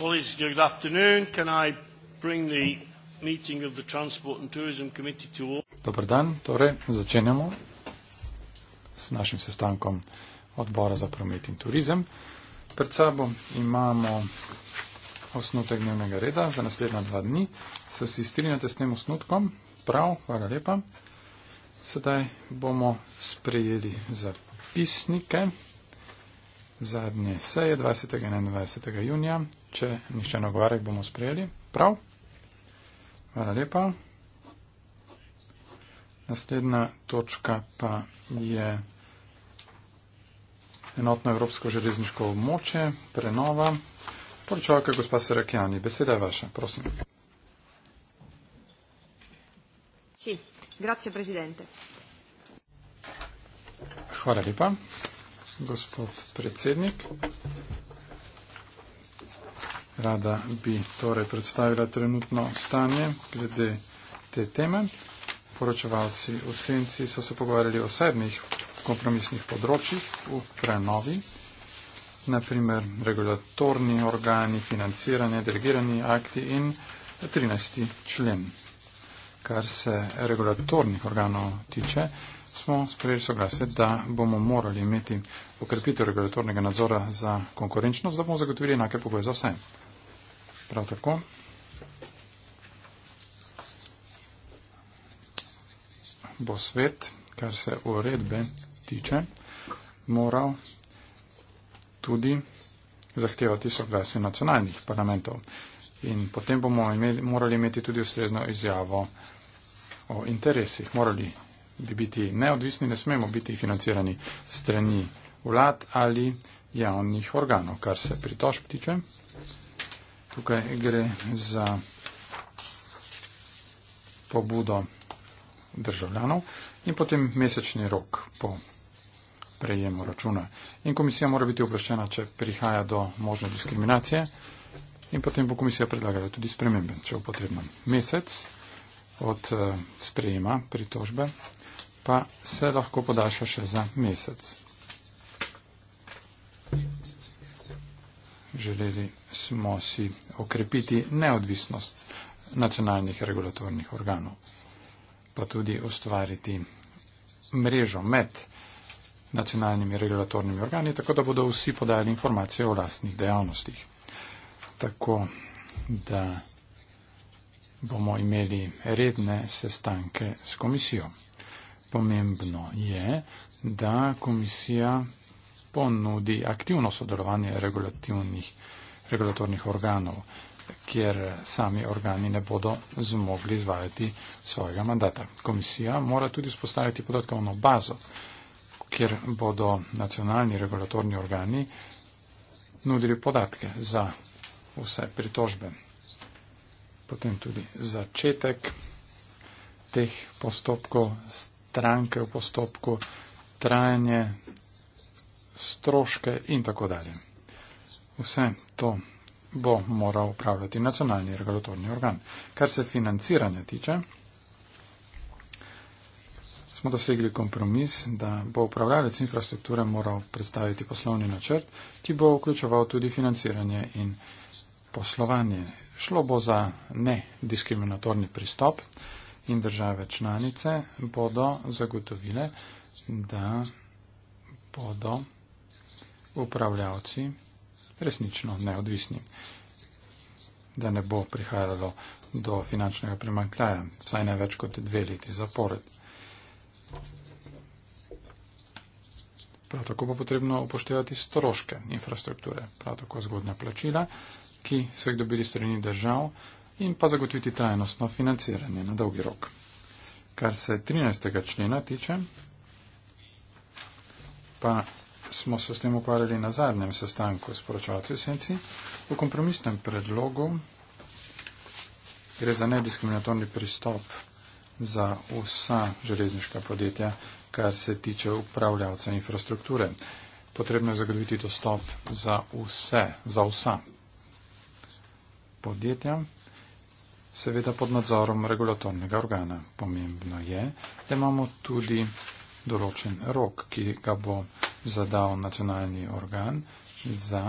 Apologies, good afternoon. Can I bring the meeting of the Transport and Tourism Committee to all? Dobar dan, torej začenjamo s našim sestankom odbora za promet in turizem. Pred sabo imamo osnutek dnevnega reda za naslednja dva dni. Se vsi strinjate s tem osnutkom? Prav, hvala lepa. Sedaj bomo sprejeli zapisnike zadnje seje 20. in 21. junija. Če nišče nagovarjak, bomo sprejeli. Prav? Hvala lepa. Naslednja točka pa je enotno evropsko železniško območje, prenova. Poročavka gospa Serakjani, beseda je vaša, prosim. Grazie Presidente. Hvala lepa gospod predsednik. Rada bi torej predstavila trenutno stanje glede te teme. Poročevalci v Senci so se pogovarjali o sedmih kompromisnih področjih v prenovi, naprimer regulatorni organi, financiranje, delegirani akti in 13. člen. Kar se regulatornih organov tiče, smo sprejeli soglasje, da bomo morali imeti okrepitev regulatornega nadzora za konkurenčnost, da bomo zagotovili enake pogoje za vse. Prav tako. bo svet, kar se uredbe tiče, moral tudi zahtevati soglasje nacionalnih parlamentov. In potem bomo imeli, morali imeti tudi ustrezno izjavo o interesih. Morali bi biti neodvisni, ne smemo biti financirani strani vlad ali javnih organov, kar se pritožb tiče. Tukaj gre za pobudo državljanov in potem mesečni rok po prejemu računa. In komisija mora biti obveščena, če prihaja do možne diskriminacije in potem bo komisija predlagala tudi spremembe, če bo potrebno mesec od eh, sprejema pritožbe pa se lahko podaša še za mesec. Želeli smo si okrepiti neodvisnost nacionalnih regulatornih organov, pa tudi ustvariti mrežo med nacionalnimi regulatornimi organi, tako da bodo vsi podajali informacije o lastnih dejavnostih. Tako da bomo imeli redne sestanke s komisijo pomembno je, da komisija ponudi aktivno sodelovanje regulatornih organov, kjer sami organi ne bodo zmogli izvajati svojega mandata. Komisija mora tudi spostaviti podatkovno bazo, kjer bodo nacionalni regulatorni organi nudili podatke za vse pritožbe. Potem tudi začetek teh postopkov s stranke v postopku, trajanje, stroške in tako dalje. Vse to bo moral upravljati nacionalni regulatorni organ. Kar se financiranja tiče, smo dosegli kompromis, da bo upravljalec infrastrukture moral predstaviti poslovni načrt, ki bo vključeval tudi financiranje in poslovanje. Šlo bo za nediskriminatorni pristop in države članice bodo zagotovile, da bodo upravljavci resnično neodvisni, da ne bo prihajalo do finančnega primankljaja, vsaj ne več kot dve leti zapored. Prav tako bo potrebno upoštevati stroške infrastrukture, prav tako zgodna plačila, ki so jih dobili strani držav, in pa zagotoviti trajnostno financiranje na dolgi rok. Kar se 13. člena tiče, pa smo se s tem ukvarjali na zadnjem sestanku s poročalci v senci. V kompromisnem predlogu gre za nediskriminatorni pristop za vsa železniška podjetja, kar se tiče upravljavca infrastrukture. Potrebno je zagotoviti dostop za vse, za vsa podjetja, seveda pod nadzorom regulatornega organa. Pomembno je, da imamo tudi določen rok, ki ga bo zadal nacionalni organ za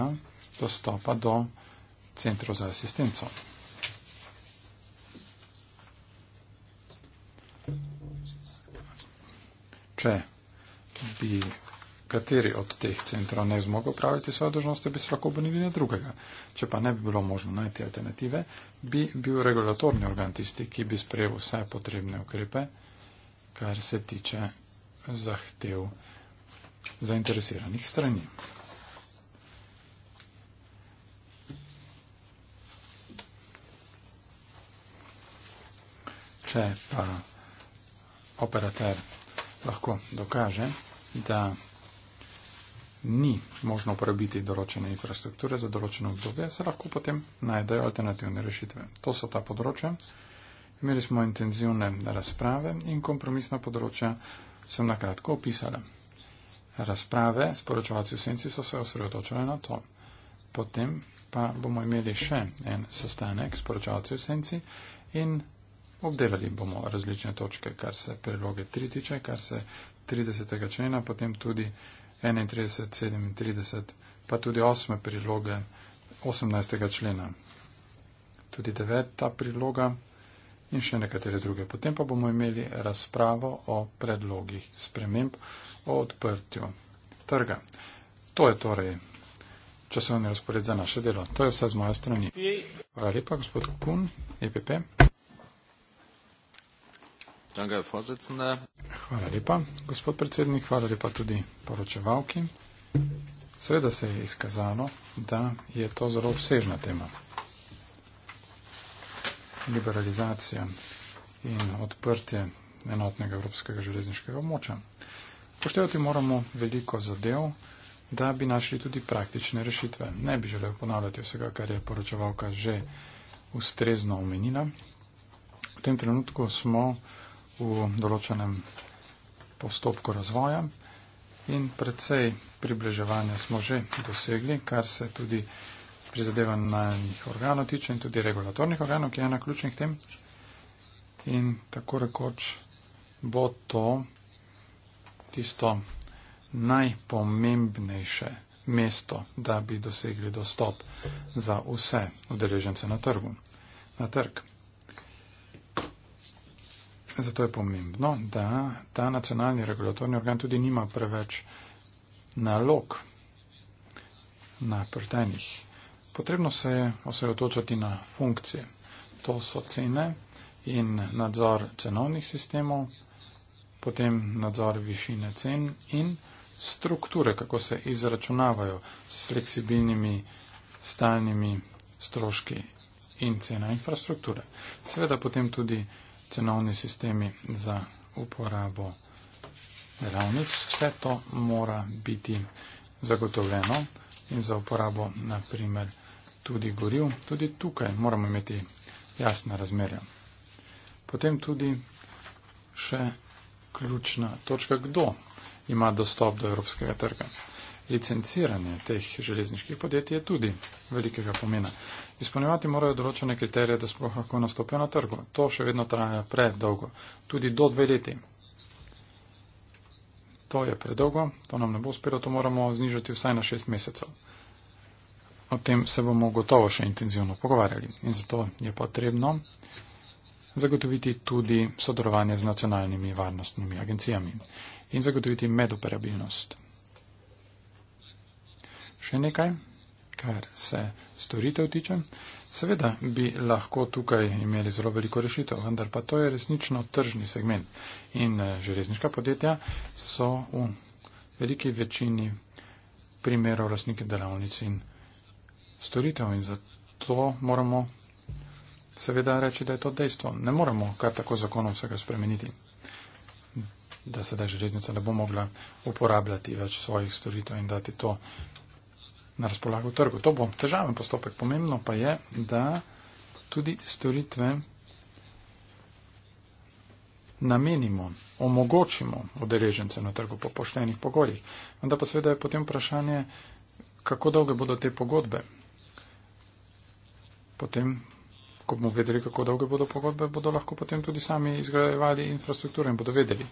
dostopa do centrov za asistenco. Če bi kateri od teh centrov ne zmogo upraviti svoje dožnosti, bi se lahko obrnili na drugega. Če pa ne bi bilo možno najti alternative, bi bil regulatorni organ tisti, ki bi sprejel vse potrebne ukrepe, kar se tiče zahtev zainteresiranih strani. Če pa operater lahko dokaže, da ni možno uporabiti določene infrastrukture za določeno obdobje, se lahko potem najdejo alternativne rešitve. To so ta področja. Imeli smo intenzivne razprave in kompromisna področja sem na kratko opisala. Razprave s poročevalci v senci so se osredotočile na to. Potem pa bomo imeli še en sestanek s poročevalci v senci in obdelali bomo različne točke, kar se priloge 3 tiče, kar se 30. člena, potem tudi 31, 37, pa tudi 8. priloge 18. člena. Tudi 9. priloga in še nekatere druge. Potem pa bomo imeli razpravo o predlogih sprememb o odprtju trga. To je torej časovni razpored za naše delo. To je vse z moje strani. Hvala lepa, gospod Kun, EPP. Hvala lepa, gospod predsednik, hvala lepa tudi poročevalki. Sveda se je izkazalo, da je to zelo obsežna tema. Liberalizacija in odprtje enotnega evropskega železniškega moča. Poštevati moramo veliko zadev, da bi našli tudi praktične rešitve. Ne bi želel ponavljati vsega, kar je poročevalka že ustrezno omenila. V tem trenutku smo v določenem postopku razvoja in predvsej približevanja smo že dosegli, kar se tudi prizadevanih organov tiče in tudi regulatornih organov, ki je ena ključnih tem. In tako rekoč bo to tisto najpomembnejše mesto, da bi dosegli dostop za vse udeležence na trgu, na trg. Zato je pomembno, da ta nacionalni regulatorni organ tudi nima preveč nalog na prtenih. Potrebno se je osredotočati na funkcije. To so cene in nadzor cenovnih sistemov, potem nadzor višine cen in strukture, kako se izračunavajo s fleksibilnimi stalnimi stroški in cena infrastrukture. Seveda potem tudi cenovni sistemi za uporabo delavnic. Vse to mora biti zagotovljeno in za uporabo naprimer tudi goril. Tudi tukaj moramo imeti jasne razmerja. Potem tudi še ključna točka, kdo ima dostop do evropskega trga. Licenciranje teh železniških podjetij je tudi velikega pomena. Izpolnjevati morajo določene kriterije, da sploh lahko nastopijo na trgu. To še vedno traja predolgo, tudi do dve leti. To je predolgo, to nam ne bo uspelo, to moramo znižati vsaj na šest mesecev. O tem se bomo gotovo še intenzivno pogovarjali in zato je potrebno zagotoviti tudi sodelovanje z nacionalnimi varnostnimi agencijami in zagotoviti medoperabilnost. Še nekaj, kar se storitev tiče. Seveda bi lahko tukaj imeli zelo veliko rešitev, vendar pa to je resnično tržni segment. In eh, železniška podjetja so v veliki večini primerov lastniki delavnic in storitev. In zato moramo seveda reči, da je to dejstvo. Ne moremo kar tako zakonom vsega spremeniti, da se da železnica ne bo mogla uporabljati več svojih storitev in dati to na razpolago trgu. To bo težaven postopek. Pomembno pa je, da tudi storitve namenimo, omogočimo odeležence na trgu po poštenih pogojih. Vendar pa seveda je potem vprašanje, kako dolge bodo te pogodbe. Potem, ko bomo vedeli, kako dolge bodo pogodbe, bodo lahko potem tudi sami izgrajevali infrastrukturo in bodo vedeli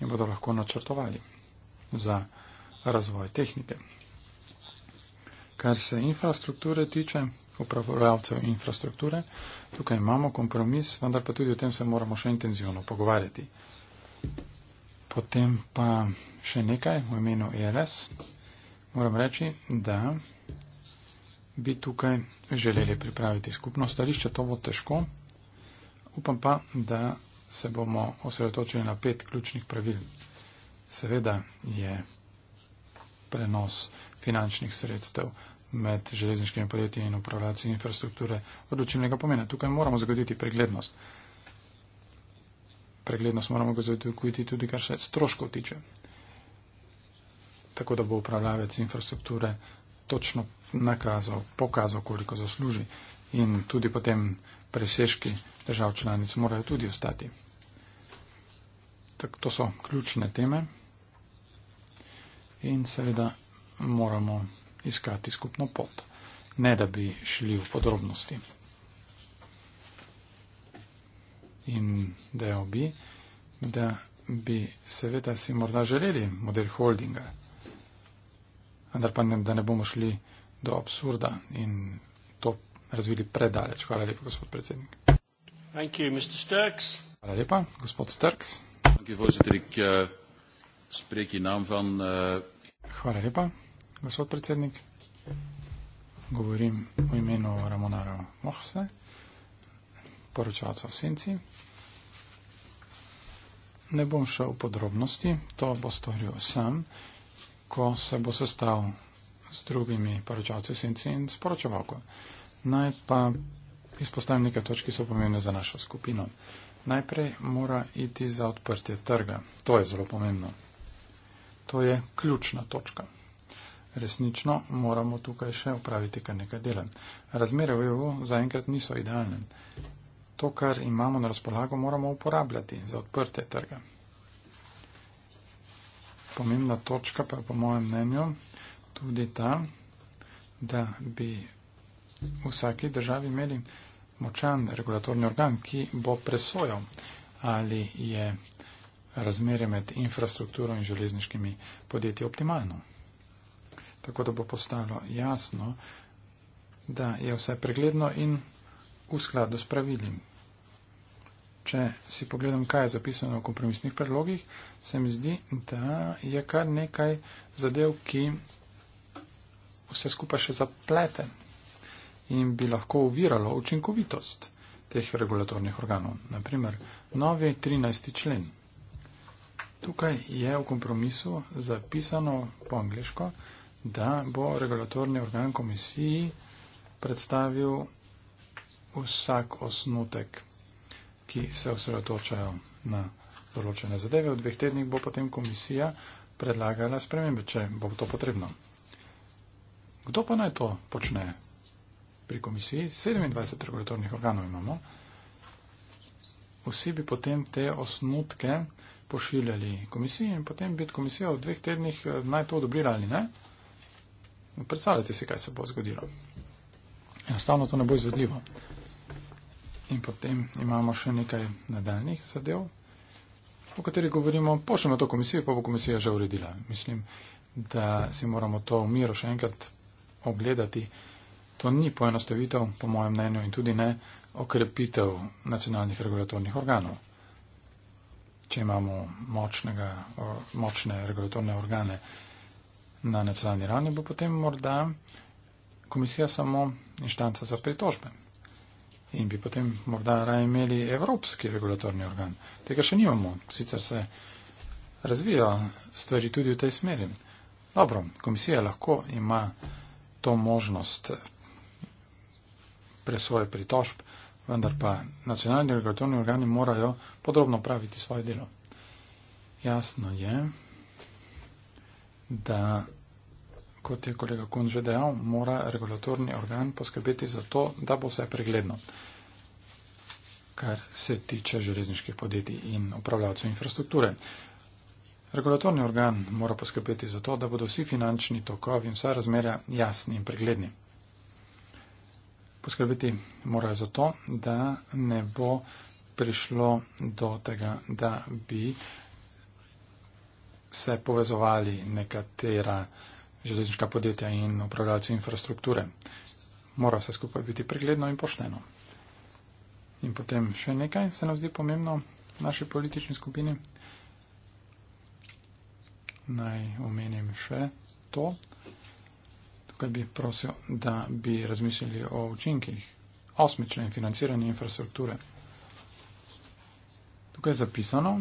in bodo lahko načrtovali za razvoj tehnike. Kar se infrastrukture tiče, upravljavcev infrastrukture, tukaj imamo kompromis, vendar pa tudi o tem se moramo še intenzivno pogovarjati. Potem pa še nekaj v imenu ERS. Moram reči, da bi tukaj želeli pripraviti skupno stališče, to bo težko. Upam pa, da se bomo osredotočili na pet ključnih pravil. Seveda je prenos finančnih sredstev med železniškimi podjetji in upravljalci infrastrukture odločilnega pomena. Tukaj moramo zagotoviti preglednost. Preglednost moramo zagotoviti tudi, kar se stroškov tiče. Tako da bo upravljalec infrastrukture točno nakazal, pokazal, koliko zasluži in tudi potem presežki držav članic morajo tudi ostati. Tako to so ključne teme in seveda moramo iskati skupno pot, ne da bi šli v podrobnosti. In dejal bi, da bi seveda si morda želeli model holdinga, vendar pa ne, da ne bomo šli do absurda in to razvili predaleč. Hvala lepa, gospod predsednik. Thank you, Mr. Hvala lepa, gospod Sterks. Thank you, spreek in nam van. Uh... Hvala lepa, gospod predsednik. Govorim v imenu Ramonara Mohse, poročevalca v Senci. Ne bom šel v podrobnosti, to bo storil sam, ko se bo sestal s drugimi poročevalci v Senci in s poročevalko. Naj pa izpostavim nekaj točk, ki so pomembne za našo skupino. Najprej mora iti za odprtje trga. To je zelo pomembno. To je ključna točka. Resnično moramo tukaj še upraviti kar nekaj dela. Razmere v EU zaenkrat niso idealne. To, kar imamo na razpolago, moramo uporabljati za odprte trge. Pomembna točka pa je po mojem mnenju tudi ta, da bi vsaki državi imeli močan regulatorni organ, ki bo presojal, ali je razmere med infrastrukturo in železniškimi podjetji optimalno. Tako da bo postalo jasno, da je vse pregledno in v skladu s pravili. Če si pogledam, kaj je zapisano v kompromisnih predlogih, se mi zdi, da je kar nekaj zadev, ki vse skupaj še zaplete in bi lahko uviralo učinkovitost teh regulatornih organov. Naprimer, novi 13. člen Tukaj je v kompromisu zapisano po angliško, da bo regulatorni organ komisiji predstavil vsak osnutek, ki se osredotočajo na določene zadeve. V dveh tednih bo potem komisija predlagala spremembe, če bo to potrebno. Kdo pa naj to počne pri komisiji? 27 regulatornih organov imamo. Vsi bi potem te osnutke pošiljali komisiji in potem bi komisija v dveh tednih eh, naj to odobrila ali ne. No, Predstavljate si, kaj se bo zgodilo. Enostavno to ne bo izvedljivo. In potem imamo še nekaj nadaljnih zadev, o katerih govorimo, pošljemo to komisijo, pa bo komisija že uredila. Mislim, da si moramo to v miru še enkrat ogledati. To ni poenostavitev, po mojem mnenju, in tudi ne okrepitev nacionalnih regulatornih organov če imamo močnega, močne regulatorne organe na nacionalni ravni, bo potem morda komisija samo inštanca za pritožbe. In bi potem morda raje imeli evropski regulatorni organ. Tega še nimamo, sicer se razvijajo stvari tudi v tej smeri. Dobro, komisija lahko ima to možnost presvoje pritožb, vendar pa nacionalni regulatorni organi morajo podrobno praviti svoje delo. Jasno je, da, kot je kolega Kun že dejal, mora regulatorni organ poskrbeti za to, da bo vse pregledno, kar se tiče železniških podjetij in upravljavcev infrastrukture. Regulatorni organ mora poskrbeti za to, da bodo vsi finančni tokovi in vsa razmerja jasni in pregledni poskrbeti morajo za to, da ne bo prišlo do tega, da bi se povezovali nekatera železniška podjetja in upravljalci infrastrukture. Mora vse skupaj biti pregledno in pošteno. In potem še nekaj se nam zdi pomembno v naši politični skupini. Naj omenim še to tukaj bi prosil, da bi razmislili o učinkih osmične financiranje infrastrukture. Tukaj je zapisano,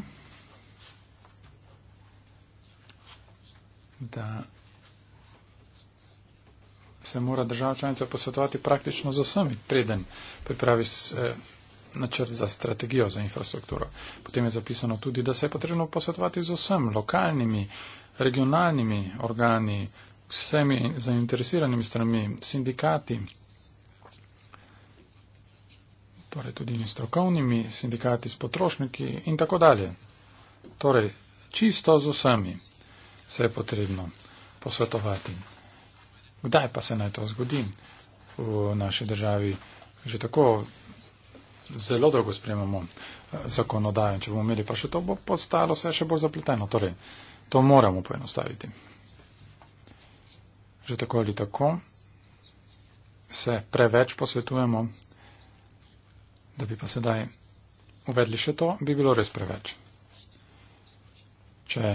da se mora država članica posvetovati praktično za sami preden pripravi eh, načrt za strategijo za infrastrukturo. Potem je zapisano tudi, da se je potrebno posvetovati z vsem lokalnimi, regionalnimi organi, vsemi zainteresiranimi strani, sindikati, torej tudi strokovnimi sindikati s potrošniki in tako dalje. Torej, čisto z vsemi se je potrebno posvetovati. Kdaj pa se naj to zgodi v naši državi? Že tako zelo dolgo spremamo eh, zakonodajo. Če bomo imeli pa še to, bo postalo vse še bolj zapleteno. Torej, to moramo poenostaviti že tako ali tako se preveč posvetujemo, da bi pa sedaj uvedli še to, bi bilo res preveč. Če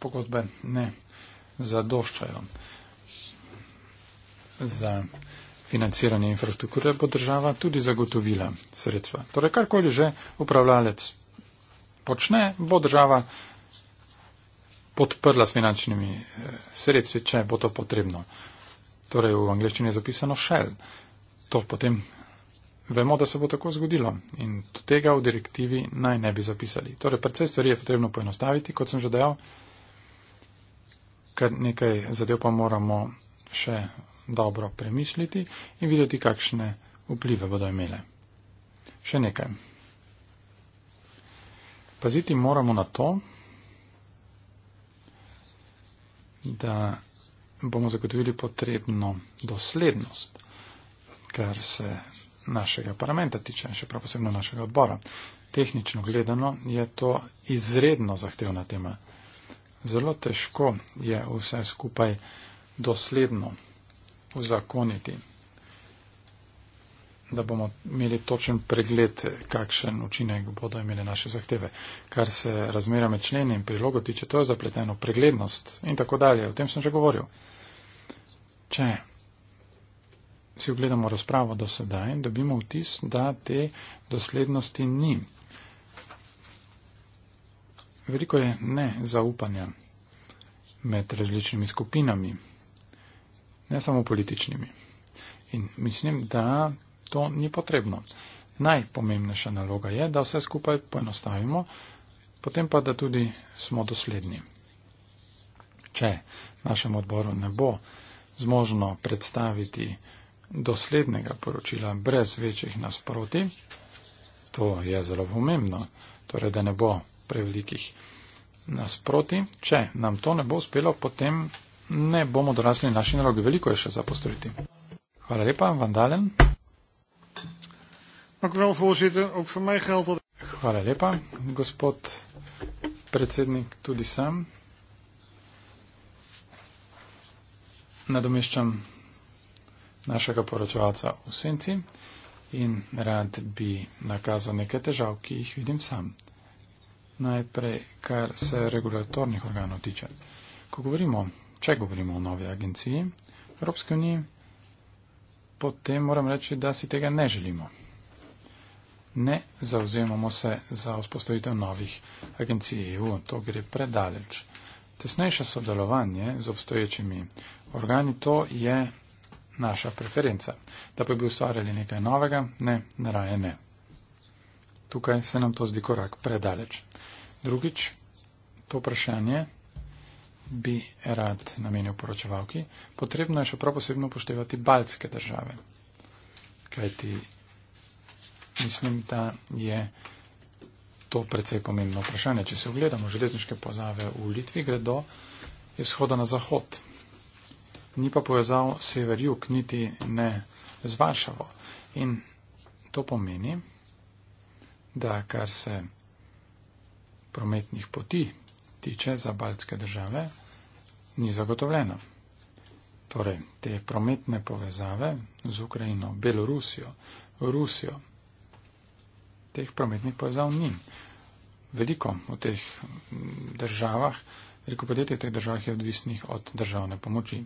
pogodbe ne zadoščajo za financiranje infrastrukture, bo država tudi zagotovila sredstva. Torej, karkoli že upravljalec počne, bo država podprla s finančnimi eh, sredstvi, če bo to potrebno. Torej v angleščini je zapisano shell. To potem vemo, da se bo tako zgodilo in tega v direktivi naj ne bi zapisali. Torej predvsej stvari je potrebno poenostaviti, kot sem že dejal, ker nekaj zadev pa moramo še dobro premisliti in videti, kakšne vplive bodo imele. Še nekaj. Paziti moramo na to, da bomo zagotovili potrebno doslednost, kar se našega parlamenta tiče, še prav posebno našega odbora. Tehnično gledano je to izredno zahtevna tema. Zelo težko je vse skupaj dosledno uzakoniti da bomo imeli točen pregled, kakšen učinek bodo imeli naše zahteve. Kar se razmera med členi in prilogo tiče, to je zapleteno, preglednost in tako dalje, o tem sem že govoril. Če si ogledamo razpravo do sedaj, dobimo vtis, da te doslednosti ni. Veliko je ne zaupanja med različnimi skupinami, ne samo političnimi. In mislim, da to ni potrebno. Najpomembnejša naloga je, da vse skupaj poenostavimo, potem pa, da tudi smo dosledni. Če našem odboru ne bo zmožno predstaviti doslednega poročila brez večjih nasproti, to je zelo pomembno, torej da ne bo prevelikih nasproti. Če nam to ne bo uspelo, potem ne bomo dorasli naši nalogi. Veliko je še za postoriti. Hvala lepa, Vandalen. Dank u wel, voorzitter. Ook voor mij geldt dat. Hvala lepa, gospod predsednik, tudi sam. Nadomeščam našega poročevalca v senci in rad bi nakazal nekaj težav, ki jih vidim sam. Najprej, kar se regulatornih organov tiče. Ko govorimo, če govorimo o novi agenciji Evropske unije, potem moram reči, da si tega ne želimo ne zauzemamo se za vzpostavitev novih agencij EU. To gre predaleč. Tesnejše sodelovanje z obstoječimi organi, to je naša preferenca. Da pa bi ustvarjali nekaj novega, ne, naraje ne. Tukaj se nam to zdi korak predaleč. Drugič, to vprašanje bi rad namenil poročevalki. Potrebno je še prav posebno upoštevati baltske države. Kajti mislim, da je to precej pomembno vprašanje. Če se ogledamo železniške pozave v Litvi, gredo iz shoda na zahod. Ni pa povezal sever-jug, niti ne z Varšavo. In to pomeni, da kar se prometnih poti tiče za baltske države, ni zagotovljeno. Torej, te prometne povezave z Ukrajino, Belorusijo, Rusijo, teh prometnih povezav ni. Veliko v teh mm, državah, veliko podjetij v teh državah je odvisnih od državne pomoči.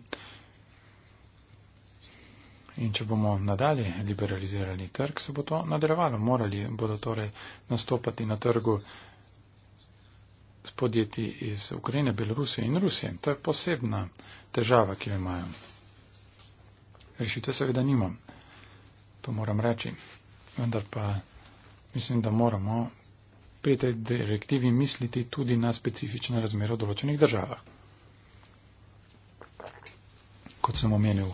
In če bomo nadalje liberalizirali trg, se bo to nadaljevalo. Morali bodo torej nastopati na trgu s podjetji iz Ukrajine, Belorusije in Rusije. To je posebna težava, ki jo imajo. Rešitev seveda nimam. To moram reči. Vendar pa mislim, da moramo pri tej direktivi misliti tudi na specifične razmere v določenih državah. Kot sem omenil,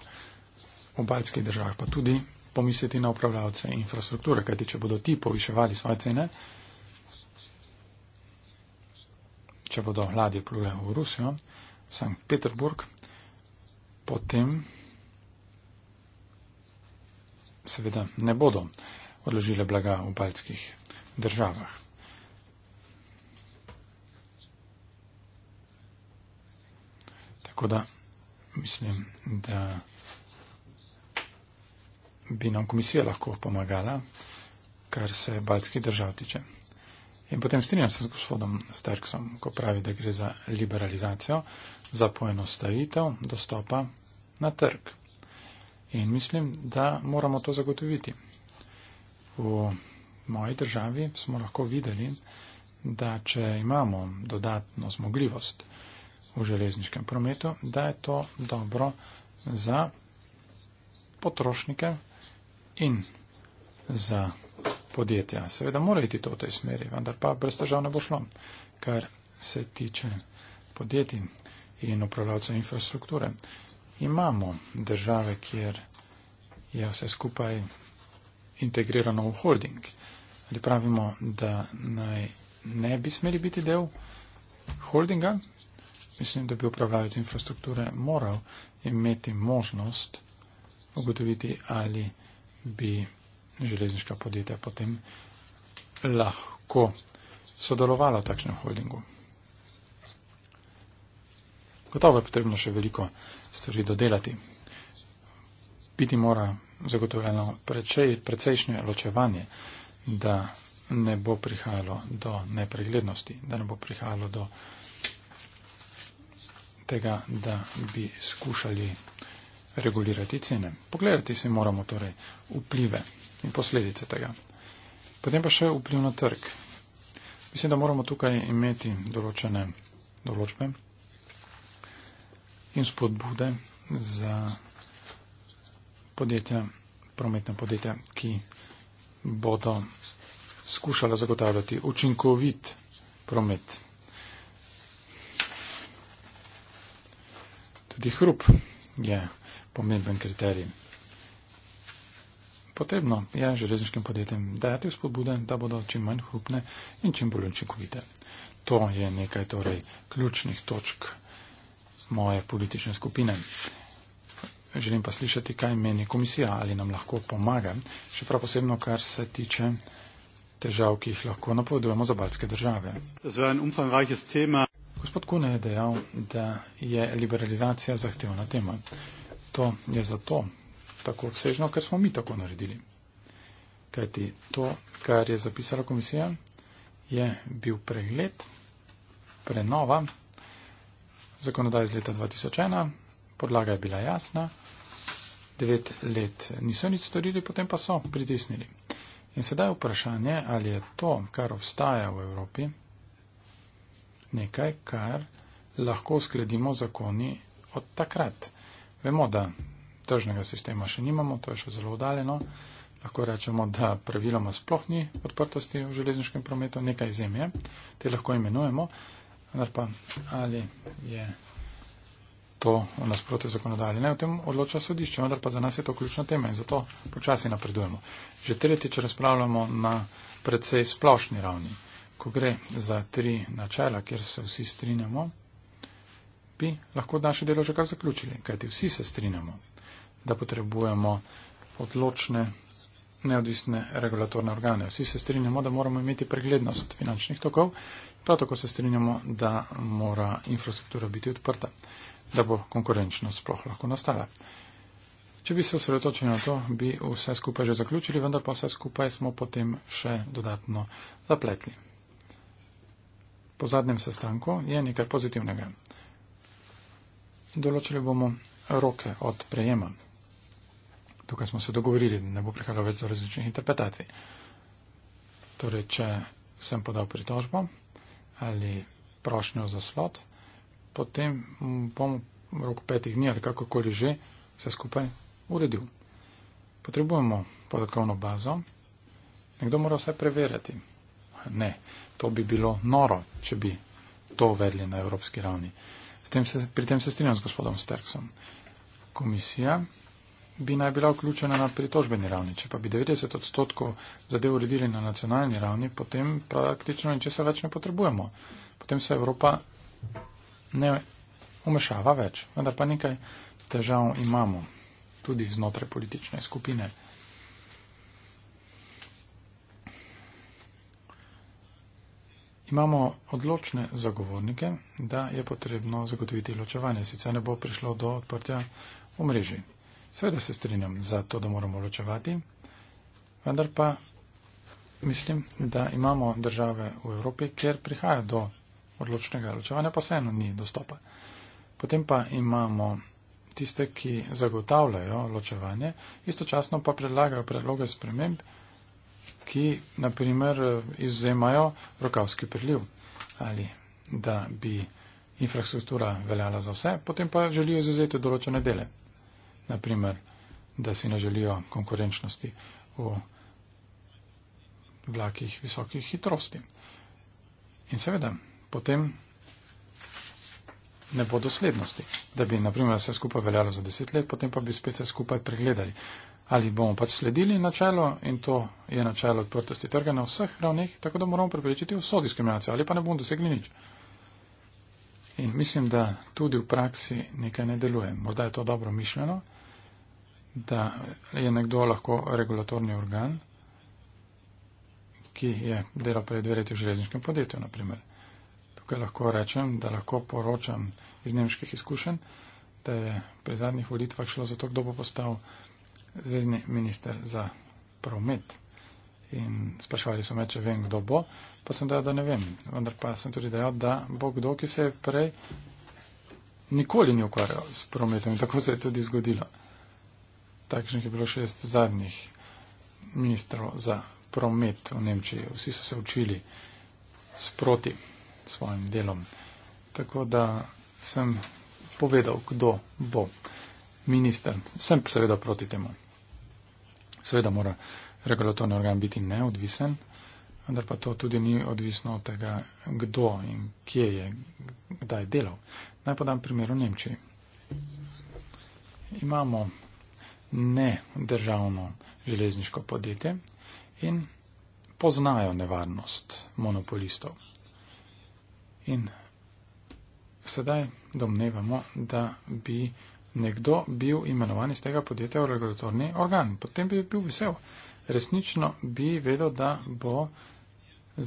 v baljskih državah pa tudi pomisliti na upravljavce infrastrukture, kajti če bodo ti poviševali svoje cene, če bodo ladje plule v Rusijo, Sankt Peterburg, potem seveda ne bodo. Uh, odložile blaga v baltskih državah. Tako da mislim, da bi nam komisija lahko pomagala, kar se baltskih držav tiče. In potem strinjam se z gospodom Sterksom, ko pravi, da gre za liberalizacijo, za poenostavitev dostopa na trg. In mislim, da moramo to zagotoviti v moji državi smo lahko videli, da če imamo dodatno zmogljivost v železniškem prometu, da je to dobro za potrošnike in za podjetja. Seveda mora iti to v tej smeri, vendar pa brez težav ne bo šlo, kar se tiče podjetij in upravljavcev infrastrukture. Imamo države, kjer je vse skupaj integrirano v holding. Ali pravimo, da naj ne bi smeli biti del holdinga? Mislim, da bi upravljalec infrastrukture moral imeti možnost ugotoviti, ali bi železniška podjetja potem lahko sodelovala v takšnem holdingu. Gotovo je potrebno še veliko stvari dodelati. Biti mora zagotovljeno precejšnje ločevanje, da ne bo prihajalo do nepreglednosti, da ne bo prihajalo do tega, da bi skušali regulirati cene. Pogledati si moramo torej vplive in posledice tega. Potem pa še vpliv na trg. Mislim, da moramo tukaj imeti določene določbe in spodbude za podjetja, prometna podjetja, ki bodo skušala zagotavljati učinkovit promet. Tudi hrup je pomemben kriterij. Potrebno je železniškim podjetjem dajati vzpodbude, da bodo čim manj hrupne in čim bolj učinkovite. To je nekaj torej ključnih točk moje politične skupine. Želim pa slišati, kaj meni komisija ali nam lahko pomaga, še prav posebno, kar se tiče težav, ki jih lahko napovedujemo za baltske države. Gospod Kune je dejal, da je liberalizacija zahtevna tema. To je zato tako obsežno, ker smo mi tako naredili. Kajti to, kar je zapisala komisija, je bil pregled, prenova zakonodaje iz leta 2001 podlaga je bila jasna, devet let niso nič storili, potem pa so pritisnili. In sedaj je vprašanje, ali je to, kar obstaja v Evropi, nekaj, kar lahko skladimo zakoni od takrat. Vemo, da tržnega sistema še nimamo, to je še zelo udaljeno. Lahko rečemo, da praviloma sploh ni odprtosti v železniškem prometu, nekaj izjemje, te lahko imenujemo, vendar pa ali je to v nasprotju zakonodaje. Ne, o tem odloča sodišče, vendar pa za nas je to ključna tema in zato počasi napredujemo. Že tretjič razpravljamo na predvsej splošni ravni, ko gre za tri načela, kjer se vsi strinjamo, bi lahko naše delo že kar zaključili, kajti vsi se strinjamo, da potrebujemo odločne, neodvisne regulatorne organe. Vsi se strinjamo, da moramo imeti preglednost finančnih tokov, prav tako se strinjamo, da mora infrastruktura biti odprta da bo konkurenčnost sploh lahko nastala. Če bi se osredotočili na to, bi vse skupaj že zaključili, vendar pa vse skupaj smo potem še dodatno zapletli. Po zadnjem sestanku je nekaj pozitivnega. Določili bomo roke od prejema. Tukaj smo se dogovorili, da ne bo prihajalo več do različnih interpretacij. Torej, če sem podal pritožbo ali prošnjo za slot, potem bom v roku petih dni ali kakorkoli že vse skupaj uredil. Potrebujemo podatkovno bazo. Nekdo mora vse preverjati. Ne, to bi bilo noro, če bi to uvedli na evropski ravni. S tem se, pri tem se strinjam z gospodom Sterksom. Komisija bi naj bila vključena na pritožbeni ravni. Če pa bi 90 odstotkov zadev uredili na nacionalni ravni, potem praktično ničesar več ne potrebujemo. Potem se Evropa ne umešava več, vendar pa nekaj težav imamo tudi znotraj politične skupine. Imamo odločne zagovornike, da je potrebno zagotoviti ločevanje, sicer ne bo prišlo do odprtja omrežij. Sveda se strinjam za to, da moramo ločevati, vendar pa mislim, da imamo države v Evropi, kjer prihaja do odločnega ločevanja, pa se eno ni dostopa. Potem pa imamo tiste, ki zagotavljajo ločevanje, istočasno pa predlagajo predloge sprememb, ki naprimer izvzemajo rokavski priliv ali da bi infrastruktura veljala za vse, potem pa želijo izuzeti določene dele. Naprimer, da si ne želijo konkurenčnosti v vlakih visokih hitrosti. In seveda, potem ne bo doslednosti. Da bi, naprimer, vse skupaj veljalo za deset let, potem pa bi spet vse skupaj pregledali. Ali bomo pač sledili načelo in to je načelo odprtosti trga na vseh ravneh, tako da moramo preprečiti vso diskriminacijo ali pa ne bomo dosegli nič. In mislim, da tudi v praksi nekaj ne deluje. Morda je to dobro mišljeno, da je nekdo lahko regulatorni organ, ki je delal pred dve leti v železniškem podjetju, naprimer tukaj lahko rečem, da lahko poročam iz nemških izkušenj, da je pri zadnjih volitvah šlo za to, kdo bo postal zvezdni minister za promet. In sprašvali so me, če vem, kdo bo, pa sem dejal, da ne vem. Vendar pa sem tudi dejal, da bo kdo, ki se je prej nikoli ni ukvarjal s prometom. In tako se je tudi zgodilo. Takšnih je bilo šest zadnjih ministrov za promet v Nemčiji. Vsi so se učili sproti svojim delom. Tako da sem povedal, kdo bo minister. Sem seveda proti temu. Seveda mora regulatorni organ biti neodvisen, vendar pa to tudi ni odvisno od tega, kdo in kje je, kdaj je delal. Naj podam primer v Nemčiji. Imamo ne državno železniško podjetje in poznajo nevarnost monopolistov. In sedaj domnevamo, da bi nekdo bil imenovan iz tega podjetja v regulatorni organ. Potem bi bil vesel. Resnično bi vedel, da bo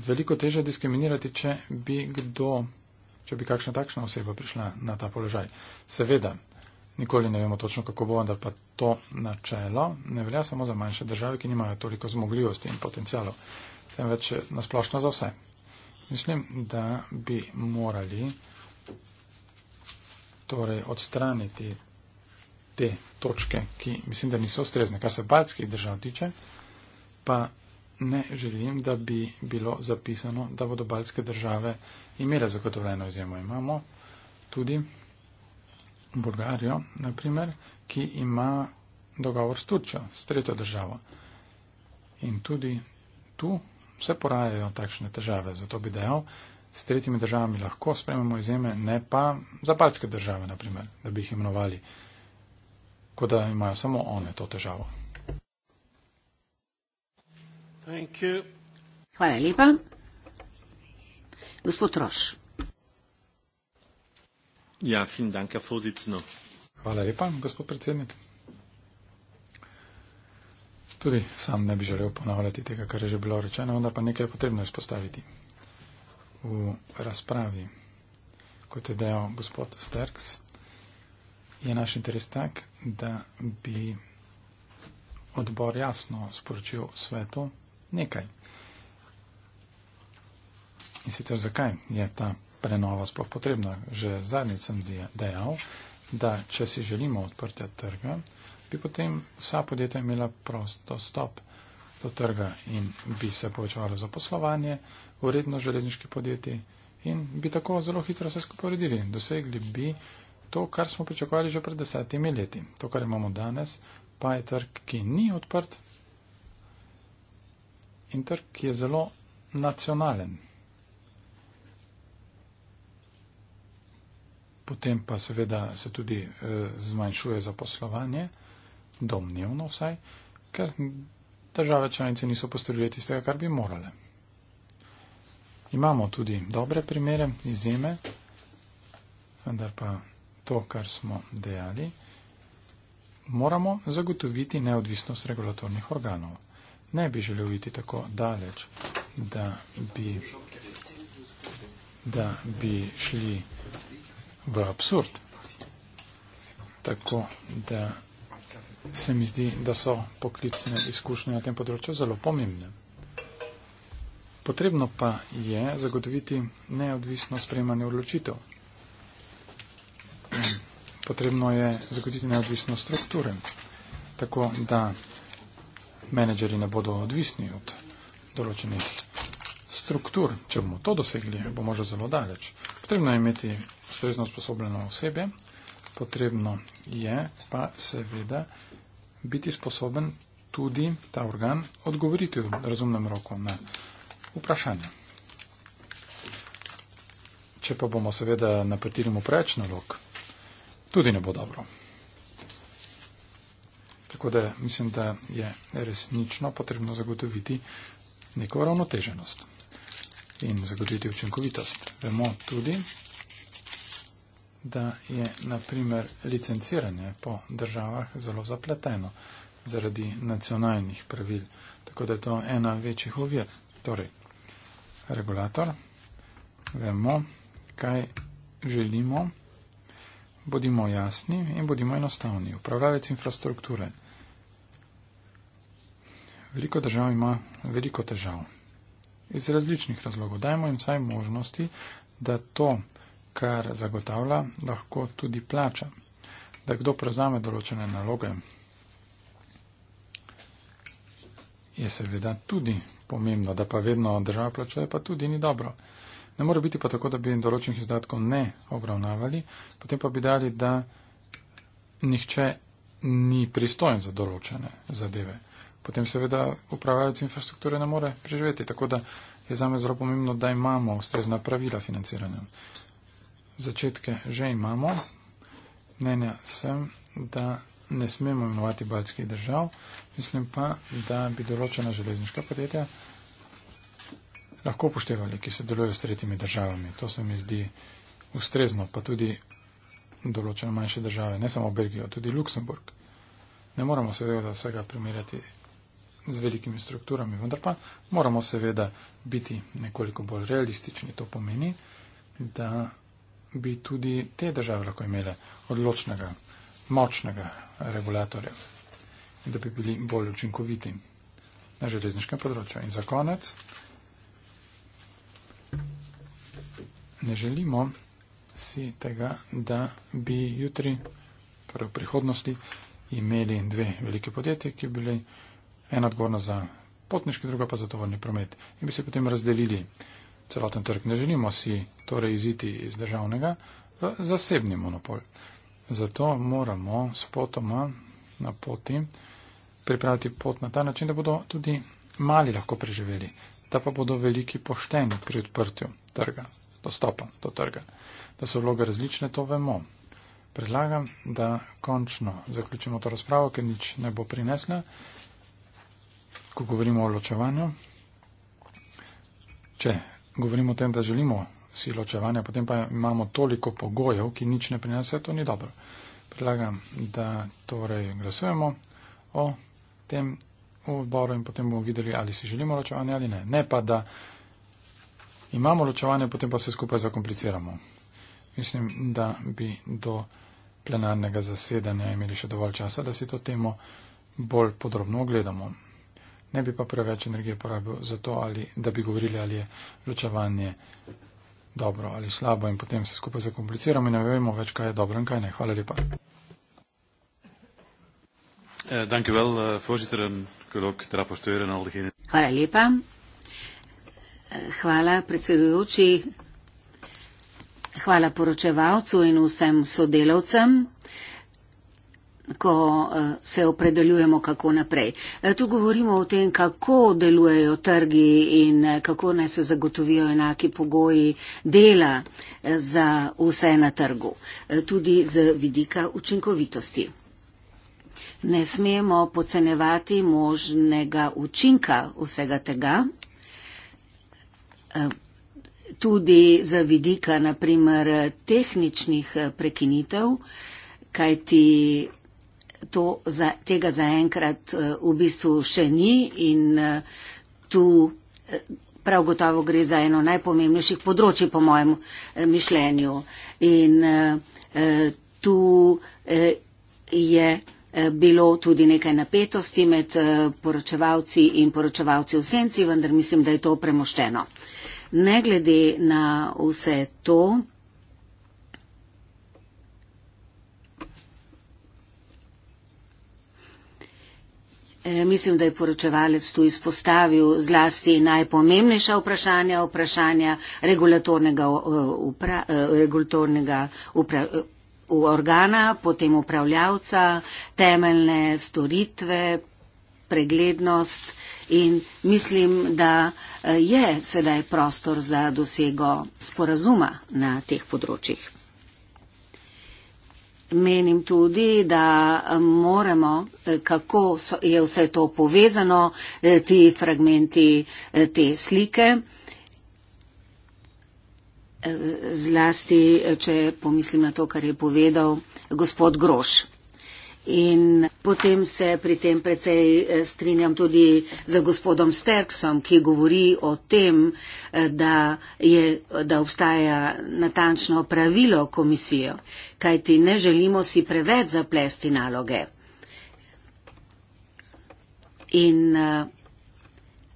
veliko teže diskriminirati, če bi kdo, če bi kakšna takšna oseba prišla na ta položaj. Seveda, nikoli ne vemo točno, kako bo, vendar pa to načelo ne velja samo za manjše države, ki nimajo toliko zmogljivosti in potencijalov, temveč nasplošno za vse. Mislim, da bi morali torej odstraniti te točke, ki mislim, da niso ustrezne, kar se baltskih držav tiče, pa ne želim, da bi bilo zapisano, da bodo baltske države imele zagotovljeno izjemo. Imamo tudi Bolgarijo, naprimer, ki ima dogovor s Turčjo, s tretjo državo. In tudi tu se porajajo takšne težave. Zato bi dejal, s tretjimi državami lahko sprememo izjeme, ne pa zapadske države, naprimer, da bi jih imenovali, kot da imajo samo one to težavo. Hvala lepa. Gospod Roš. Ja, Hvala lepa, gospod predsednik. Tudi sam ne bi želel ponavljati tega, kar je že bilo rečeno, vendar pa nekaj je potrebno izpostaviti. V razpravi, kot je dejal gospod Sterks, je naš interes tak, da bi odbor jasno sporočil svetu nekaj. In sicer zakaj je ta prenova sploh potrebna? Že zadnjič sem dejal, da če si želimo odprtja trga, bi potem vsa podjetja imela prost dostop do trga in bi se povečevalo zaposlovanje, uredno železniški podjetji in bi tako zelo hitro se skupaj uredili. Dosegli bi to, kar smo pričakovali že pred desetimi leti. To, kar imamo danes, pa je trg, ki ni odprt in trg, ki je zelo nacionalen. Potem pa seveda se tudi e, zmanjšuje zaposlovanje domnevno vsaj, ker države članice niso postorile tistega, kar bi morale. Imamo tudi dobre primere, izjeme, vendar pa to, kar smo dejali, moramo zagotoviti neodvisnost regulatornih organov. Ne bi želel iti tako daleč, da bi, da bi šli v absurd. Tako da se mi zdi, da so poklicne izkušnje na tem področju zelo pomembne. Potrebno pa je zagotoviti neodvisno sprejemanje odločitev. Potrebno je zagotoviti neodvisno strukture, tako da menedžeri ne bodo odvisni od določenih struktur. Če bomo to dosegli, bo možno zelo daleč. Potrebno je imeti ustrezno usposobljeno osebje, potrebno je pa seveda biti sposoben tudi ta organ odgovoriti v razumnem roku na vprašanje. Če pa bomo seveda napetili mu preč na rok, tudi ne bo dobro. Tako da mislim, da je resnično potrebno zagotoviti neko ravnoteženost in zagotoviti učinkovitost. Vemo tudi, da je naprimer licenciranje po državah zelo zapleteno zaradi nacionalnih pravil. Tako da je to ena večjih ovir. Torej, regulator, vemo, kaj želimo, bodimo jasni in bodimo enostavni. Upravljavec infrastrukture. Veliko držav ima veliko težav. Iz različnih razlogov. Dajmo jim vsaj možnosti, da to kar zagotavlja, lahko tudi plača, da kdo prevzame določene naloge. Je seveda tudi pomembno, da pa vedno država plačuje, pa tudi ni dobro. Ne more biti pa tako, da bi določenih izdatkov ne obravnavali, potem pa bi dali, da nihče ni pristojen za določene zadeve. Potem seveda upravljalec infrastrukture ne more preživeti, tako da je zame zelo pomembno, da imamo ustrezna pravila financiranja začetke že imamo. Mnenja sem, da ne smemo imenovati baltskih držav, mislim pa, da bi določena železniška podjetja lahko upoštevali, ki se delujejo s tretjimi državami. To se mi zdi ustrezno, pa tudi določene manjše države, ne samo Belgijo, tudi Luksemburg. Ne moramo seveda vsega primerjati z velikimi strukturami, vendar pa moramo seveda biti nekoliko bolj realistični. To pomeni, da bi tudi te države lahko imele odločnega, močnega regulatorja in da bi bili bolj učinkoviti na železniškem področju. In za konec ne želimo si tega, da bi jutri, torej v prihodnosti, imeli dve velike podjetje, ki bi bili ena odgovorna za potniški, druga pa za tovorni promet in bi se potem razdelili celoten trg. Ne želimo si torej iziti iz državnega v zasebni monopol. Zato moramo s potoma na poti pripraviti pot na ta način, da bodo tudi mali lahko preživeli, da pa bodo veliki pošteni pri odprtju trga, dostopa do trga. Da so vloge različne, to vemo. Predlagam, da končno zaključimo to razpravo, ker nič ne bo prinesla, ko govorimo o ločevanju. Če govorimo o tem, da želimo si ločevanja, potem pa imamo toliko pogojev, ki nič ne prinesejo, to ni dobro. Predlagam, da torej glasujemo o tem v odboru in potem bomo videli, ali si želimo ločevanje ali ne. Ne pa, da imamo ločevanje, potem pa se skupaj zakompliciramo. Mislim, da bi do plenarnega zasedanja imeli še dovolj časa, da si to temo bolj podrobno ogledamo ne bi pa preveč energije porabil za to, ali, da bi govorili, ali je ločevanje dobro ali slabo in potem se skupaj zakompliciramo in ne vemo več, kaj je dobro in kaj ne. Hvala lepa. Eh, eh, hvala lepa. Eh, hvala predsedujoči. Hvala poročevalcu in vsem sodelavcem ko eh, se opredeljujemo, kako naprej. Eh, tu govorimo o tem, kako delujejo trgi in eh, kako naj se zagotovijo enaki pogoji dela za vse na trgu, tudi z vidika učinkovitosti. Ne smemo pocenevati možnega učinka vsega tega, tudi z vidika, naprimer, tehničnih prekinitev, kajti to, za, tega zaenkrat eh, v bistvu še ni in eh, tu eh, prav gotovo gre za eno najpomembnejših področji, po mojem mišljenju. In tu je bilo tudi nekaj napetosti med poročevalci in poročevalci v senci, vendar mislim, da je to premošteno. Ne glede na vse to, E, mislim, da je poročevalec tu izpostavil zlasti najpomembnejša vprašanja, vprašanja regulatornega, e, upra, e, regulatornega upra, organa, potem upravljavca, temeljne storitve, preglednost in mislim, da je sedaj prostor za dosego sporazuma na teh področjih menim tudi, da eh, moramo, eh, kako so, je vse to povezano, eh, ti fragmenti te slike. Zlasti, če pomislim na to, kar je povedal gospod Groš. In potem se pri tem precej eh, strinjam tudi z gospodom Sterksom, ki govori o tem, eh, da, je, da obstaja natančno pravilo komisijo, kajti ne želimo si preveč zaplesti naloge. In eh,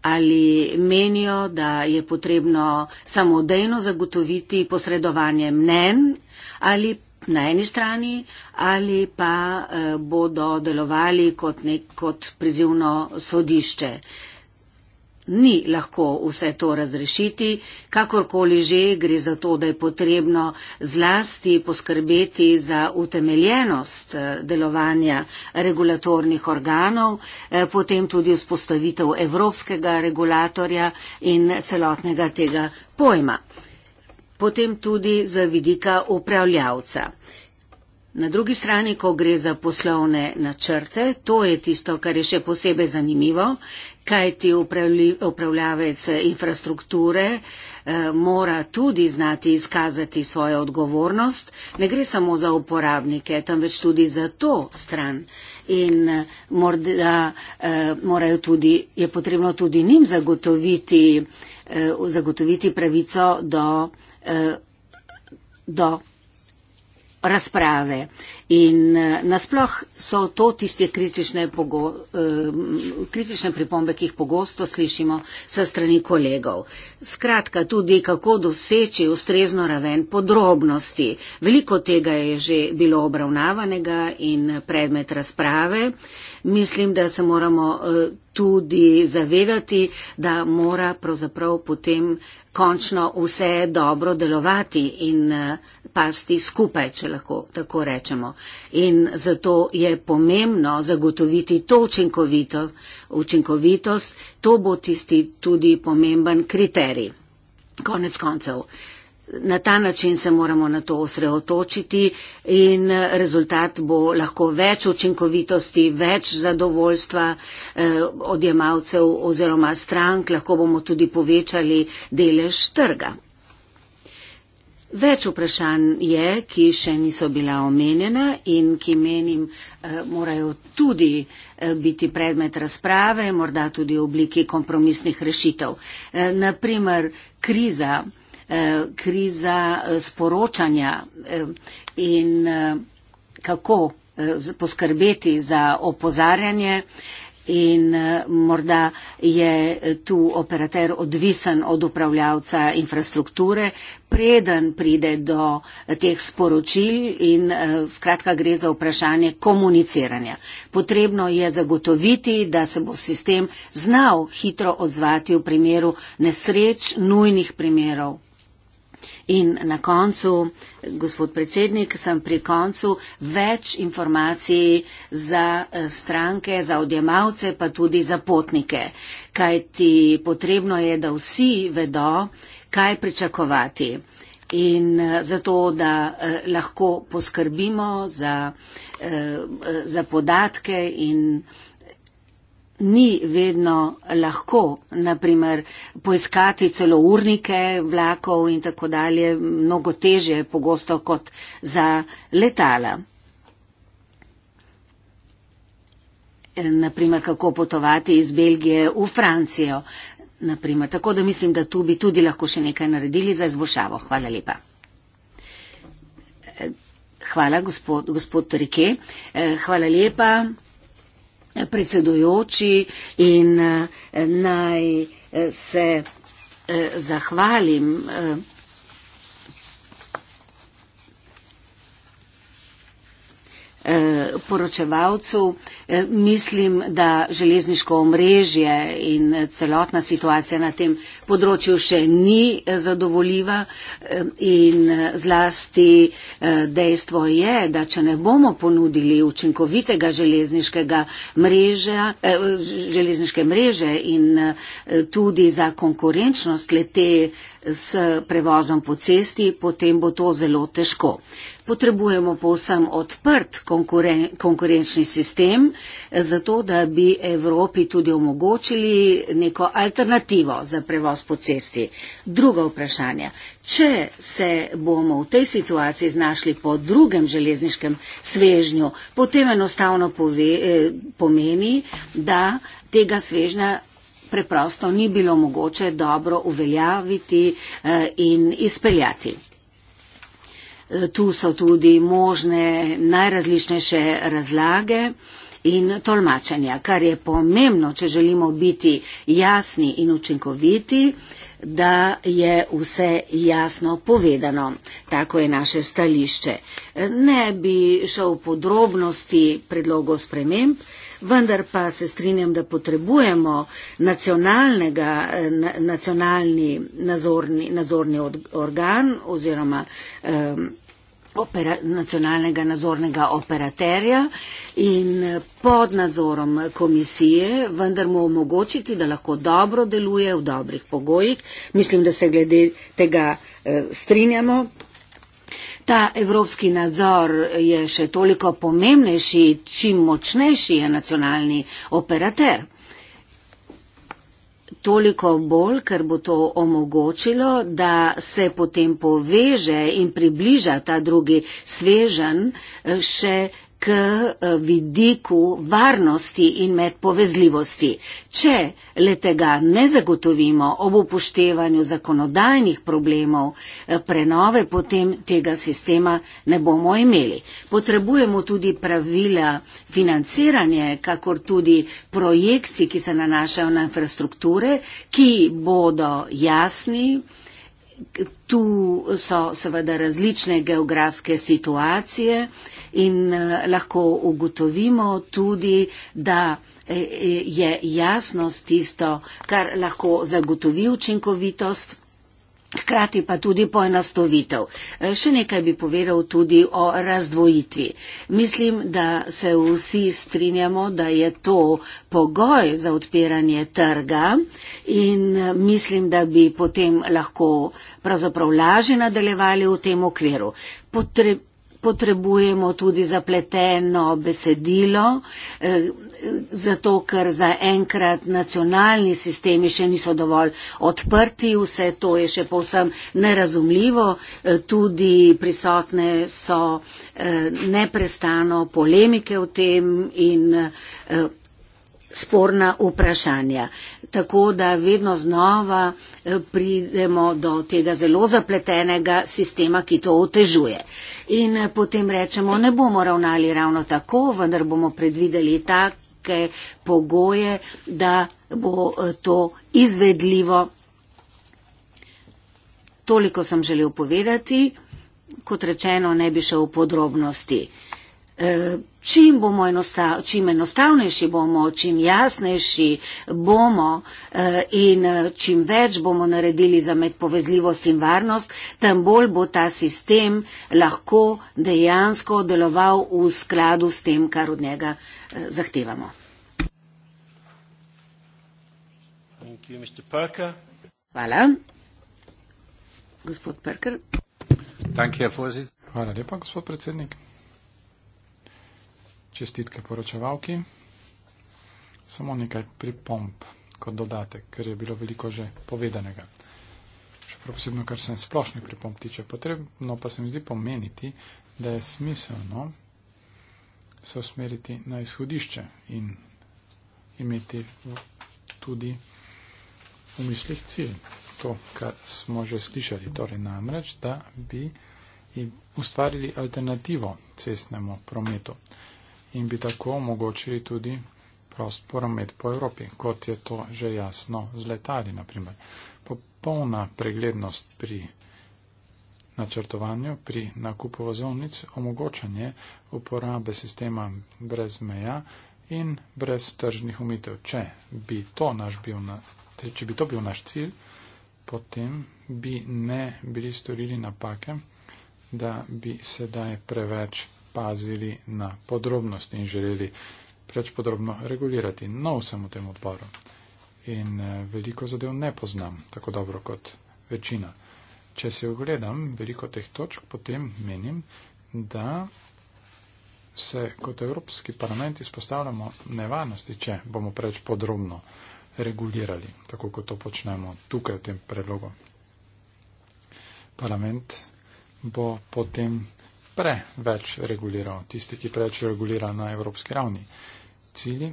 ali menijo, da je potrebno samodejno zagotoviti posredovanje mnen ali na eni strani ali pa eh, bodo delovali kot, nek, kot prizivno sodišče. Ni lahko vse to razrešiti, kakorkoli že gre za to, da je potrebno zlasti poskrbeti za utemeljenost eh, delovanja regulatornih organov, eh, potem tudi vzpostavitev evropskega regulatorja in celotnega tega pojma potem tudi za vidika upravljavca. Na drugi strani, ko gre za poslovne načrte, to je tisto, kar je še posebej zanimivo, kaj ti upravljavec infrastrukture eh, mora tudi znati izkazati svojo odgovornost. Ne gre samo za uporabnike, temveč tudi za to stran. In eh, morda eh, morajo tudi, je potrebno tudi njim zagotoviti, eh, zagotoviti pravico do eh, do razprave. In eh, nasploh so to tiste kritične, eh, kritične pripombe, ki jih pogosto slišimo sa strani kolegov. Skratka, tudi kako doseči ustrezno raven podrobnosti. Veliko tega je že bilo obravnavanega in predmet razprave. Mislim, da se moramo eh, tudi zavedati, da mora pravzaprav potem končno vse dobro delovati in eh, pasti skupaj, če lahko tako rečemo. In zato je pomembno zagotoviti to učinkovito, učinkovitost, to bo tisti tudi pomemben kriterij. Konec koncev. Uh, Na ta način se moramo na to osredotočiti in rezultat bo lahko več učinkovitosti, več zadovoljstva eh, odjemalcev oziroma strank, lahko bomo tudi povečali delež trga. Več vprašanj je, ki še niso bila omenjena in ki menim eh, morajo tudi eh, biti predmet razprave, morda tudi v obliki kompromisnih rešitev. Eh, naprimer, kriza. Eh, kriza eh, sporočanja eh, in kako poskrbeti za opozarjanje in morda je tu operater odvisen od upravljavca infrastrukture, preden pride do teh sporočil in skratka gre za vprašanje komuniciranja. Potrebno je zagotoviti, da se bo sistem znal hitro odzvati v primeru nesreč, nujnih primerov In na koncu, gospod predsednik, sem pri koncu več informacij za eh, stranke, za odjemalce, pa tudi za potnike, kajti potrebno je, da vsi vedo, kaj pričakovati. In eh, zato, da eh, lahko poskrbimo za, za podatke in podatke, ni vedno lahko, naprimer, poiskati celo urnike vlakov in tako dalje, mnogo teže pogosto kot za letala. Naprimer, kako potovati iz Belgije v Francijo. Naprimer, tako da mislim, da tu bi tudi lahko še nekaj naredili za izboljšavo. Hvala lepa. Hvala, gospod, gospod Rike. Eh, hvala lepa predsedujoči in eh, naj eh, se eh, zahvalim Eh, poročevalcev. Eh, mislim, da železniško omrežje in celotna situacija na tem področju še ni eh, zadovoljiva in zlasti dejstvo je, da če ne bomo ponudili učinkovitega mreža, železniške mreže in tudi za konkurenčnost lete s prevozom po cesti, potem bo to zelo težko. Potrebujemo povsem odprt konkuren konkurenčni sistem, zato da bi Evropi tudi omogočili neko alternativo za prevoz po cesti. Drugo vprašanje. Če se bomo v tej situaciji znašli po drugem železniškem svežnju, potem enostavno pove, eh, pomeni, da tega svežnja preprosto ni bilo mogoče dobro uveljaviti eh, in izpeljati tu so tudi možne najrazličnejše razlage in tolmačenja, kar je pomembno, če želimo biti jasni in učinkoviti, da je vse jasno povedano. Tako je naše stališče. Ne bi šel v podrobnosti predlogov sprememb, vendar pa se strinjam, da potrebujemo nacionalnega, eh, na, nacionalni nazorni, nazorni od, organ oziroma um, opera, nacionalnega nazornega operaterja in eh, pod nadzorom komisije, vendar mu omogočiti, da lahko dobro deluje v dobrih pogojih. Mislim, da se glede tega eh, strinjamo. Ta evropski nadzor je še toliko pomembnejši, čim močnejši je nacionalni operater. Toliko bolj, ker bo to omogočilo, da se potem poveže in približa ta drugi svežen eh, še k eh, vidiku varnosti in medpovezljivosti. Če le tega ne zagotovimo ob upoštevanju zakonodajnih problemov eh, prenove, potem tega sistema ne bomo imeli. Potrebujemo tudi pravila financiranja, kakor tudi projekcij, ki se nanašajo na infrastrukture, ki bodo jasni, Tu so seveda različne geografske situacije in eh, lahko ugotovimo tudi, da eh, je jasnost tisto, kar lahko zagotovi učinkovitost Hkrati pa tudi poenostavitev. E, še nekaj bi povedal tudi o razdvojitvi. Mislim, da se vsi strinjamo, da je to pogoj za odpiranje trga in e, mislim, da bi potem lahko pravzaprav lažje nadaljevali v tem okviru. Potre Potrebujemo tudi zapleteno besedilo. Eh, zato, ker zaenkrat nacionalni sistemi še niso dovolj odprti, vse to je še povsem nerazumljivo, e, tudi prisotne so e, neprestano polemike o tem in e, sporna vprašanja. Tako da vedno znova pridemo do tega zelo zapletenega sistema, ki to otežuje. In potem rečemo, ne bomo ravnali ravno tako, vendar bomo predvideli tak neke pogoje, da bo eh, to izvedljivo. Toliko sem želel povedati, kot rečeno, ne bi šel v podrobnosti. E, čim, bomo enostav, čim enostavnejši bomo, čim jasnejši bomo eh, in eh, čim več bomo naredili za medpovezljivost in varnost, tem bolj bo ta sistem lahko dejansko deloval v skladu s tem, kar od njega eh, zahtevamo. Hvala. Gospod Perker. Hvala lepa, gospod predsednik čestitke poročevalki. Samo nekaj pripomp kot dodatek, ker je bilo veliko že povedanega. Še posebno, kar se splošnih pripomp tiče. Potrebno pa se mi zdi pomeniti, da je smiselno se usmeriti na izhodišče in imeti tudi v mislih cilj. To, kar smo že slišali, torej namreč, da bi ustvarili alternativo cestnemu prometu in bi tako omogočili tudi prost promet po Evropi, kot je to že jasno z letali, naprimer. Popolna preglednost pri načrtovanju, pri nakupu vozovnic, omogočanje uporabe sistema brez meja in brez tržnih umitev. Če bi to, naš bil, na, če bi to bil naš cilj, potem bi ne bili storili napake, da bi sedaj preveč pazili na podrobnosti in želeli preč podrobno regulirati. No, vsem v tem odboru. In eh, veliko zadev ne poznam tako dobro kot večina. Če se ogledam veliko teh točk, potem menim, da se kot Evropski parlament izpostavljamo nevarnosti, če bomo preč podrobno regulirali, tako kot to počnemo tukaj v tem predlogu. Parlament bo potem preveč reguliral, tisti, ki preveč regulira na evropski ravni. Cilji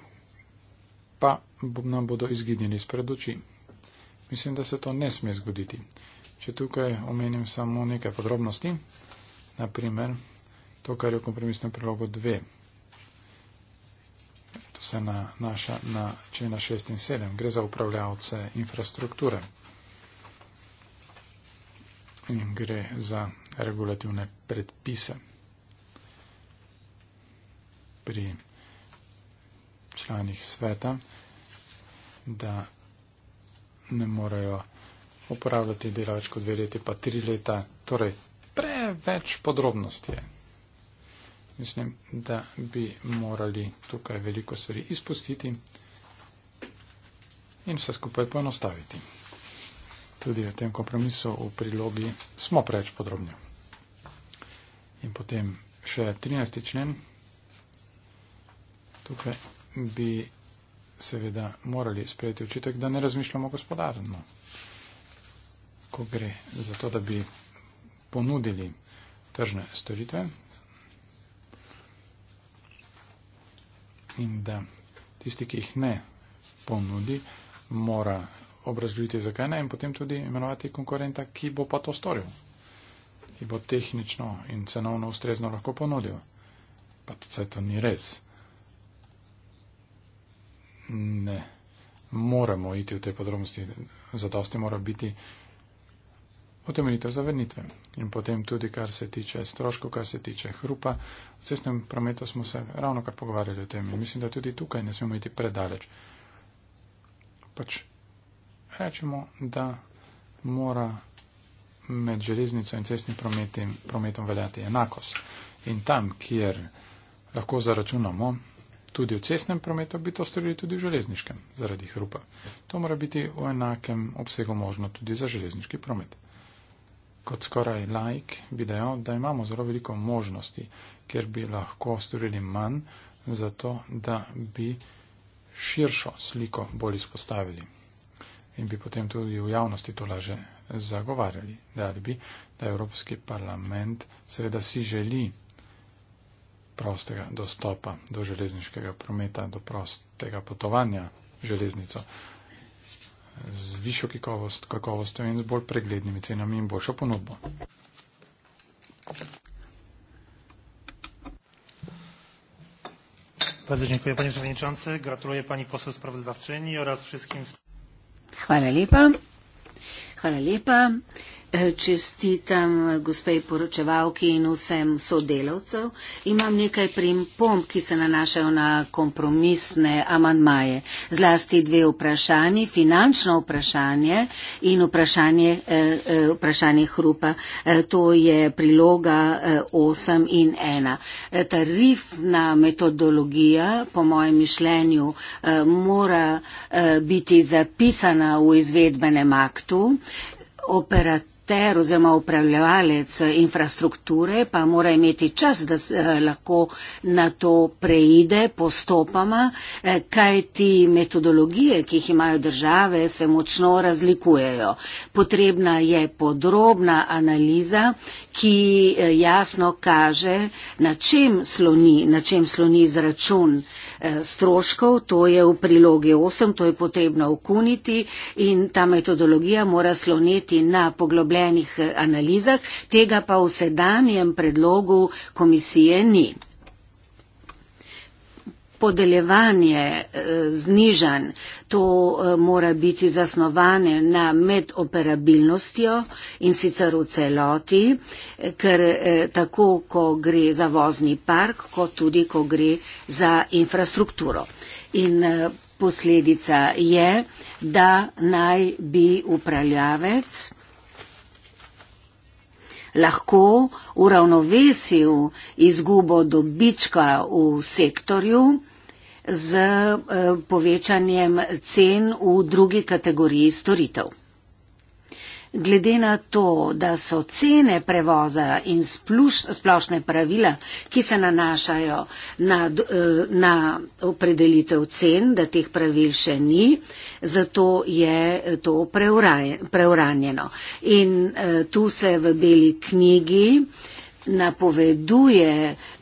pa nam bodo izginjeni spred oči. Mislim, da se to ne sme zgoditi. Če tukaj omenim samo nekaj podrobnosti, naprimer to, kar je v kompromisnem prilogu 2. To se nanaša na člena 6 in 7. Gre za upravljavce infrastrukture. In gre za regulativne predpise. Pri članih sveta, da ne morejo uporabljati dela več kot dve leti, pa tri leta. Torej, preveč podrobnosti je. Mislim, da bi morali tukaj veliko stvari izpustiti in vse skupaj poenostaviti tudi v tem kompromisu v prilogi smo preveč podrobni. In potem še 13. člen. Tukaj bi seveda morali sprejeti očitek, da ne razmišljamo gospodarno. Ko gre za to, da bi ponudili tržne storitve in da tisti, ki jih ne ponudi, mora obrazložiti, zakaj ne, in potem tudi imenovati konkurenta, ki bo pa to storil, ki bo tehnično in cenovno ustrezno lahko ponudil. Pa vse to ni res. Ne, moramo iti v te podrobnosti, zato ste mora biti utemeljitev za vrnitve. In potem tudi, kar se tiče stroškov, kar se tiče hrupa, v cestnem prometu smo se ravno kar pogovarjali o tem. Mislim, da tudi tukaj ne smemo iti predaleč. Pač rečemo, da mora med železnico in cestnim prometem, prometom veljati enakost. In tam, kjer lahko zaračunamo tudi v cestnem prometu, bi to storili tudi v železniškem zaradi hrupa. To mora biti v enakem obsegu možno tudi za železniški promet. Kot skoraj laik bi dejal, da imamo zelo veliko možnosti, ker bi lahko storili manj, zato da bi širšo sliko bolj izpostavili in bi potem tudi v javnosti to laže zagovarjali, da bi, da Evropski parlament seveda si želi prostega dostopa do železniškega prometa, do prostega potovanja železnico z višjo kakovost, kakovostjo in z bolj preglednimi cenami in boljšo ponudbo. Bardzo dziękuję panie przewodniczący, gratuluję pani poseł sprawozdawczyni oraz wszystkim. Hvala lepa. Hvala lepa čestitam eh, gospej poročevalki in vsem sodelavcev. Imam nekaj pripomb, ki se nanašajo na kompromisne amandmaje. Zlasti dve vprašanje, finančno vprašanje in vprašanje, eh, eh, vprašanje hrupa. To je priloga 8 in 1. Tarifna metodologija, po mojem mišljenju, mora biti zapisana v izvedbenem aktu. Operativ operater oziroma upravljalec infrastrukture pa mora imeti čas, da eh, lahko na to preide postopoma, eh, kaj ti metodologije, ki jih imajo države, se močno razlikujejo. Potrebna je podrobna analiza, ki eh, jasno kaže, na čem sloni, na čem sloni izračun stroškov, to je v prilogi 8, to je potrebno ukuniti in ta metodologija mora sloniti na poglobljenje pridobljenih eh, analizah, tega pa v sedanjem predlogu komisije ni. Podeljevanje eh, znižanj, to eh, mora biti zasnovane na medoperabilnostjo in sicer v celoti, ker tako, ko gre za vozni park, kot tudi, ko gre za infrastrukturo. In posledica je, da naj bi upravljavec lahko uravnovesil izgubo dobička v sektorju z eh, povečanjem cen v drugi kategoriji storitev. Glede na to, da so cene prevoza in spluš, splošne pravila, ki se nanašajo na, eh, na opredelitev cen, da teh pravil še ni, zato je eh, to preuranjeno. In eh, tu se v beli knjigi napoveduje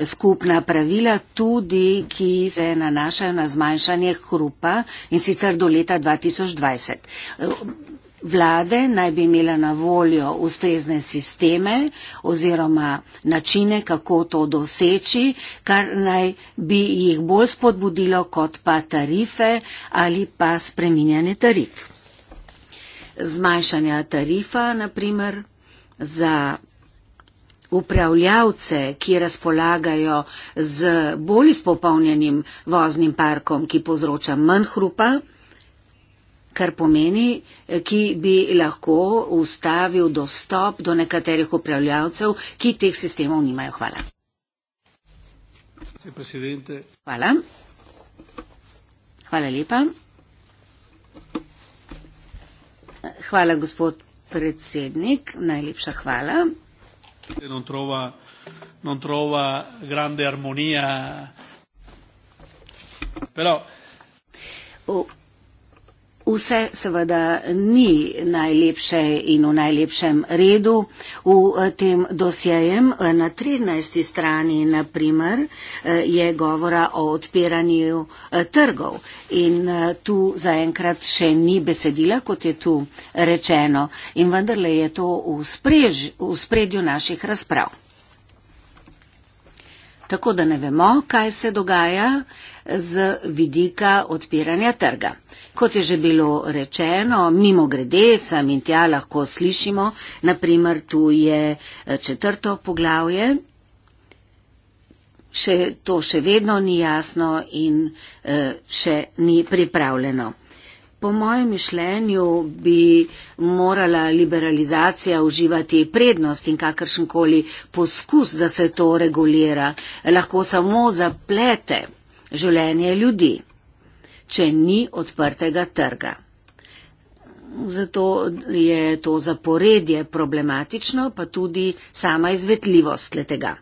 skupna pravila tudi, ki se nanašajo na zmanjšanje hrupa in sicer do leta 2020. Vlade naj bi imele na voljo ustrezne sisteme oziroma načine, kako to doseči, kar naj bi jih bolj spodbudilo kot pa tarife ali pa spreminjanje tarif. Zmanjšanja tarifa, naprimer, za upravljavce, ki razpolagajo z bolj spopolnjenim voznim parkom, ki povzroča manj hrupa, kar pomeni, eh, ki bi lahko ustavil dostop do nekaterih upravljavcev, ki teh sistemov nimajo. Hvala. Hvala. Hvala lepa. Hvala, gospod predsednik. Najlepša hvala. Non trova grande armonija. Però... Oh. Vse seveda ni najlepše in v najlepšem redu. V eh, tem dosjejem eh, na 13. strani, naprimer, eh, je govora o odpiranju trgov in tu zaenkrat še ni besedila, kot je tu rečeno. In vendarle je to v, sprež, v spredju naših razprav tako da ne vemo, kaj se dogaja z vidika odpiranja trga. Kot je že bilo rečeno, mimo grede sem in tja lahko slišimo, naprimer tu je eh, četrto poglavje, še, to še vedno ni jasno in eh, še ni pripravljeno. Po mojem mišljenju bi morala liberalizacija uživati prednost in kakršenkoli poskus, da se to regulira, lahko samo zaplete življenje ljudi, če ni odprtega trga. Zato je to zaporedje problematično, pa tudi sama izvetljivost letega.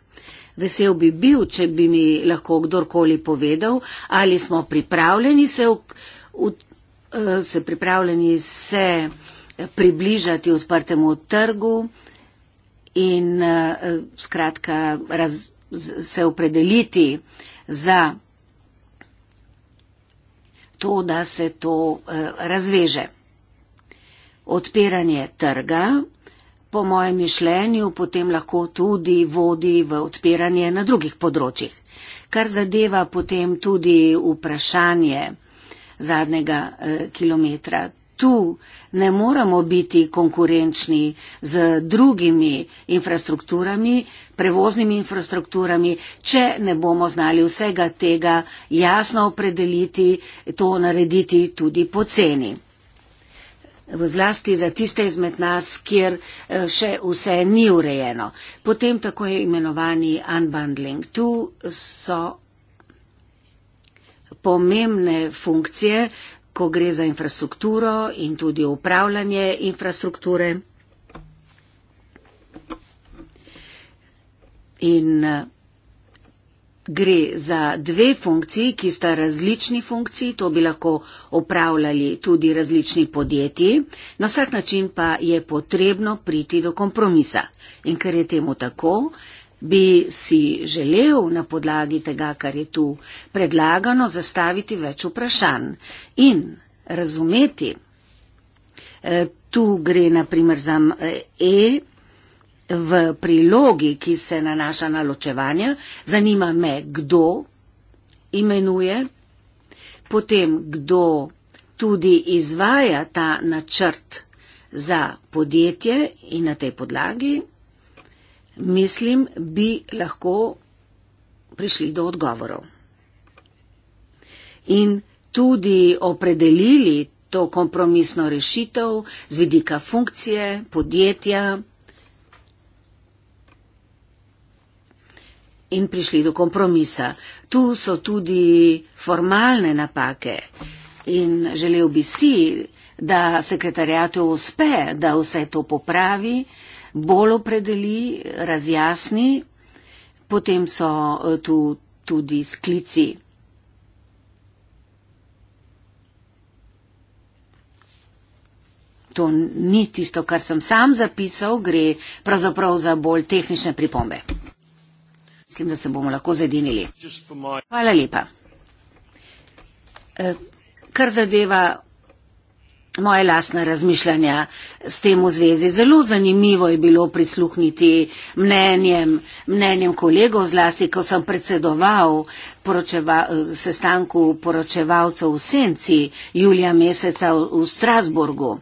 Vesel bi bil, če bi mi lahko kdorkoli povedal, ali smo pripravljeni se v. v Eh, se pripravljeni se eh, približati odprtemu trgu in eh, skratka raz, se opredeliti za to, da se to razveže. Odpiranje trga po mojem mišljenju potem lahko tudi vodi v odpiranje na drugih področjih, kar zadeva potem tudi vprašanje, zadnjega eh, kilometra. Tu ne moramo biti konkurenčni z drugimi infrastrukturami, prevoznimi infrastrukturami, če ne bomo znali vsega tega jasno opredeliti, to narediti tudi po ceni. Zlasti za tiste izmed nas, kjer eh, še vse ni urejeno. Potem tako je imenovani unbundling. Tu so pomembne funkcije, ko gre za infrastrukturo in tudi upravljanje infrastrukture. In eh, gre za dve funkciji, ki sta različni funkciji, to bi lahko upravljali tudi različni podjetji, na vsak način pa je potrebno priti do kompromisa. In ker je temu tako, bi si želel na podlagi tega, kar je tu predlagano, zastaviti več vprašanj in razumeti. Eh, tu gre naprimer za E v prilogi, ki se nanaša na ločevanje. Zanima me, kdo imenuje, potem kdo tudi izvaja ta načrt za podjetje in na tej podlagi mislim, bi lahko prišli do odgovorov. In tudi opredelili to kompromisno rešitev z vidika funkcije, podjetja in prišli do kompromisa. Tu so tudi formalne napake in želel bi si, da sekretarjatu uspe, da vse to popravi bolj opredeli, razjasni, potem so eh, tu tudi sklici. To ni tisto, kar sem sam zapisal, gre pravzaprav za bolj tehnične pripombe. Mislim, da se bomo lahko zedinili. Hvala lepa. Eh, kar zadeva moje lastne razmišljanja s tem v zvezi. Zelo zanimivo je bilo prisluhniti mnenjem, mnenjem kolegov, zlasti ko sem predsedoval poročeva, sestanku poročevalcev v Senci julija meseca v, v Strasburgu.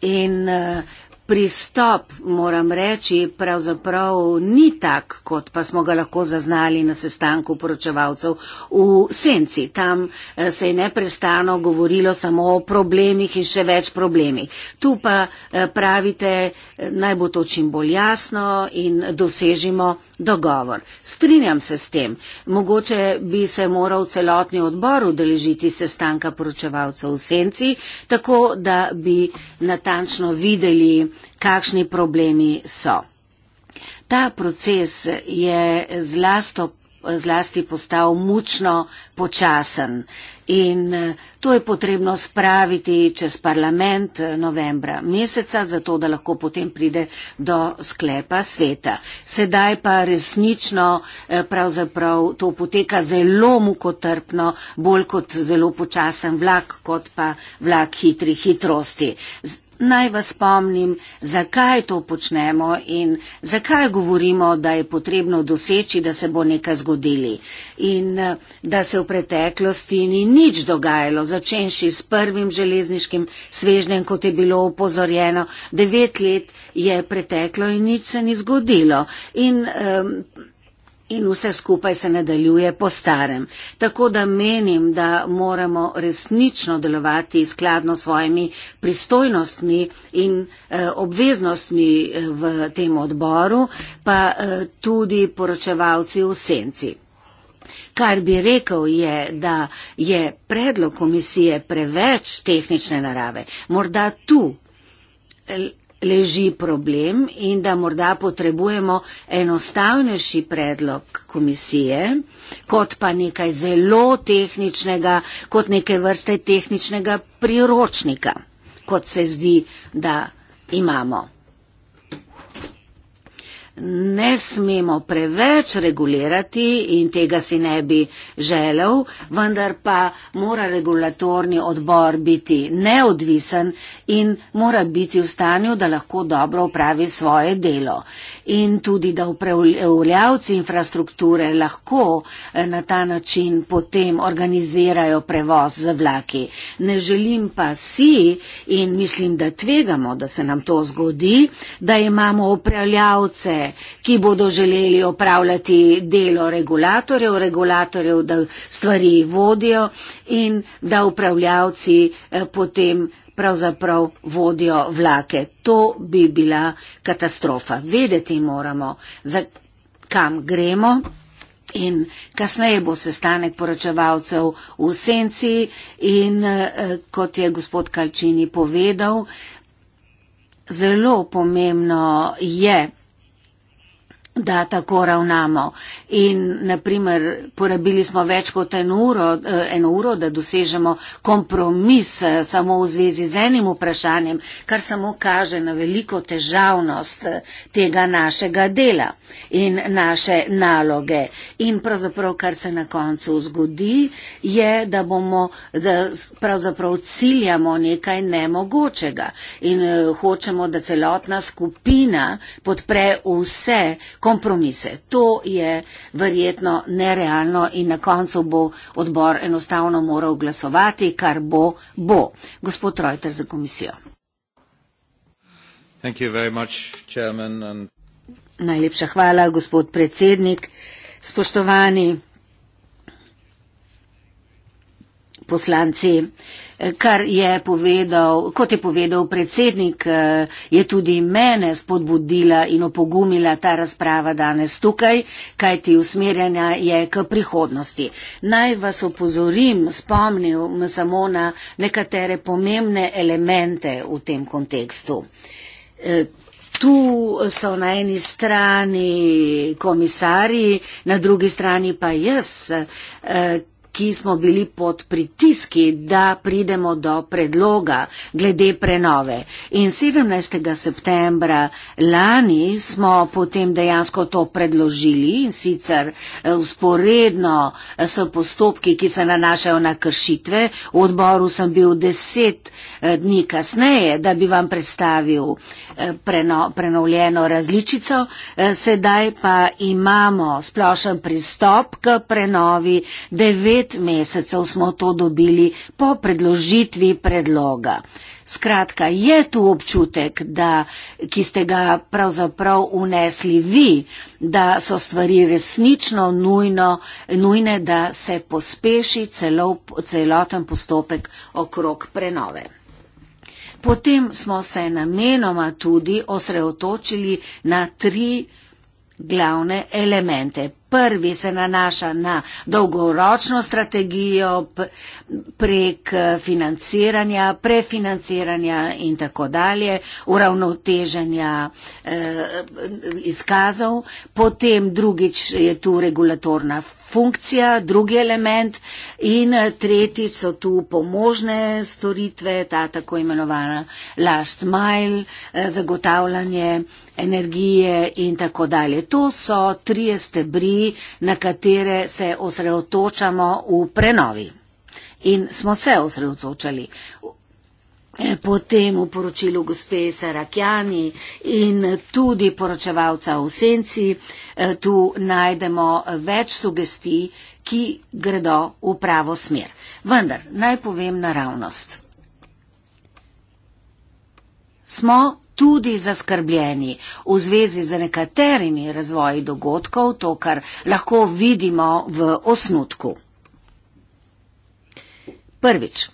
In uh, pristop, moram reči, pravzaprav ni tak, kot pa smo ga lahko zaznali na sestanku poročevalcev v Senci. Tam eh, se je neprestano govorilo samo o problemih in še več problemih. Tu pa eh, pravite, eh, naj bo to čim bolj jasno in dosežimo dogovor. Strinjam se s tem. Mogoče bi se moral celotni odbor udeležiti sestanka poročevalcev v Senci, tako da bi natančno videli, kakšni problemi so. Ta proces je zlasto, zlasti postal mučno počasen in eh, to je potrebno spraviti čez parlament eh, novembra meseca, zato da lahko potem pride do sklepa sveta. Sedaj pa resnično eh, pravzaprav to poteka zelo mukotrpno, bolj kot zelo počasen vlak, kot pa vlak hitri hitrosti. Naj vas spomnim, zakaj to počnemo in zakaj govorimo, da je potrebno doseči, da se bo nekaj zgodili. In eh, da se v preteklosti ni nič dogajalo, začenši s prvim železniškim svežnjem, kot je bilo upozorjeno. Devet let je preteklo in nič se ni zgodilo. In, um, in vse skupaj se nadaljuje po starem. Tako da menim, da moramo resnično delovati skladno s svojimi pristojnostmi in eh, obveznostmi eh, v tem odboru, pa eh, tudi poročevalci v senci. Kar bi rekel je, da je predlog komisije preveč tehnične narave. Morda tu leži problem in da morda potrebujemo enostavnejši predlog komisije, kot pa nekaj zelo tehničnega, kot neke vrste tehničnega priročnika, kot se zdi, da imamo ne smemo preveč regulirati in tega si ne bi želel, vendar pa mora regulatorni odbor biti neodvisen in mora biti v stanju, da lahko dobro upravi svoje delo. In tudi, da upravljavci infrastrukture lahko eh, na ta način potem organizirajo prevoz z vlaki. Ne želim pa si in mislim, da tvegamo, da se nam to zgodi, da imamo upravljavce, ki bodo želeli opravljati delo regulatorjev, regulatorjev, da stvari vodijo in da upravljavci eh, potem pravzaprav vodijo vlake. To bi bila katastrofa. Vedeti moramo, za kam gremo. In kasneje bo sestanek poročevalcev v senci in eh, kot je gospod Kalčini povedal, zelo pomembno je da tako ravnamo. In naprimer, porabili smo več kot en uro, eh, eno uro, da dosežemo kompromis eh, samo v zvezi z enim vprašanjem, kar samo kaže na veliko težavnost eh, tega našega dela in naše naloge. In pravzaprav, kar se na koncu zgodi, je, da bomo, da pravzaprav ciljamo nekaj nemogočega in hočemo, da celotna skupina podpre vse, kompromise. To je verjetno nerealno in na koncu bo odbor enostavno moral glasovati, kar bo, bo. Gospod Reuter za komisijo. Much, chairman, and... Najlepša hvala, gospod predsednik. Spoštovani. poslanci. Eh, kar je povedal, kot je povedal predsednik, eh, je tudi mene spodbudila in opogumila ta razprava danes tukaj, kajti usmerjanja je k prihodnosti. Naj vas opozorim, spomnil samo na nekatere pomembne elemente v tem kontekstu. Eh, tu so na eni strani komisarji, na drugi strani pa jaz, ki smo bili pod pritiski, da pridemo do predloga glede prenove. In 17. septembra lani smo potem dejansko to predložili in sicer usporedno eh, eh, so postopki, ki se nanašajo na kršitve. V odboru sem bil deset eh, dni kasneje, da bi vam predstavil preno, prenovljeno različico. Sedaj pa imamo splošen pristop k prenovi devet pet mesecev smo to dobili po predložitvi predloga. Skratka, je tu občutek, da, ki ste ga pravzaprav unesli vi, da so stvari resnično nujno, nujne, da se pospeši celo, celoten postopek okrog prenove. Potem smo se namenoma tudi osredotočili na tri glavne elemente prvi se nanaša na dolgoročno strategijo prek financiranja, prefinanciranja in tako dalje, uravnoteženja eh, izkazov, potem drugič je tu regulatorna funkcija, drugi element in tretjič so tu pomožne storitve, ta tako imenovana last mile, eh, zagotavljanje energije in tako dalje. To so trije stebri stvari, na katere se osredotočamo v prenovi. In smo se osredotočali. Potem v poročilu gospe Sarakjani in tudi poročevalca v Senci eh, tu najdemo več sugestij, ki gredo v pravo smer. Vendar naj povem naravnost smo tudi zaskrbljeni v zvezi z nekaterimi razvoji dogodkov, to, kar lahko vidimo v osnutku. Prvič.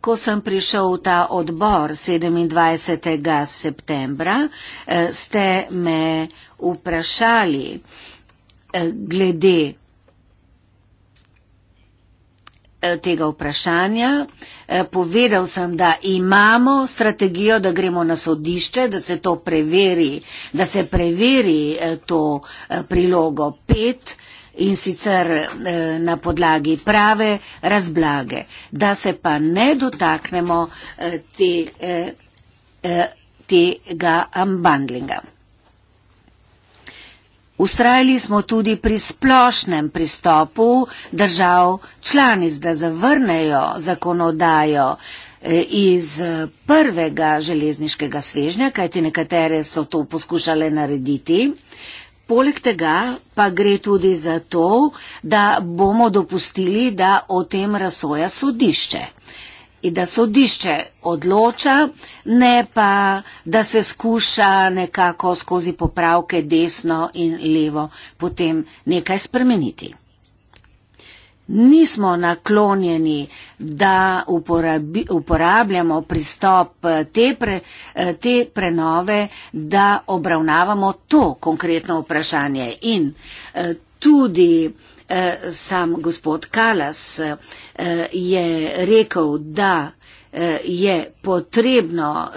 Ko sem prišel v ta odbor 27. septembra, eh, ste me vprašali eh, glede Eh, tega vprašanja. Eh, povedal sem, da imamo strategijo, da gremo na sodišče, da se to preveri, da se preveri eh, to prilogo pet in sicer na podlagi prave razblage, da se pa ne dotaknemo te, tega ambandlinga. Ustrajali smo tudi pri splošnem pristopu držav članic, da zavrnejo zakonodajo eh, iz eh, prvega železniškega svežnja, kajti nekatere so to poskušale narediti. Poleg tega pa gre tudi za to, da bomo dopustili, da o tem razsoja sodišče in da sodišče odloča, ne pa da se skuša nekako skozi popravke desno in levo potem nekaj spremeniti. Nismo naklonjeni, da uporabi, uporabljamo pristop te, pre, te prenove, da obravnavamo to konkretno vprašanje in eh, tudi Eh, sam gospod Kalas eh, je rekel, da eh, je potrebno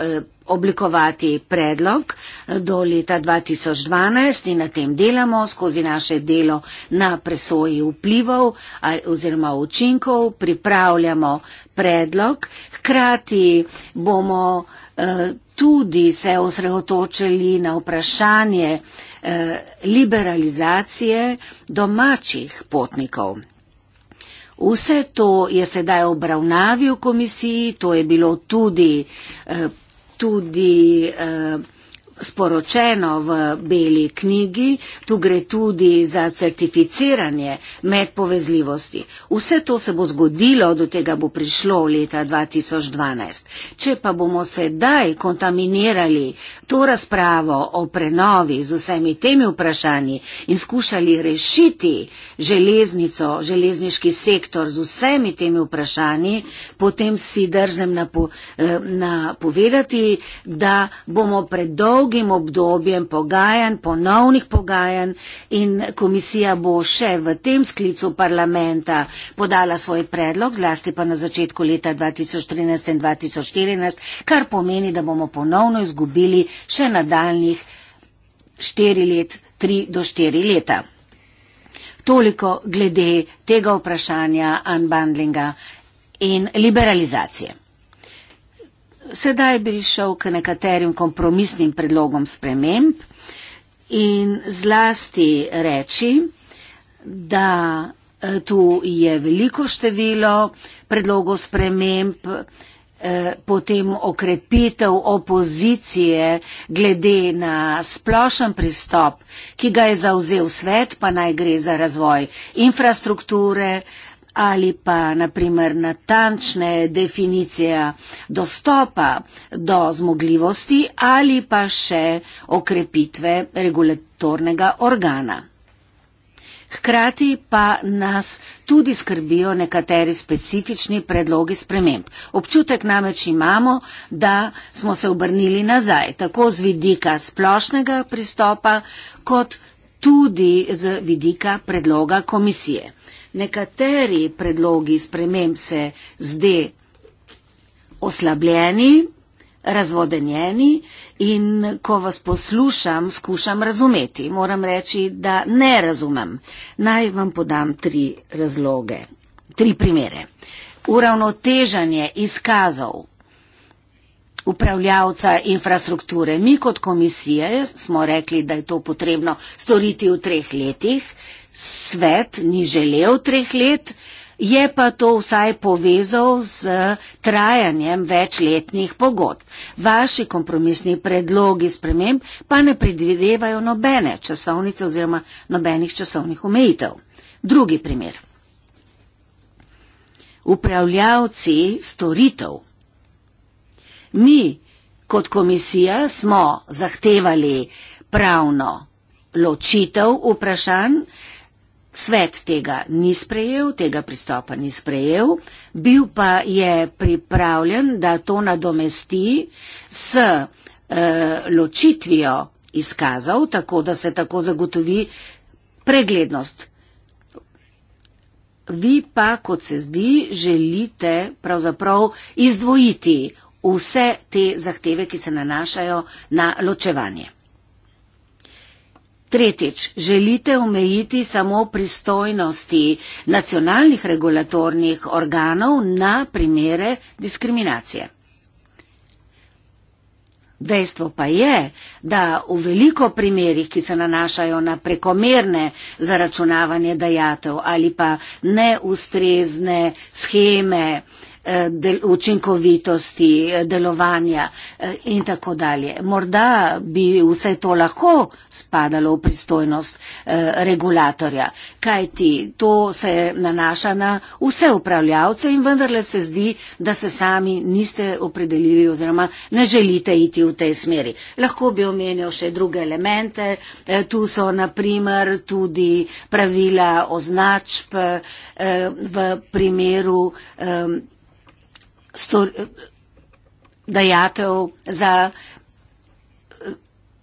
oblikovati predlog do leta 2012 in na tem delamo skozi naše delo na presoji vplivov oziroma učinkov, pripravljamo predlog. Hkrati bomo tudi se osredotočili na vprašanje eh, liberalizacije domačih potnikov. Vse to je sedaj obravnavil komisiji, to je bilo tudi, eh, tudi eh, sporočeno v beli knjigi, tu gre tudi za certificiranje medpovezljivosti. Vse to se bo zgodilo, do tega bo prišlo leta 2012. Če pa bomo sedaj kontaminirali to razpravo o prenovi z vsemi temi vprašanji in skušali rešiti železnico, železniški sektor z vsemi temi vprašanji, potem si drznem napo eh, napovedati, da bomo predolgo dolgim obdobjem pogajanj, ponovnih pogajanj in komisija bo še v tem sklicu parlamenta podala svoj predlog, zlasti pa na začetku leta 2013 in 2014, kar pomeni, da bomo ponovno izgubili še nadaljnih 4 let, 3 do 4 leta. Toliko glede tega vprašanja unbundlinga in liberalizacije. Sedaj bi šel k nekaterim kompromisnim predlogom sprememb in zlasti reči, da e, tu je veliko število predlogov sprememb, e, potem okrepitev opozicije glede na splošen pristop, ki ga je zauzel svet, pa naj gre za razvoj infrastrukture, ali pa naprimer natančne definicije dostopa do zmogljivosti ali pa še okrepitve regulatornega organa. Hkrati pa nas tudi skrbijo nekateri specifični predlogi sprememb. Občutek namreč imamo, da smo se obrnili nazaj, tako z vidika splošnega pristopa, kot tudi z vidika predloga komisije nekateri predlogi sprememb se zdi oslabljeni, razvodenjeni in ko vas poslušam, skušam razumeti. Moram reči, da ne razumem. Naj vam podam tri razloge, tri primere. Uravnotežanje izkazov upravljavca infrastrukture. Mi kot komisije smo rekli, da je to potrebno storiti v treh letih svet ni želel treh let, je pa to vsaj povezal z trajanjem večletnih pogodb. Vaši kompromisni predlogi sprememb pa ne predvidevajo nobene časovnice oziroma nobenih časovnih omejitev. Drugi primer. Upravljavci storitev. Mi kot komisija smo zahtevali pravno ločitev vprašanj, Svet tega ni sprejel, tega pristopa ni sprejel, bil pa je pripravljen, da to nadomesti s eh, ločitvijo izkazov, tako da se tako zagotovi preglednost. Vi pa, kot se zdi, želite pravzaprav izdvojiti vse te zahteve, ki se nanašajo na ločevanje. Tretjič, želite omejiti samo pristojnosti nacionalnih regulatornih organov na primere diskriminacije. Dejstvo pa je, da v veliko primerjih, ki se nanašajo na prekomerne zaračunavanje dajatev ali pa neustrezne scheme eh, Eh, del, učinkovitosti eh, delovanja eh, in tako dalje. Morda bi vse to lahko spadalo v pristojnost regulatorja, kajti to se nanaša na vse upravljavce in vendarle se zdi, da se sami niste opredelili oziroma ne želite iti v tej smeri. Lahko bi omenil še druge elemente, tu so naprimer tudi pravila označb v primeru dajatev za eh,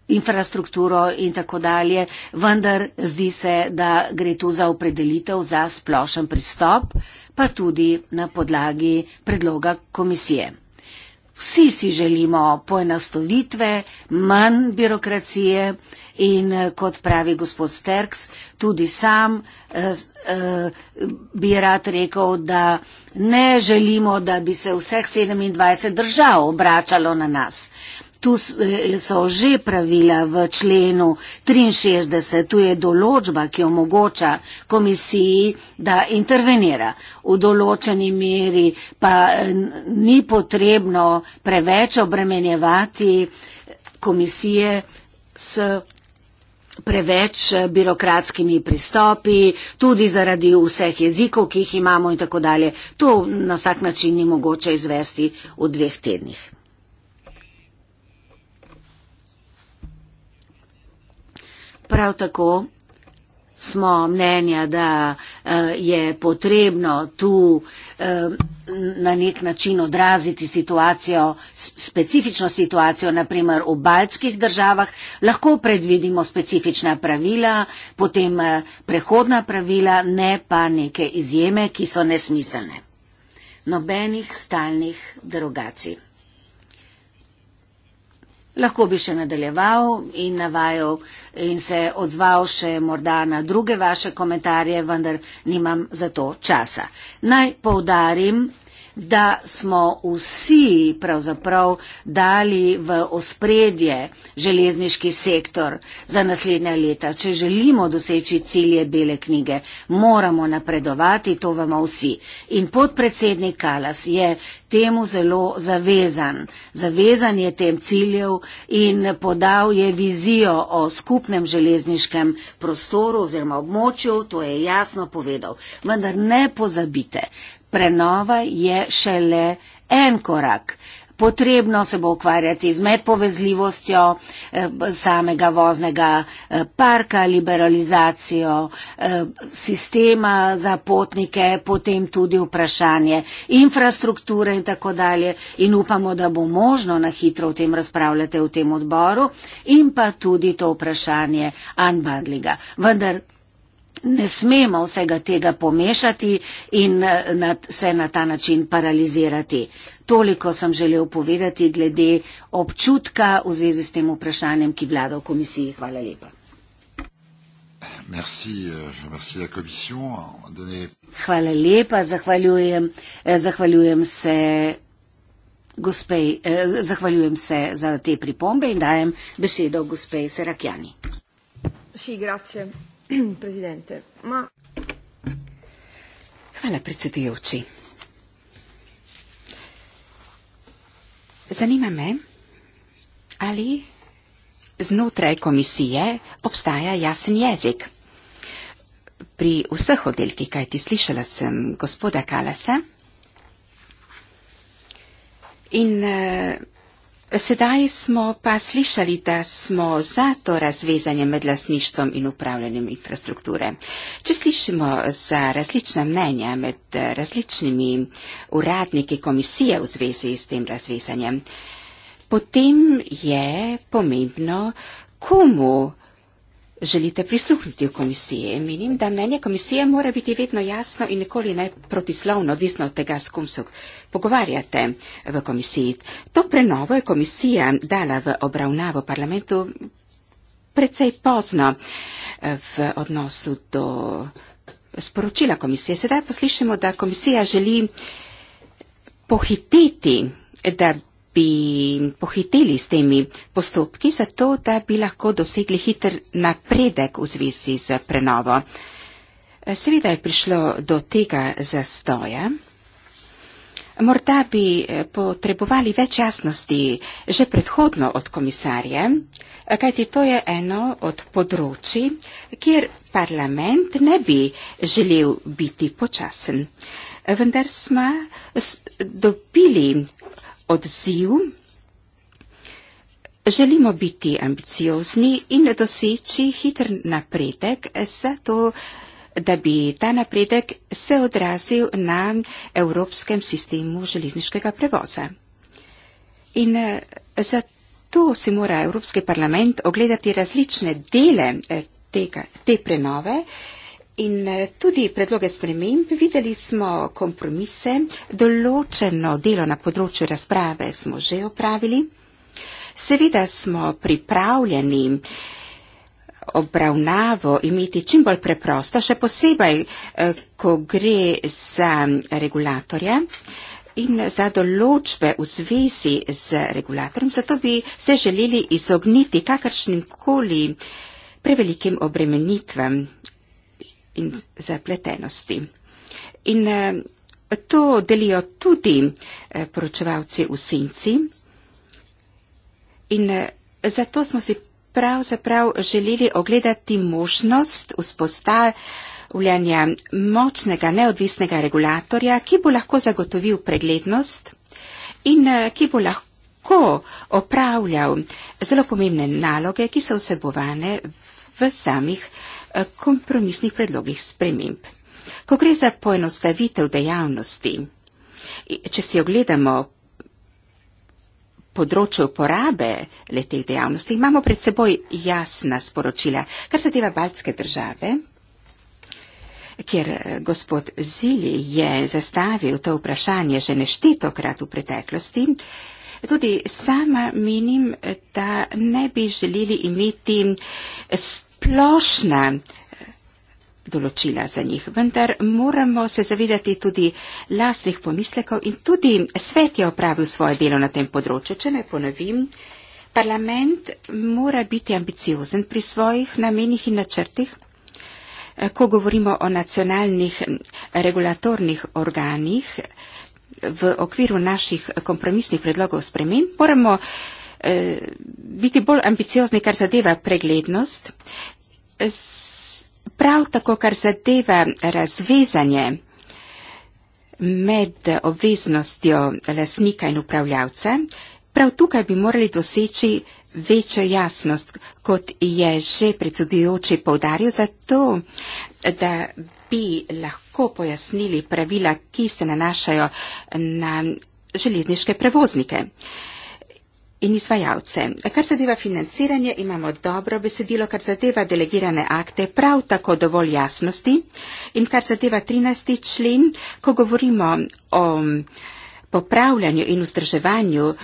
infrastrukturo in tako dalje, vendar zdi se, da gre tu za opredelitev za splošen pristop, pa tudi na podlagi predloga komisije. Vsi si želimo poenostavitve, manj birokracije in eh, kot pravi gospod Sterks, tudi sam eh, eh, bi rad rekel, da ne želimo, da bi se vseh 27 držav obračalo na nas. Tu eh, so že pravila v členu 63, tu je določba, ki omogoča komisiji, da intervenira. V določeni meri pa eh, ni potrebno preveč obremenjevati eh, komisije s preveč birokratskimi pristopi, tudi zaradi vseh jezikov, ki jih imamo in tako dalje. To na vsak način ni mogoče izvesti v dveh tednih. Prav tako smo mnenja, da eh, je potrebno tu eh, na nek način odraziti situacijo, specifično situacijo, naprimer v baltskih državah, lahko predvidimo specifična pravila, potem eh, prehodna pravila, ne pa neke izjeme, ki so nesmiselne. Nobenih stalnih derogacij. Lahko bi še nadaljeval in navajal in se odzval še morda na druge vaše komentarje, vendar nimam za to časa. Naj povdarim, da smo vsi pravzaprav dali v ospredje železniški sektor za naslednja leta. Če želimo doseči cilje bele knjige, moramo napredovati, to vemo vsi. In podpredsednik Kalas je temu zelo zavezan. Zavezan je tem ciljev in podal je vizijo o skupnem železniškem prostoru oziroma območju, to je jasno povedal. Vendar ne pozabite, prenova je šele en korak potrebno se bo ukvarjati z medpovezljivostjo eh, samega voznega eh, parka, liberalizacijo eh, sistema za potnike, potem tudi vprašanje infrastrukture in tako dalje. In upamo, da bo možno na hitro o tem razpravljati v tem odboru in pa tudi to vprašanje unbundlinga. Vendar ne smemo vsega tega pomešati in eh, se na ta način paralizirati. Toliko sem želel povedati glede občutka v zvezi s tem vprašanjem, ki vlada v komisiji. Hvala lepa. Merci, eh, merci la commission. Donne... Hvala lepa, zahvaljujem, eh, zahvaljujem se. Gospej, eh, zahvaljujem se za te pripombe in dajem besedo gospej Serakjani. Sí, grazie. Presidente, ma... Hvala, predsedujoči. Zanima me, ali znotraj komisije obstaja jasen jezik. Pri vseh oddelkih, kaj ti slišala sem gospoda Kalasa. In uh, Sedaj smo pa slišali, da smo za to razvezanje med lasništvom in upravljanjem infrastrukture. Če slišimo za različna mnenja med eh, različnimi uradniki komisije v zvezi s tem razvezanjem, potem je pomembno, komu želite prisluhniti v komisiji. Menim, da mnenje komisije mora biti vedno jasno in nikoli ne protislovno, odvisno od tega, s kom se pogovarjate v komisiji. To prenovo je komisija dala v obravnavo parlamentu precej pozno eh, v odnosu do sporočila komisije. Sedaj poslišimo, da komisija želi pohititi, da bi pohiteli s temi postopki, zato da bi lahko dosegli hiter napredek v zvezi z prenovo. Seveda je prišlo do tega zastoja. Morda bi eh, potrebovali več jasnosti že predhodno od komisarja, kajti to je eno od področji, kjer parlament ne bi želel biti počasen. Vendar smo dobili odziv. Želimo biti ambiciozni in doseči hitr napredek, zato da bi ta napredek se odrazil na evropskem sistemu železniškega prevoza. In zato si mora Evropski parlament ogledati različne dele eh, tega, te prenove. In eh, tudi predloge sprememb, videli smo kompromise, določeno delo na področju razprave smo že opravili. Seveda smo pripravljeni obravnavo imeti čim bolj preprosto, še posebej, eh, ko gre za regulatorja in za določbe v zvezi z regulatorjem. Zato bi se želeli izogniti kakršnim koli prevelikim obremenitvam in zapletenosti. In eh, to delijo tudi eh, poročevalci v senci. In eh, zato smo si pravzaprav želeli ogledati možnost vzpostavljanja močnega neodvisnega regulatorja, ki bo lahko zagotovil preglednost in ki bo lahko opravljal zelo pomembne naloge, ki so vsebovane v samih Eh, kompromisnih predlogih sprememb. Ko gre za poenostavitev dejavnosti, če si ogledamo področje uporabe letih dejavnosti, imamo pred seboj jasna sporočila, kar zadeva baltske države kjer eh, gospod Zili je zastavil to vprašanje že neštetokrat v preteklosti, tudi sama menim, eh, da ne bi želeli imeti splošna določila za njih, vendar moramo se zavedati tudi lastnih pomislekov in tudi svet je opravil svoje delo na tem področju. Če ne ponovim, parlament mora biti ambiciozen pri svojih namenih in načrtih. Ko govorimo o nacionalnih regulatornih organih v okviru naših kompromisnih predlogov sprememb, moramo biti bolj ambiciozni, kar zadeva preglednost, prav tako, kar zadeva razvezanje med obveznostjo lasnika in upravljavca, prav tukaj bi morali doseči večjo jasnost, kot je že predsedujoči povdaril, zato da bi lahko pojasnili pravila, ki se nanašajo na železniške prevoznike in izvajalce. Kar zadeva financiranje, imamo dobro besedilo, kar zadeva delegirane akte, prav tako dovolj jasnosti. In kar zadeva 13. člen, ko govorimo o popravljanju in vzdrževanju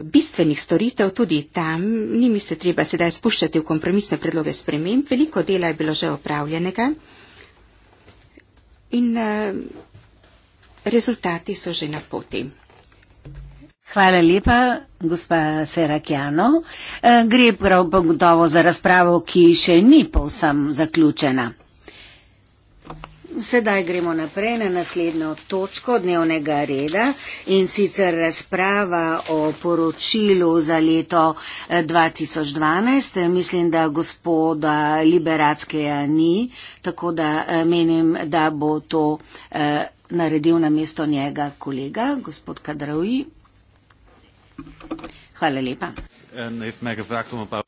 bistvenih storitev, tudi tam ni mi se treba sedaj spuščati v kompromisne predloge sprememb, veliko dela je bilo že opravljenega in uh, rezultati so že na poti. Hvala lepa, gospa Serakjano. E, gre prav pa gotovo za razpravo, ki še ni povsem zaključena. Sedaj gremo naprej na naslednjo točko dnevnega reda in sicer razprava o poročilu za leto 2012. E, Mislim, da gospoda Liberatskeja ni, tako da e, menim, da bo to naredil na mesto njega kolega, gospod Kadravi. Hvala lepa. En heeft mij gevraagd om een paar.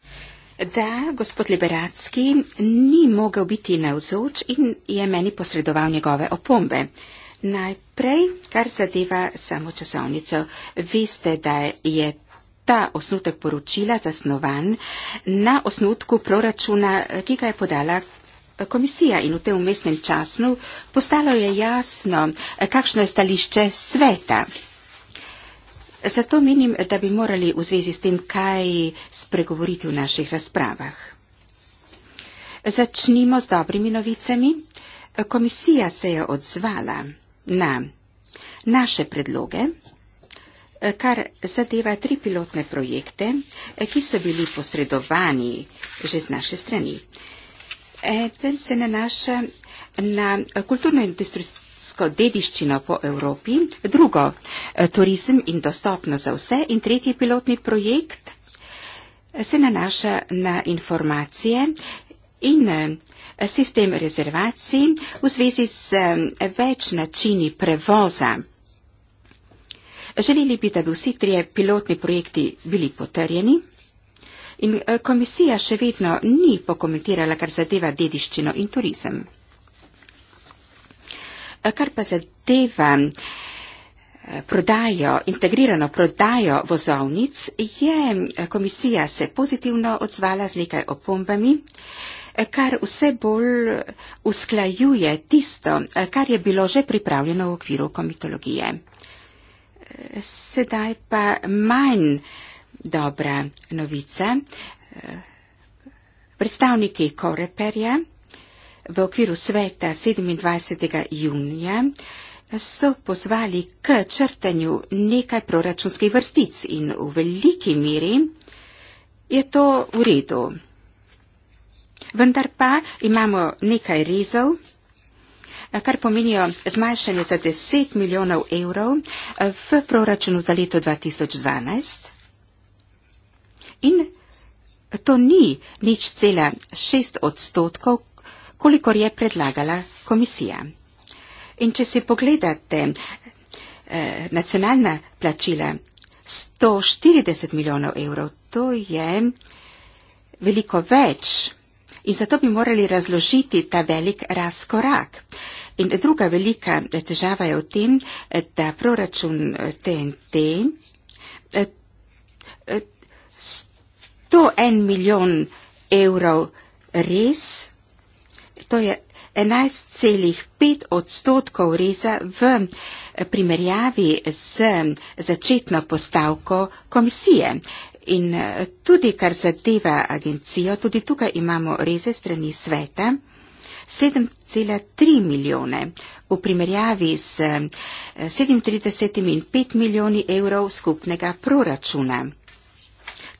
Da, gospod Liberacki ni mogel biti navzoč in je meni posredoval njegove opombe. Najprej, kar zadeva samo časovnico, veste, da je ta osnutek poročila zasnovan na osnutku proračuna, ki ga je podala komisija in v tem umestnem času postalo je jasno, kakšno je stališče sveta. Zato menim, da bi morali v zvezi s tem kaj spregovoriti v naših razpravah. Začnimo s dobrimi novicami. Komisija se je odzvala na naše predloge, kar zadeva tri pilotne projekte, ki so bili posredovani že z naše strani. Eden se nanaša na kulturno industrijo kulturno dediščino po Evropi, drugo, eh, turizem in dostopnost za vse in tretji pilotni projekt eh, se nanaša na informacije in eh, sistem rezervacij v zvezi z več načini prevoza. Želeli bi, da bi vsi trije pilotni projekti bili potrjeni. In komisija še vedno ni pokomentirala, kar zadeva dediščino in turizem kar pa zadeva eh, prodajo, integrirano prodajo vozovnic, je eh, komisija se pozitivno odzvala z nekaj opombami eh, kar vse bolj usklajuje tisto, kar je bilo že pripravljeno v okviru komitologije. Sedaj pa manj dobra novica. Predstavniki Koreperja v okviru sveta 27. junija so pozvali k črtanju nekaj proračunskih vrstic in v veliki miri je to v redu. Vendar pa imamo nekaj rezov kar pomenijo zmanjšanje za 10 milijonov evrov v proračunu za leto 2012. In to ni nič cela 6 odstotkov, kolikor je predlagala komisija. In če si pogledate eh, nacionalna plačila 140 milijonov evrov, to je veliko več. In zato bi morali razložiti ta velik razkorak. In druga velika eh, težava je v tem, eh, da proračun TNT eh, 101 milijon evrov res to je 11,5 odstotkov reza v eh, primerjavi z začetno postavko komisije. In eh, tudi, kar zadeva agencijo, tudi tukaj imamo reze strani sveta, 7,3 milijone v primerjavi z 37,5 eh, milijoni evrov skupnega proračuna.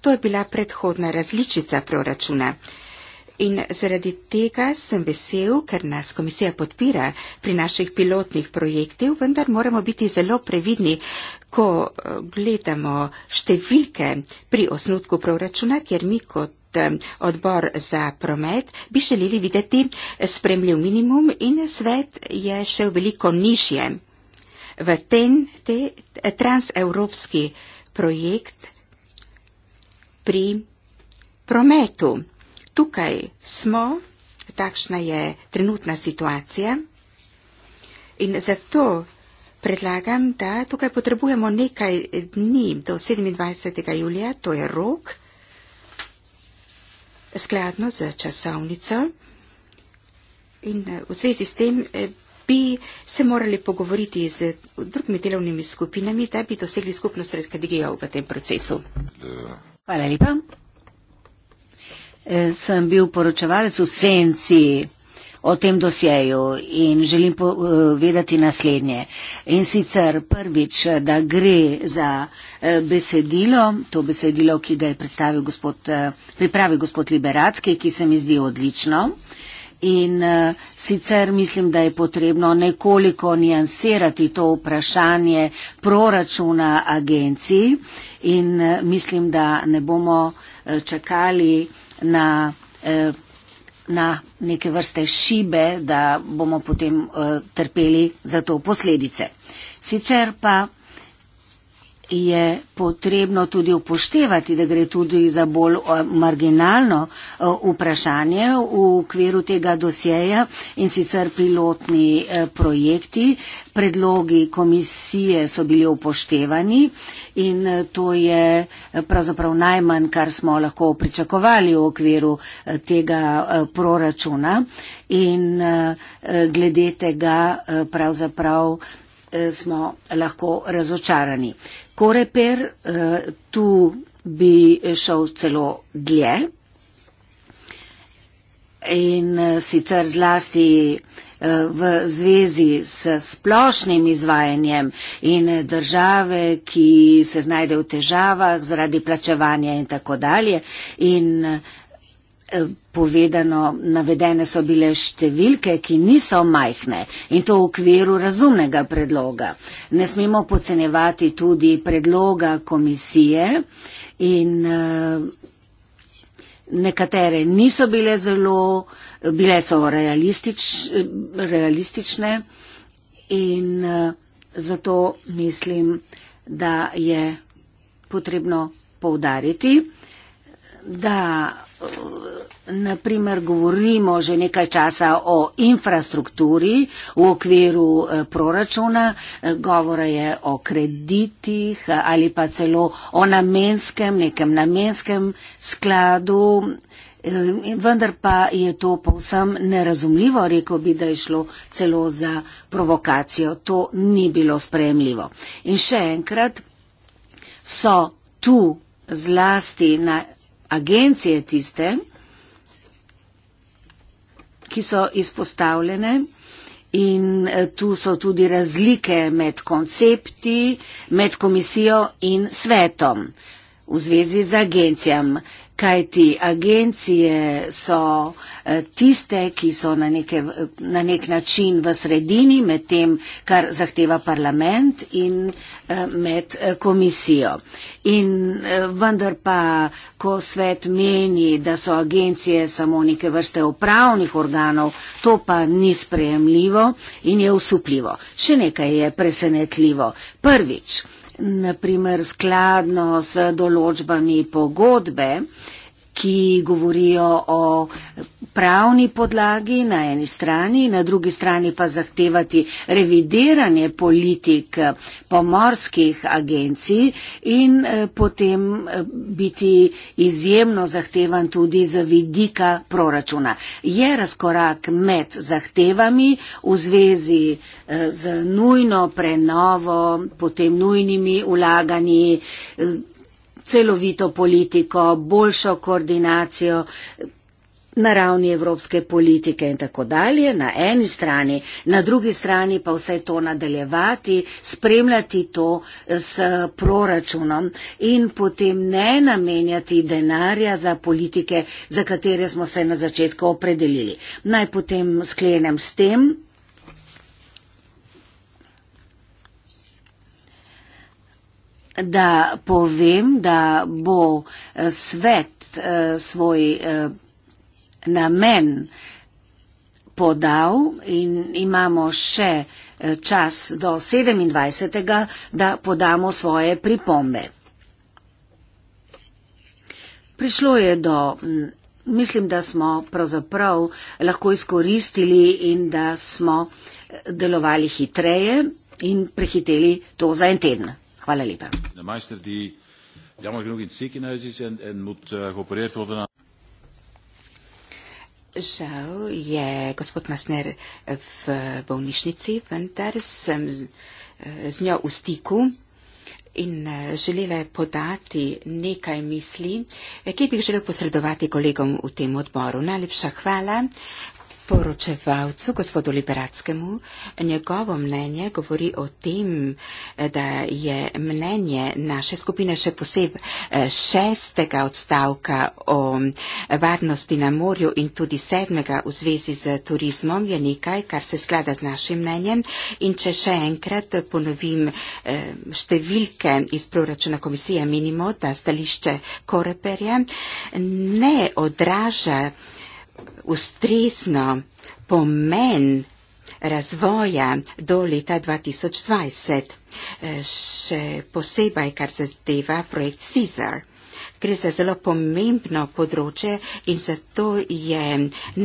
To je bila predhodna različica proračuna. In zaradi tega sem vesel, ker nas komisija podpira pri naših pilotnih projektih, vendar moramo biti zelo previdni, ko eh, gledamo številke pri osnutku proračuna, ker mi kot eh, odbor za promet bi želeli videti eh, spremljiv minimum in svet je še veliko nižje. V ten te, transevropski projekt pri prometu tukaj smo, takšna je trenutna situacija in zato predlagam, da tukaj potrebujemo nekaj dni do 27. julija, to je rok, skladno z časovnico in eh, v zvezi s tem eh, bi se morali pogovoriti z drugimi delovnimi skupinami, da bi dosegli skupno strategijo v tem procesu. Hvala lepa. Eh, sem bil poročevalec v senci o tem dosjeju in želim povedati eh, naslednje. In sicer prvič, eh, da gre za besedilo, to besedilo, ki ga je predstavil gospod, pripravil gospod Liberacki, ki se mi zdi odlično. In uh, sicer mislim, da je potrebno nekoliko nijansirati to vprašanje proračuna agenciji in uh, mislim, da ne bomo uh, čakali uh, na, eh, na neke vrste šibe, da bomo potem eh, trpeli za to posledice. Sicer pa je potrebno tudi upoštevati, da gre tudi za bolj eh, marginalno eh, vprašanje v okviru tega dosjeja in sicer pilotni eh, projekti. Predlogi komisije so bili upoštevani in to je pravzaprav najmanj, kar smo lahko pričakovali v okviru tega proračuna in glede tega pravzaprav smo lahko razočarani. Koreper, eh, tu bi šel celo dlje in eh, sicer zlasti eh, v zvezi s splošnim izvajanjem in države, ki se znajde v težavah zaradi plačevanja in tako dalje. In, uh, Eh, povedano, navedene so bile številke, ki niso majhne in to v okviru razumnega predloga. Ne smemo pocenevati tudi predloga komisije in eh, nekatere niso bile zelo, bile so realistič, realistične in eh, zato mislim, da je potrebno poudariti, da Naprimer, govorimo že nekaj časa o infrastrukturi v okviru eh, proračuna, eh, govora je o kreditih eh, ali pa celo o namenskem, nekem namenskem skladu, vendar pa je to povsem nerazumljivo, rekel bi, da je šlo celo za provokacijo. To ni bilo sprejemljivo. In še enkrat, so tu zlasti na agencije tiste, ki so izpostavljene. In eh, tu so tudi razlike med koncepti, med komisijo in svetom v zvezi z agencijami kajti agencije so eh, tiste, ki so na, neke, na nek način v sredini med tem, kar zahteva parlament in eh, med eh, komisijo. In vendar pa, ko svet meni, da so agencije samo neke vrste upravnih organov, to pa ni sprejemljivo in je usupljivo. Še nekaj je presenetljivo. Prvič, naprimer skladno s določbami pogodbe, ki govorijo o pravni podlagi na eni strani, na drugi strani pa zahtevati revidiranje politik eh, pomorskih agencij in eh, potem eh, biti izjemno zahtevan tudi za vidika proračuna. Je razkorak med zahtevami v zvezi z nujno prenovo, potem nujnimi ulaganji celovito politiko, boljšo koordinacijo, na ravni evropske politike in tako dalje na eni strani, na drugi strani pa vse to nadaljevati, spremljati to eh, s proračunom in potem ne namenjati denarja za politike, za katere smo se na začetku opredelili. Naj potem sklenem s tem. da povem, da bo eh, svet eh, svoj eh, namen podal in imamo še eh, čas do 27. da podamo svoje pripombe. Prišlo je do, mislim, da smo pravzaprav lahko izkoristili in da smo eh, delovali hitreje in prehiteli to za en teden. Hvala lepa. Žal je gospod Masner v bolnišnici, vendar sem z, z njo v stiku in eh, želela je podati nekaj misli, eh, ki bi jih želel posredovati kolegom v tem odboru. Najlepša hvala poročevalcu, gospodu Liberatskemu, njegovo mnenje govori o tem, da je mnenje naše skupine še poseb eh, šestega odstavka o eh, varnosti na morju in tudi sedmega v zvezi z turizmom je nekaj, kar se sklada z našim mnenjem. In če še enkrat ponovim eh, številke iz proračuna komisije, menimo, da stališče Koreperja ne odraža ustrezno pomen razvoja do leta 2020, eh, še posebej, kar se zdeva projekt CISAR. Gre za zelo pomembno področje in zato je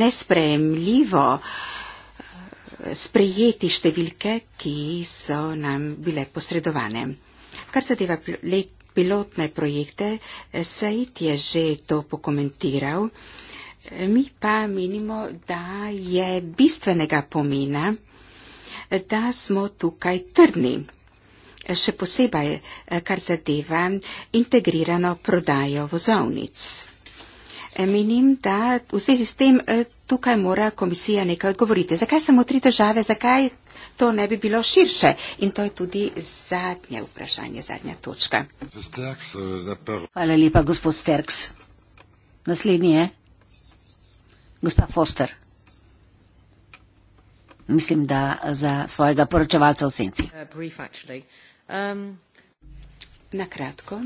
nespremljivo eh, sprejeti številke, ki so nam bile posredovane. Kar zadeva pilotne projekte, eh, Said je že to pokomentiral. Mi pa menimo, da je bistvenega pomena, da smo tukaj trdni. Še posebej, eh, kar zadeva integrirano prodajo vozovnic. Eh, menim, da v zvezi s tem eh, tukaj mora komisija nekaj odgovoriti. Zakaj samo tri države, zakaj to ne bi bilo širše? In to je tudi zadnje vprašanje, zadnja točka. Hvala lepa, gospod Sterks. Naslednji je. Gospa Foster, mislim, da za svojega poročevalca v senci. Um, na kratko.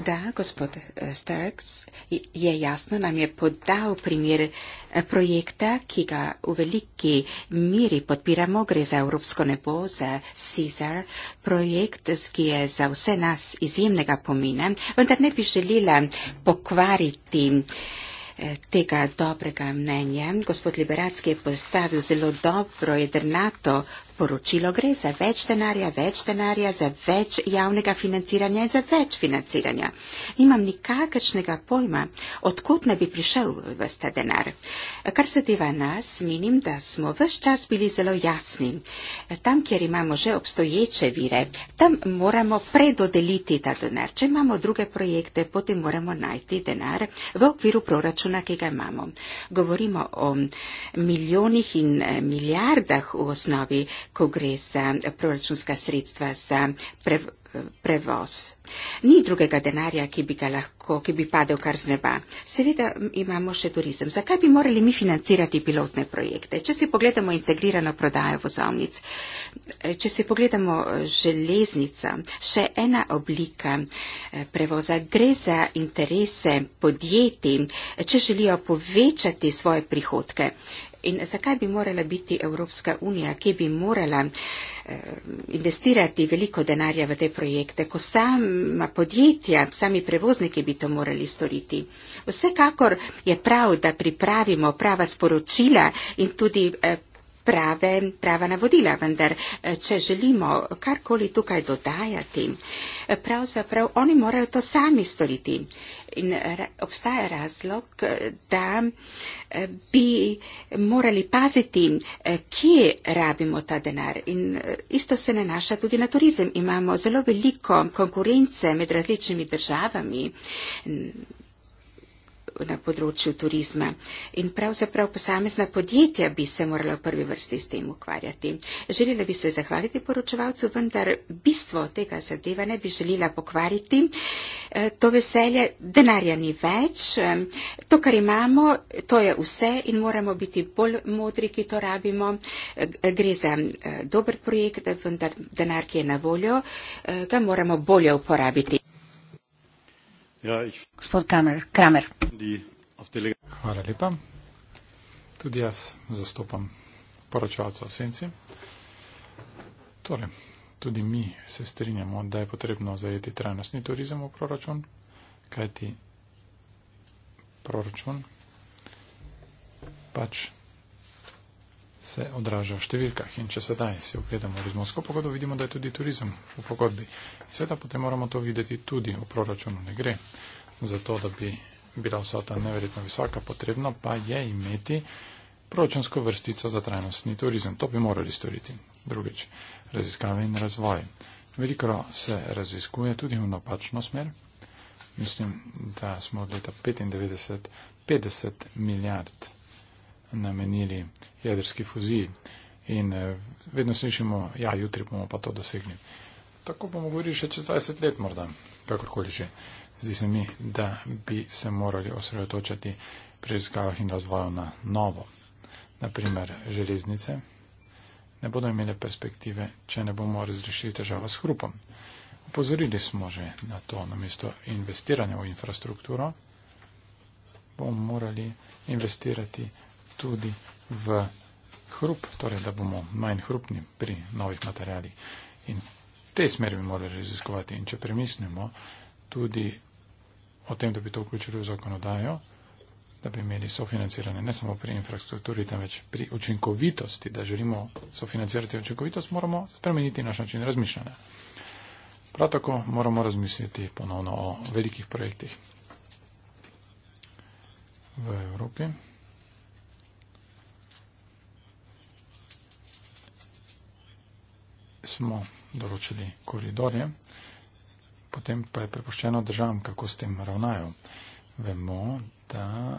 Da, gospod eh, Starks je jasno, nam je podal primer eh, projekta, ki ga v veliki miri podpiramo, gre za Evropsko nebo, za CISAR, projekt, ki je za vse nas izjemnega pomena, vendar ne bi želela pokvariti. Eh, tega dobrega mnenja. Gospod Liberacki je postavil zelo dobro jedrnato sporočilo gre za več denarja, več denarja, za več javnega financiranja in za več financiranja. Nimam nikakršnega pojma, odkot ne bi prišel vsta denar. Kar se teva nas, menim, da smo vse čas bili zelo jasni. Tam, kjer imamo že obstoječe vire, tam moramo predodeliti ta denar. Če imamo druge projekte, potem moramo najti denar v okviru proračuna, ki ga imamo. Govorimo o milijonih in eh, milijardah v osnovi, ko gre za proračunska sredstva za pre, prevoz. Ni drugega denarja, ki bi ga lahko, ki bi padel kar z neba. Seveda imamo še turizem. Zakaj bi morali mi financirati pilotne projekte? Če si pogledamo integrirano prodajo vozovnic, e, če si pogledamo e, železnica, še ena oblika e, prevoza, gre za interese podjetij, če želijo povečati svoje prihodke in zakaj bi morala biti Evropska unija, ki bi morala eh, investirati veliko denarja v te projekte, ko sama podjetja, sami prevozniki bi to morali storiti. Vsekakor je prav, da pripravimo prava sporočila in tudi eh, prave, prava navodila, vendar eh, če želimo karkoli tukaj dodajati, eh, pravzaprav oni morajo to sami storiti. In obstaja razlog, eh, da bi morali paziti, kje rabimo ta denar. In isto se nanaša tudi na turizem. Imamo zelo veliko konkurence med različnimi državami na področju turizma. In pravzaprav posamezna podjetja bi se morala v prvi vrsti s tem ukvarjati. Želela bi se zahvaliti poročevalcu, vendar bistvo tega zadeva ne bi želela pokvariti. E, to veselje, denarja ni več, e, to, kar imamo, to je vse in moramo biti bolj modri, ki to rabimo. E, gre za dober projekt, vendar denar, ki je na voljo, ga moramo bolje uporabiti. Ja, jih... Gospod Kamer, Kramer. Hvala lepa. Tudi jaz zastopam poročevalca o senci. Torej, tudi mi se strinjamo, da je potrebno zajeti trajnostni turizem v proračun, kajti proračun pač se odraža v številkah. In če sedaj si ogledamo Rizmonsko pogodbo, vidimo, da je tudi turizem v pogodbi. Seveda potem moramo to videti tudi v proračunu. Ne gre za to, da bi bila vsota neverjetno visoka, potrebno pa je imeti proračunsko vrstico za trajnostni turizem. To bi morali storiti. Drugič, raziskave in razvoj. Veliko se raziskuje tudi v napačno smer. Mislim, da smo od leta 95 50 milijard namenili jedrski fuziji in eh, vedno slišimo, ja, jutri bomo pa to dosegli tako bomo govorili še čez 20 let morda, kakorkoli že. Zdi se mi, da bi se morali osredotočati pri raziskavah in razvoju na novo. Naprimer, železnice ne bodo imele perspektive, če ne bomo razrešili težava s hrupom. Upozorili smo že na to, namesto investiranja v infrastrukturo, bomo morali investirati tudi v hrup, torej da bomo manj hrupni pri novih materijalih. In tej smeri bi morali raziskovati. In če premislimo tudi o tem, da bi to vključili v zakonodajo, da bi imeli sofinanciranje ne samo pri infrastrukturi, temveč pri učinkovitosti, da želimo sofinancirati učinkovitost, moramo spremeniti naš način razmišljanja. Prav tako moramo razmisliti ponovno o velikih projektih v Evropi. Smo določili koridorje, potem pa je prepuščeno državam, kako s tem ravnajo. Vemo, da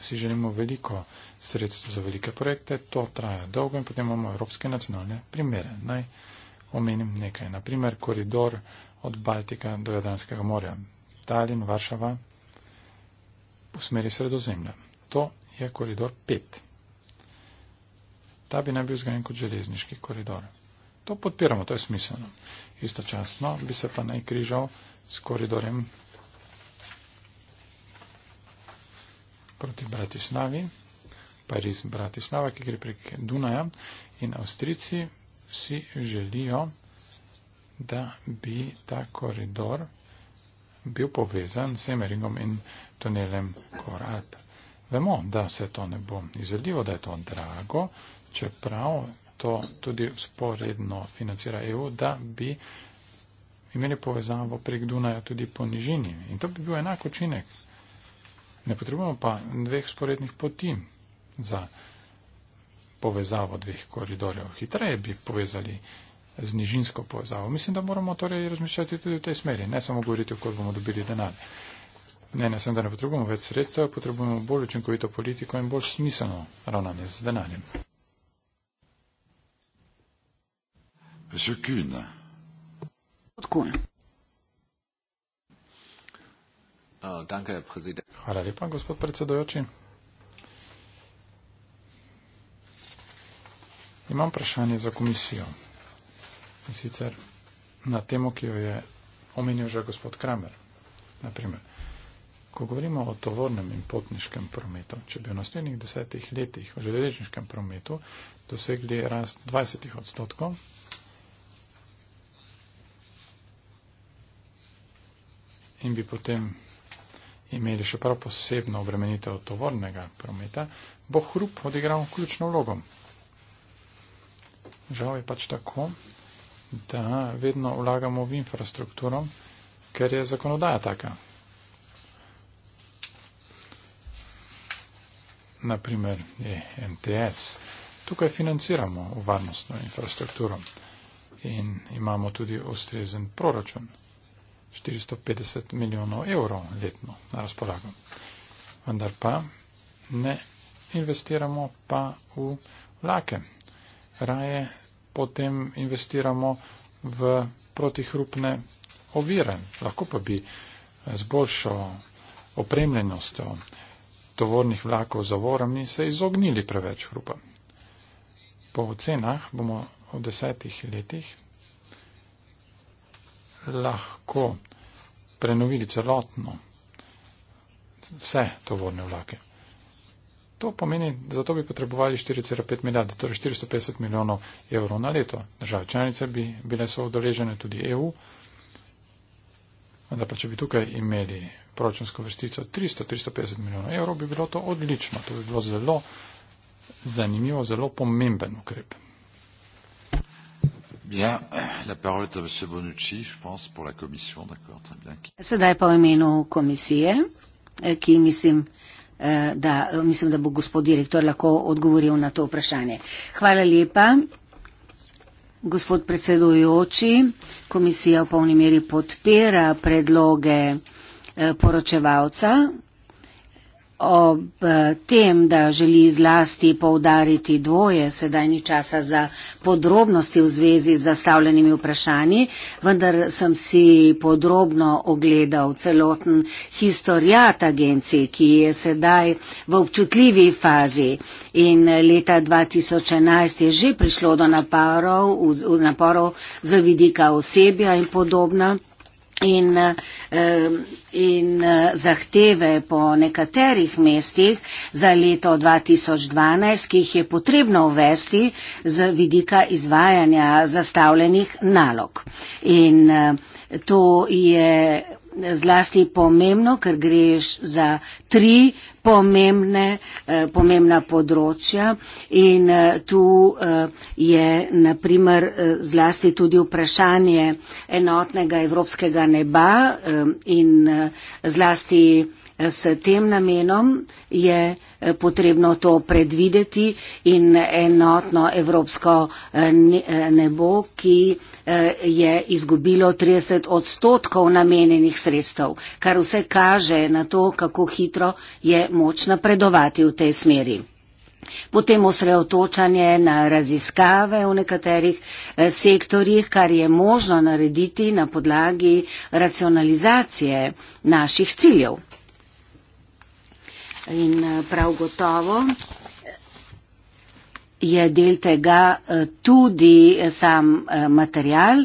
si želimo veliko sredstv za velike projekte, to traja dolgo in potem imamo evropske nacionalne primere. Naj omenim nekaj. Naprimer, koridor od Baltika do Jadranskega morja. Tallinn, Varšava, v smeri sredozemlja. To je koridor 5. Ta bi naj bil zgrajen kot železniški koridor. To podpiramo, to je smiselno. Istočasno bi se pa naj križal s koridorjem proti Bratislavi, Pariz Bratislava, ki gre prek Dunaja in Avstrici si želijo, da bi ta koridor bil povezan s Semeringom in tunelem Koralp. Vemo, da se to ne bo izvedljivo, da je to drago, čeprav to tudi sporedno financira EU, da bi imeli povezavo prek Dunaja tudi po nižini. In to bi bil enak učinek. Ne potrebujemo pa dveh sporednih poti za povezavo dveh koridorjev. Hitreje bi povezali z nižinsko povezavo. Mislim, da moramo torej razmišljati tudi v tej smeri, ne samo govoriti, kot bomo dobili denar. Ne, ne samo, da ne potrebujemo več sredstev, potrebujemo bolj učinkovito politiko in bolj smiselno ravnanje z denarjem. Monsieur Kuhn. Oh, Hvala lepa, gospod predsedojoči. Imam vprašanje za komisijo. In sicer na temo, ki jo je omenil že gospod Kramer. Naprimer, ko govorimo o tovornem in potniškem prometu, če bi v naslednjih desetih letih v železniškem prometu dosegli rast 20 odstotkov, in bi potem imeli še prav posebno obremenitev tovornega prometa, bo hrup odigral ključno vlogo. Žal je pač tako, da vedno vlagamo v infrastrukturo, ker je zakonodaja taka. Naprimer je NTS. Tukaj financiramo varnostno infrastrukturo in imamo tudi ustrezen proračun. 450 milijonov evrov letno na razpolago. Vendar pa ne investiramo pa v vlake. Raje potem investiramo v protihrupne ovire. Lahko pa bi z boljšo opremljenostjo tovornih vlakov za vorami se izognili preveč hrupa. Po ocenah bomo v desetih letih lahko prenovili celotno vse tovorne vlake. To pomeni, za to bi potrebovali 4,5 milijarde, torej 450 milijonov evrov na leto. Države članice bi bile so odoležene tudi EU, vendar pa če bi tukaj imeli proračunsko vrstico 300-350 milijonov evrov, bi bilo to odlično. To bi bilo zelo zanimivo, zelo pomemben ukrep. Bien, la parole est à Monsieur Bonucci, je pense, pour la Commission, d'accord, très bien. Sedaj pa v imenu komisije, eh, ki mislim eh, da, mislim, da bo gospod direktor lahko odgovoril na to vprašanje. Hvala lepa, gospod predsedujoči. Komisija v polni meri podpira predloge eh, poročevalca, ob eh, tem, da želi zlasti poudariti dvoje, sedaj ni časa za podrobnosti v zvezi z zastavljenimi vprašanji, vendar sem si podrobno ogledal celoten historijat agencij, ki je sedaj v občutljivi fazi in eh, leta 2011 je že prišlo do naporov, naporov za vidika osebja in podobno in, eh, in eh, zahteve po nekaterih mestih za leto 2012, ki jih je potrebno uvesti z vidika izvajanja zastavljenih nalog. In eh, to je zlasti pomembno, ker greš za tri pomembne, eh, pomembna področja in eh, tu eh, je naprimer zlasti tudi vprašanje enotnega evropskega neba in zlasti S tem namenom je eh, potrebno to predvideti in enotno evropsko eh, eh, nebo, ki je izgubilo 30 odstotkov namenjenih sredstev, kar vse kaže na to, kako hitro je moč napredovati v tej smeri. Potem osredotočanje na raziskave v nekaterih sektorjih, kar je možno narediti na podlagi racionalizacije naših ciljev. In eh, prav gotovo je del tega eh, tudi eh, sam material,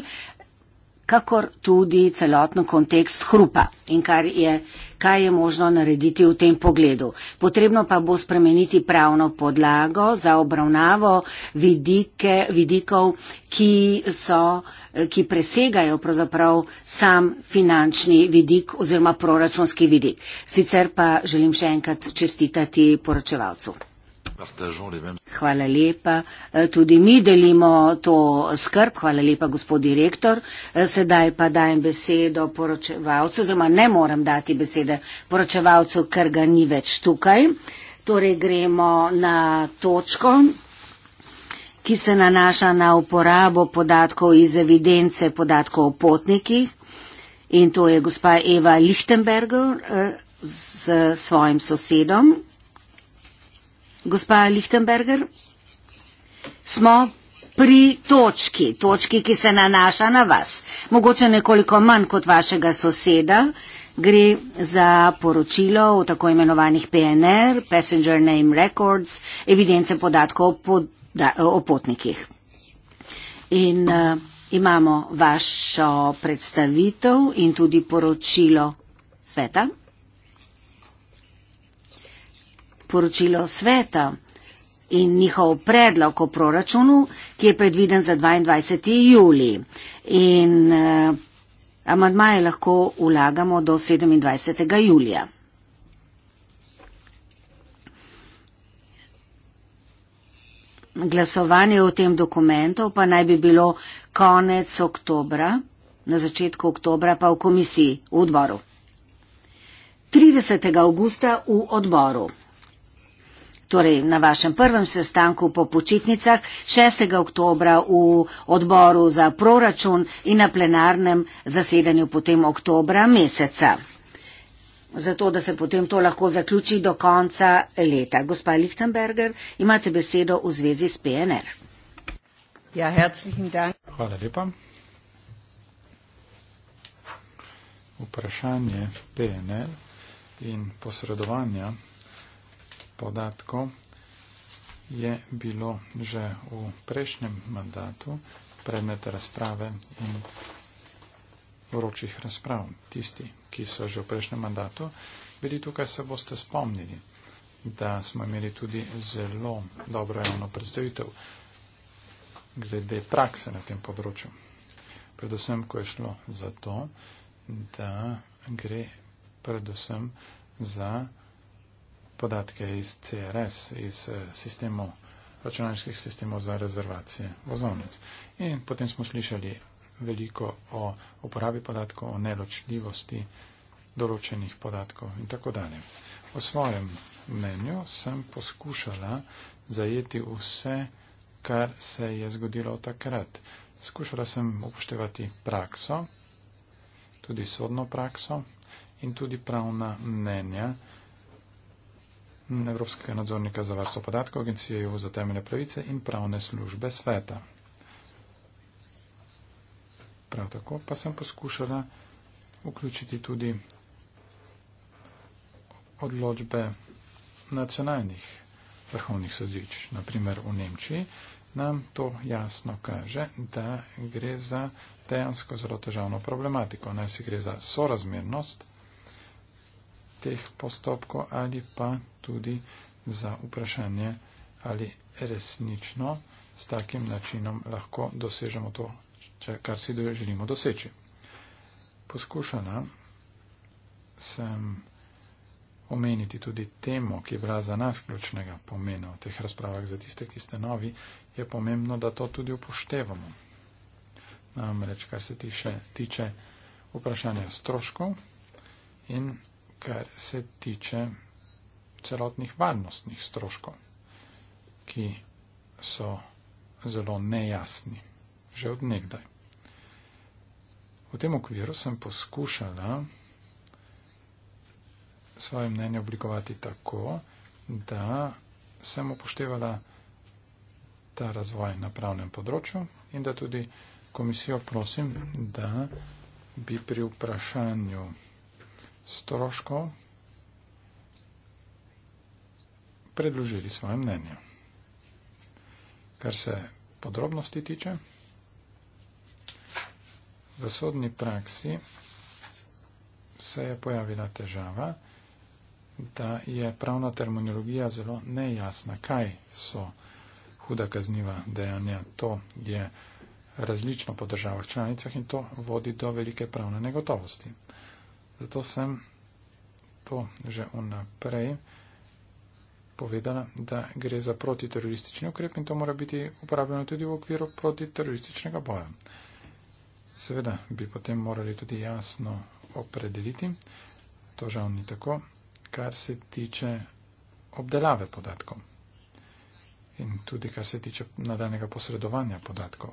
kakor tudi celotno kontekst hrupa. In kar je uh, kaj je možno narediti v tem pogledu. Potrebno pa bo spremeniti pravno podlago za obravnavo vidike, vidikov, ki, so, ki presegajo sam finančni vidik oziroma proračunski vidik. Sicer pa želim še enkrat čestitati poročevalcu. Hvala lepa. E, tudi mi delimo to skrb. Hvala lepa, gospod direktor. E, sedaj pa dajem besedo poročevalcu, oziroma ne moram dati besede poročevalcu, ker ga ni več tukaj. Torej gremo na točko ki se nanaša na uporabo podatkov iz evidence podatkov o potnikih. In to je gospa Eva Lichtenberger s e, svojim sosedom. Gospa Lichtenberger, smo pri točki, točki, ki se nanaša na vas. Mogoče nekoliko manj kot vašega soseda. Gre za poročilo o tako imenovanih PNR, Passenger Name Records, evidence podatkov o potnikih. In uh, imamo vašo predstavitev in tudi poročilo sveta poročilo sveta in njihov predlog o proračunu, ki je predviden za 22. juli. In eh, amadmaje lahko ulagamo do 27. julija. Glasovanje o tem dokumentu pa naj bi bilo konec oktobra, na začetku oktobra pa v komisiji, v odboru. 30. augusta v odboru torej na vašem prvem sestanku po počitnicah 6. oktobra v odboru za proračun in na plenarnem zasedanju potem oktobra meseca. Zato, da se potem to lahko zaključi do konca leta. Gospa Lichtenberger, imate besedo v zvezi s PNR. Ja, herzlichen dank. Hvala lepa. Vprašanje PNL in posredovanja podatkov je bilo že v prejšnjem mandatu predmet razprave in vročih razprav. Tisti, ki so že v prejšnjem mandatu bili tukaj, se boste spomnili, da smo imeli tudi zelo dobro javno predstavitev glede prakse na tem področju. Predvsem, ko je šlo za to, da gre predvsem za podatke iz CRS, iz eh, sistemov, računalniških sistemov za rezervacije vozovnic. In potem smo slišali veliko o uporabi podatkov, o neločljivosti določenih podatkov in tako dalje. O svojem mnenju sem poskušala zajeti vse, kar se je zgodilo takrat. Skušala sem upoštevati prakso, tudi sodno prakso in tudi pravna mnenja, Evropskega nadzornika za varstvo podatkov, Agencije EU za temeljne pravice in pravne službe sveta. Prav tako pa sem poskušala vključiti tudi odločbe nacionalnih vrhovnih sodič. Naprimer v Nemčiji nam to jasno kaže, da gre za dejansko zelo težavno problematiko. Naj si gre za sorazmernost teh postopkov ali pa tudi za vprašanje, ali resnično s takim načinom lahko dosežemo to, kar si želimo doseči. Poskušala sem omeniti tudi temo, ki je bila za nas ključnega pomena v teh razpravah za tiste, ki ste novi, je pomembno, da to tudi upoštevamo. Namreč, kar se tiče vprašanja stroškov in kar se tiče celotnih varnostnih stroškov, ki so zelo nejasni, že odnegdaj. V tem okviru sem poskušala svoje mnenje oblikovati tako, da sem upoštevala ta razvoj na pravnem področju in da tudi komisijo prosim, da bi pri vprašanju stroško predložili svoje mnenje. Kar se podrobnosti tiče, v sodni praksi se je pojavila težava, da je pravna terminologija zelo nejasna, kaj so huda kazniva dejanja. To je različno po državah članicah in to vodi do velike pravne negotovosti. Zato sem to že vnaprej povedala, da gre za protiteroristični ukrep in to mora biti uporabljeno tudi v okviru protiterorističnega boja. Seveda bi potem morali tudi jasno opredeliti, to žal ni tako, kar se tiče obdelave podatkov in tudi kar se tiče nadaljnega posredovanja podatkov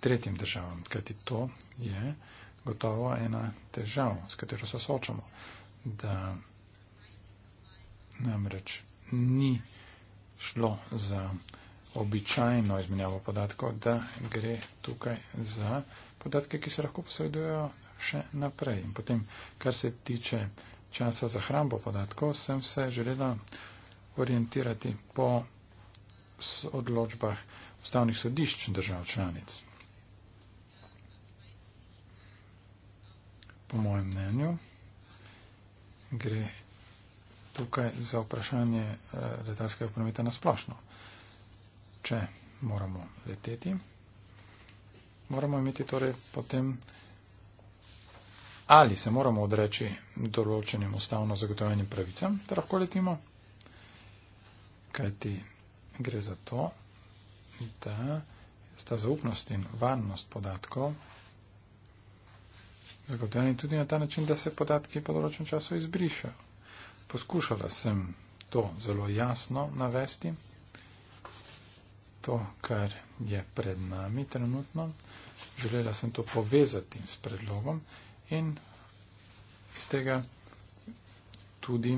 tretjim državam, kajti to je gotovo ena težav, s katero se soočamo, da namreč ni šlo za običajno izmenjavo podatkov, da gre tukaj za podatke, ki se lahko posredujejo še naprej. In potem, kar se tiče časa za hrambo podatkov, sem se želela orientirati po odločbah ustavnih sodišč držav članic. po mojem mnenju. Gre tukaj za vprašanje eh, letalskega prometa na splošno. Če moramo leteti, moramo imeti torej potem ali se moramo odreči določenim ustavno zagotovljenim pravicam, da lahko letimo, kajti gre za to, da sta zaupnost in varnost podatkov zagotovljeni tudi na ta način, da se podatki po določen času izbrišajo. Poskušala sem to zelo jasno navesti, to, kar je pred nami trenutno. Želela sem to povezati s predlogom in iz tega tudi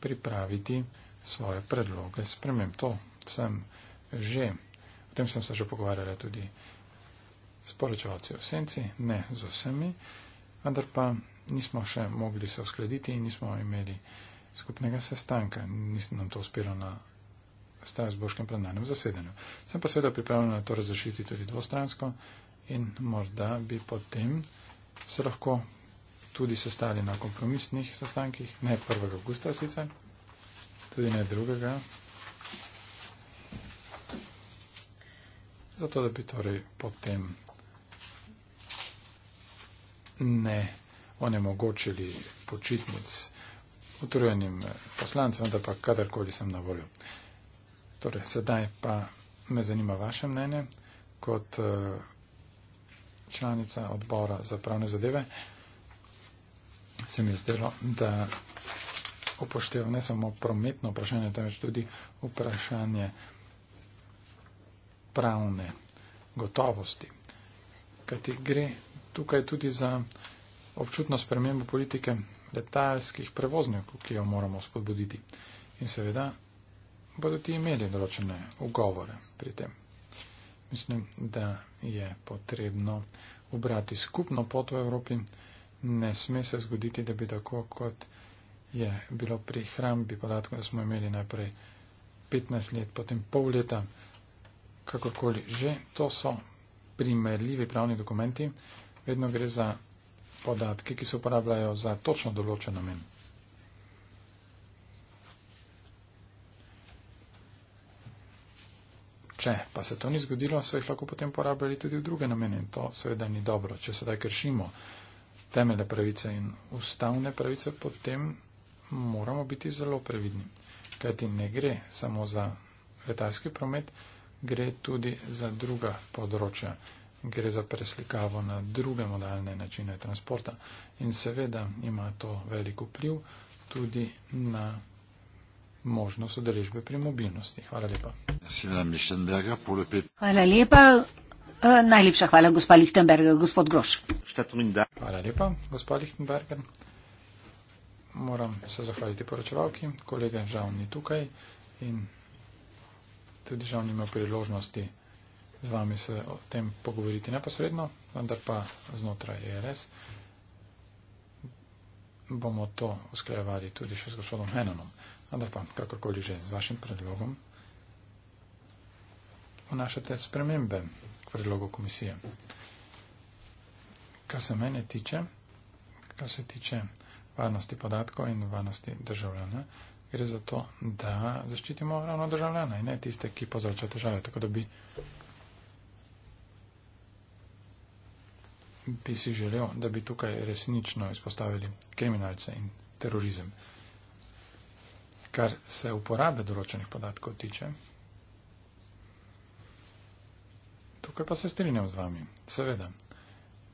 pripraviti svoje predloge. Spremem to, sem že, o tem sem se že pogovarjala tudi sporočevalci v senci, ne z vsemi, vendar pa nismo še mogli se uskladiti in nismo imeli skupnega sestanka. Nisem nam to uspelo na Strasburškem plenarnem zasedanju. Sem pa seveda pripravljen na to razrešiti tudi dvostransko in morda bi potem se lahko tudi sestali na kompromisnih sestankih, ne 1. augusta sicer, tudi ne 2. Zato, da bi torej potem ne onemogočili počitnic utrujenim poslancem, da pa kadarkoli sem na voljo. Torej, sedaj pa me zanima vaše mnenje kot eh, članica odbora za pravne zadeve. Se mi je zdelo, da upošteva ne samo prometno vprašanje, temveč tudi vprašanje pravne gotovosti. Kajti gre tukaj tudi za občutno spremembo politike letalskih prevoznikov, ki jo moramo spodbuditi. In seveda bodo ti imeli določene ugovore pri tem. Mislim, da je potrebno obrati skupno pot v Evropi. Ne sme se zgoditi, da bi tako, kot je bilo pri hrambi podatkov, da smo imeli najprej 15 let, potem pol leta, kakorkoli že, to so primerljivi pravni dokumenti, vedno gre za podatke, ki se uporabljajo za točno določen namen. Če pa se to ni zgodilo, so jih lahko potem uporabljali tudi v druge namene in to seveda ni dobro. Če sedaj kršimo temeljne pravice in ustavne pravice, potem moramo biti zelo previdni. Kajti ne gre samo za letalski promet, gre tudi za druga področja gre za preslikavo na druge modalne načine transporta in seveda ima to velik vpliv tudi na možnost odrežbe pri mobilnosti. Hvala lepa. Hvala lepa. E, najlepša hvala, gospa Lichtenberger, gospod Groš. Hvala lepa, gospa Lichtenberger. Moram se zahvaliti poročevalki, kolega žal ni tukaj in tudi žal nima priložnosti z vami se o tem pogovoriti neposredno, vendar pa znotraj ERS bomo to usklajevali tudi še z gospodom Henonom. Vendar pa, kakorkoli že, z vašim predlogom vnašate spremembe k predlogu komisije. Kar se mene tiče, kar se tiče varnosti podatkov in varnosti državljana, gre za to, da zaščitimo ravno državljana in ne tiste, ki povzroča težave. Tako da bi bi si želel, da bi tukaj resnično izpostavili kriminalce in terorizem. Kar se uporabe določenih podatkov tiče, tukaj pa se strinjam z vami. Seveda,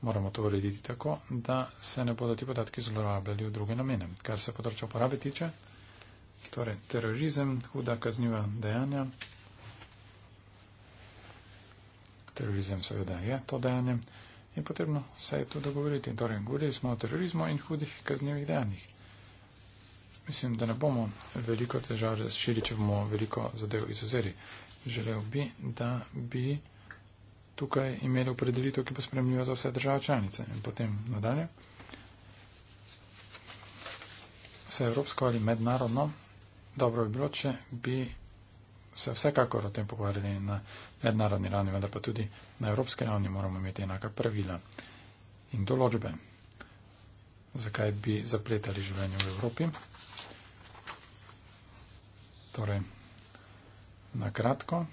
moramo to urediti tako, da se ne bodo ti podatki zlorabljali v druge namene. Kar se področja uporabe tiče, torej terorizem, huda kazniva dejanja, terorizem seveda je to dejanje, je potrebno se to dogovoriti. Torej, govorili smo o terorizmu in hudih kaznjivih dejanjih. Mislim, da ne bomo veliko težav razširili, če bomo veliko zadev izuzeli. Želel bi, da bi tukaj imeli opredelitev, ki bo spremljiva za vse države članice. In potem nadalje. Vse evropsko ali mednarodno, dobro bi bilo, če bi se vsekakor o tem pogovarjali na mednarodni ravni, vendar pa tudi na evropski ravni moramo imeti enaka pravila in določbe, zakaj bi zapletali življenje v Evropi. Torej, na kratko,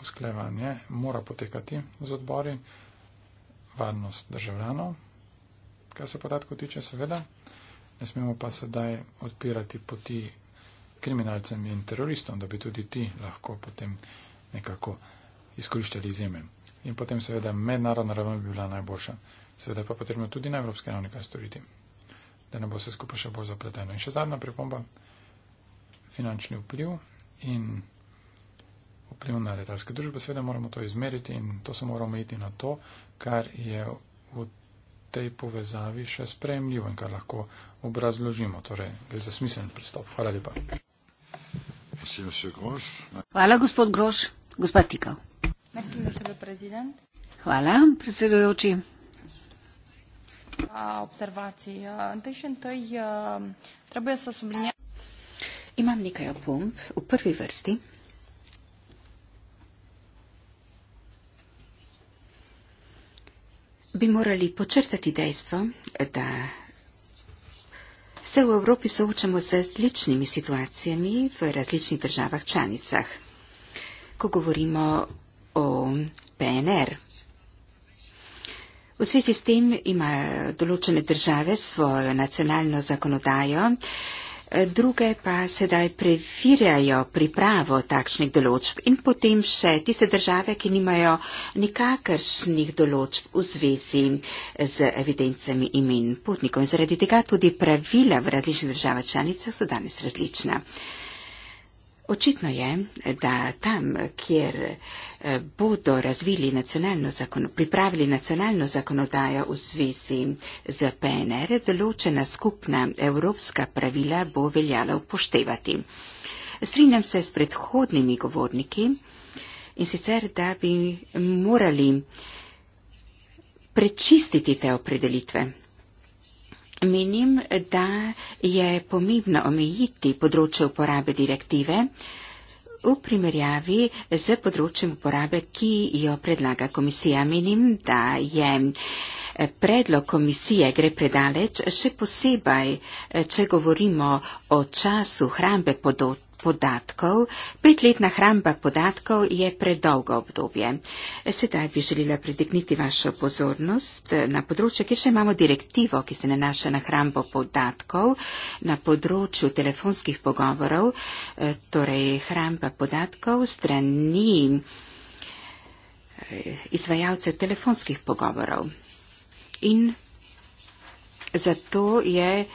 usklevanje mora potekati z odbori, varnost državljanov, kar se podatkov tiče seveda, ne smemo pa sedaj odpirati poti kriminalcem in teroristom, da bi tudi ti lahko potem nekako izkoriščali izjeme. In potem seveda mednarodna raven bi bila najboljša. Seveda pa potrebno tudi na evropske ravni kaj storiti, da ne bo se skupaj še bolj zapleteno. In še zadnja pripomba, finančni vpliv in vpliv na letalske družbe, seveda moramo to izmeriti in to se moramo iti na to, kar je v tej povezavi še sprejemljivo in kar lahko obrazložimo. Torej, gre za smiseln pristop. Hvala lepa. Hvala, gospod Groš. Gospod Tikal. Hvala, predsedujoči. Imam nekaj opomb v prvi vrsti. Bi morali počrtati dejstvo, da Vse v Evropi soočamo se z različnimi situacijami v različnih državah članicah. Ko govorimo o PNR, v zvezi s tem imajo določene države svojo nacionalno zakonodajo, druge pa sedaj prefirjajo pripravo takšnih določb in potem še tiste države, ki nimajo nikakršnih določb v zvezi z evidencami imen potnikov. In zaradi tega tudi pravila v različnih državah članicah so danes različna. Očitno je, da tam, kjer eh, bodo razvili nacionalno zakonodajo, pripravili nacionalno zakonodajo v zvezi z PNR, določena skupna evropska pravila bo veljala upoštevati. Strinjam se s predhodnimi govorniki in sicer, da bi morali prečistiti te opredelitve. Menim, da je pomembno omejiti področje uporabe direktive v primerjavi z področjem uporabe, ki jo predlaga komisija. Menim, da je eh, predlog komisije gre predaleč, še posebej, eh, če govorimo o času hrambe podot podatkov, pet let na hrambah podatkov je predolgo obdobje. Sedaj bi želela pridigniti vašo pozornost eh, na področje, kjer še imamo direktivo, ki se nanaša na hrambo podatkov, na področju telefonskih pogovorov, eh, torej hramba podatkov strani eh, izvajalce telefonskih pogovorov. In zato je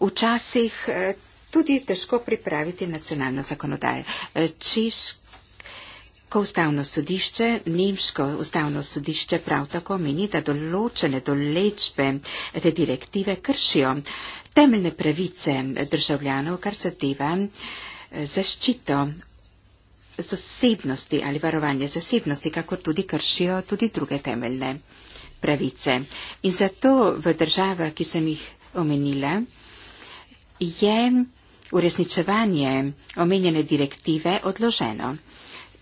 včasih tudi težko pripraviti nacionalno zakonodajo. E, Češko ustavno sodišče, nemško ustavno sodišče prav tako meni, da določene dolečbe te direktive kršijo temeljne pravice državljanov, kar zadeva e, zaščito zasebnosti ali varovanje zasebnosti, kako tudi kršijo tudi druge temeljne pravice. In zato v državah, ki sem jih omenila, je uresničevanje omenjene direktive odloženo.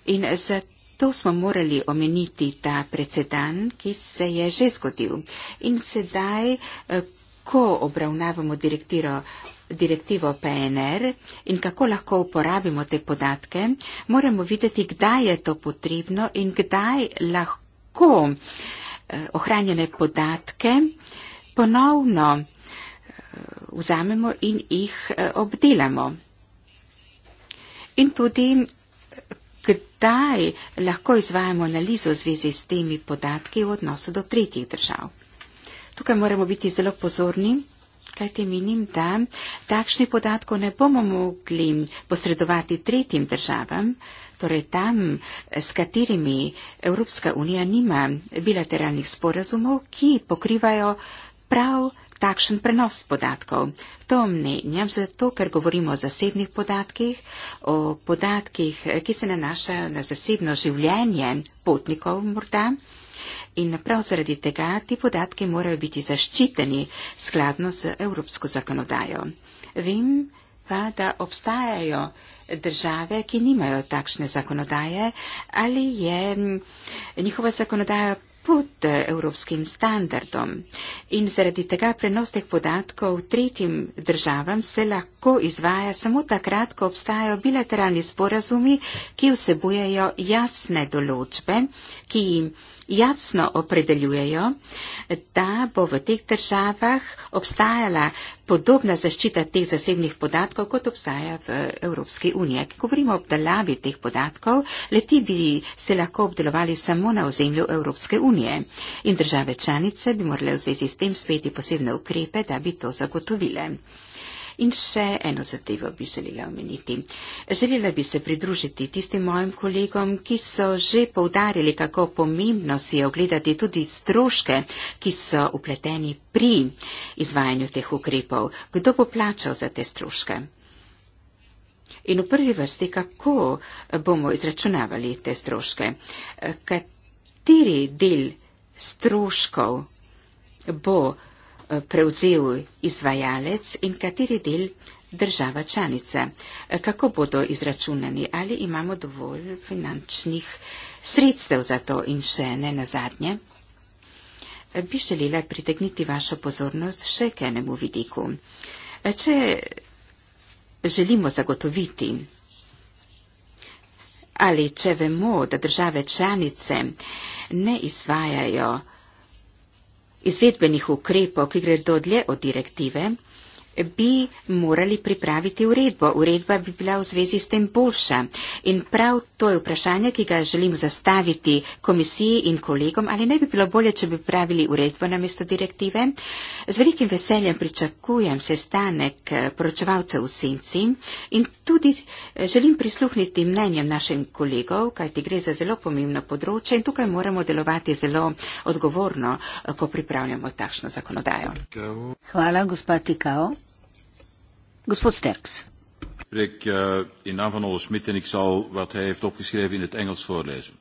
In zato smo morali omeniti ta precedan, ki se je že zgodil. In sedaj, eh, ko obravnavamo direktiro, direktivo PNR in kako lahko uporabimo te podatke, moramo videti, kdaj je to potrebno in kdaj lahko eh, ohranjene podatke ponovno vzamemo in jih eh, obdelamo. In tudi, kdaj lahko izvajamo analizo v zvezi s temi podatki v odnosu do tretjih držav. Tukaj moramo biti zelo pozorni, kaj te menim, da takšnih podatkov ne bomo mogli posredovati tretjim državam, torej tam, s katerimi Evropska unija nima bilateralnih sporazumov, ki pokrivajo prav takšen prenos podatkov. To mnenjam zato, ker govorimo o zasebnih podatkih, o podatkih, ki se nanašajo na zasebno življenje potnikov morda. In prav zaradi tega ti podatki morajo biti zaščiteni skladno z evropsko zakonodajo. Vem pa, da obstajajo države, ki nimajo takšne zakonodaje ali je njihova zakonodaja pod eh, evropskim standardom in zaradi tega prenos teh podatkov tretjim državam se lahko izvaja samo takrat, ko obstajajo bilateralni sporazumi, ki vsebujejo jasne določbe, ki jim jasno opredeljujejo, da bo v teh državah obstajala podobna zaščita teh zasebnih podatkov, kot obstaja v Evropski uniji. Ko govorimo o obdelavi teh podatkov, leti bi se lahko obdelovali samo na ozemlju Evropske unije in države članice bi morale v zvezi s tem sprejeti posebne ukrepe, da bi to zagotovile. In še eno zadevo bi želela omeniti. Želela bi se pridružiti tistim mojim kolegom, ki so že povdarjali, kako pomembno si je ogledati tudi stroške, ki so upleteni pri izvajanju teh ukrepov. Kdo bo plačal za te stroške? In v prvi vrsti, kako bomo izračunavali te stroške? Kateri del stroškov bo prevzel izvajalec in kateri del država članica. Kako bodo izračunani? Ali imamo dovolj finančnih sredstev za to in še ne na zadnje? Bi želela pritegniti vašo pozornost še k enemu vidiku. Če želimo zagotoviti ali če vemo, da države članice ne izvajajo izvedbenih ukrepov, ki gredo dlje od direktive, bi morali pripraviti uredbo. Uredba bi bila v zvezi s tem boljša. In prav to je vprašanje, ki ga želim zastaviti komisiji in kolegom, ali ne bi bilo bolje, če bi pravili uredbo na mesto direktive. Z velikim veseljem pričakujem sestanek eh, poročevalcev v Sinci in tudi eh, želim prisluhniti mnenjem našim kolegov, kajti gre za zelo pomembno področje in tukaj moramo delovati zelo odgovorno, eh, ko pripravljamo takšno zakonodajo. Hvala, gospod Tikao gospod Sterks. Ik uh, in naam van Olle Smit en ik zal wat hij heeft opgeschreven in het Engels voorlezen.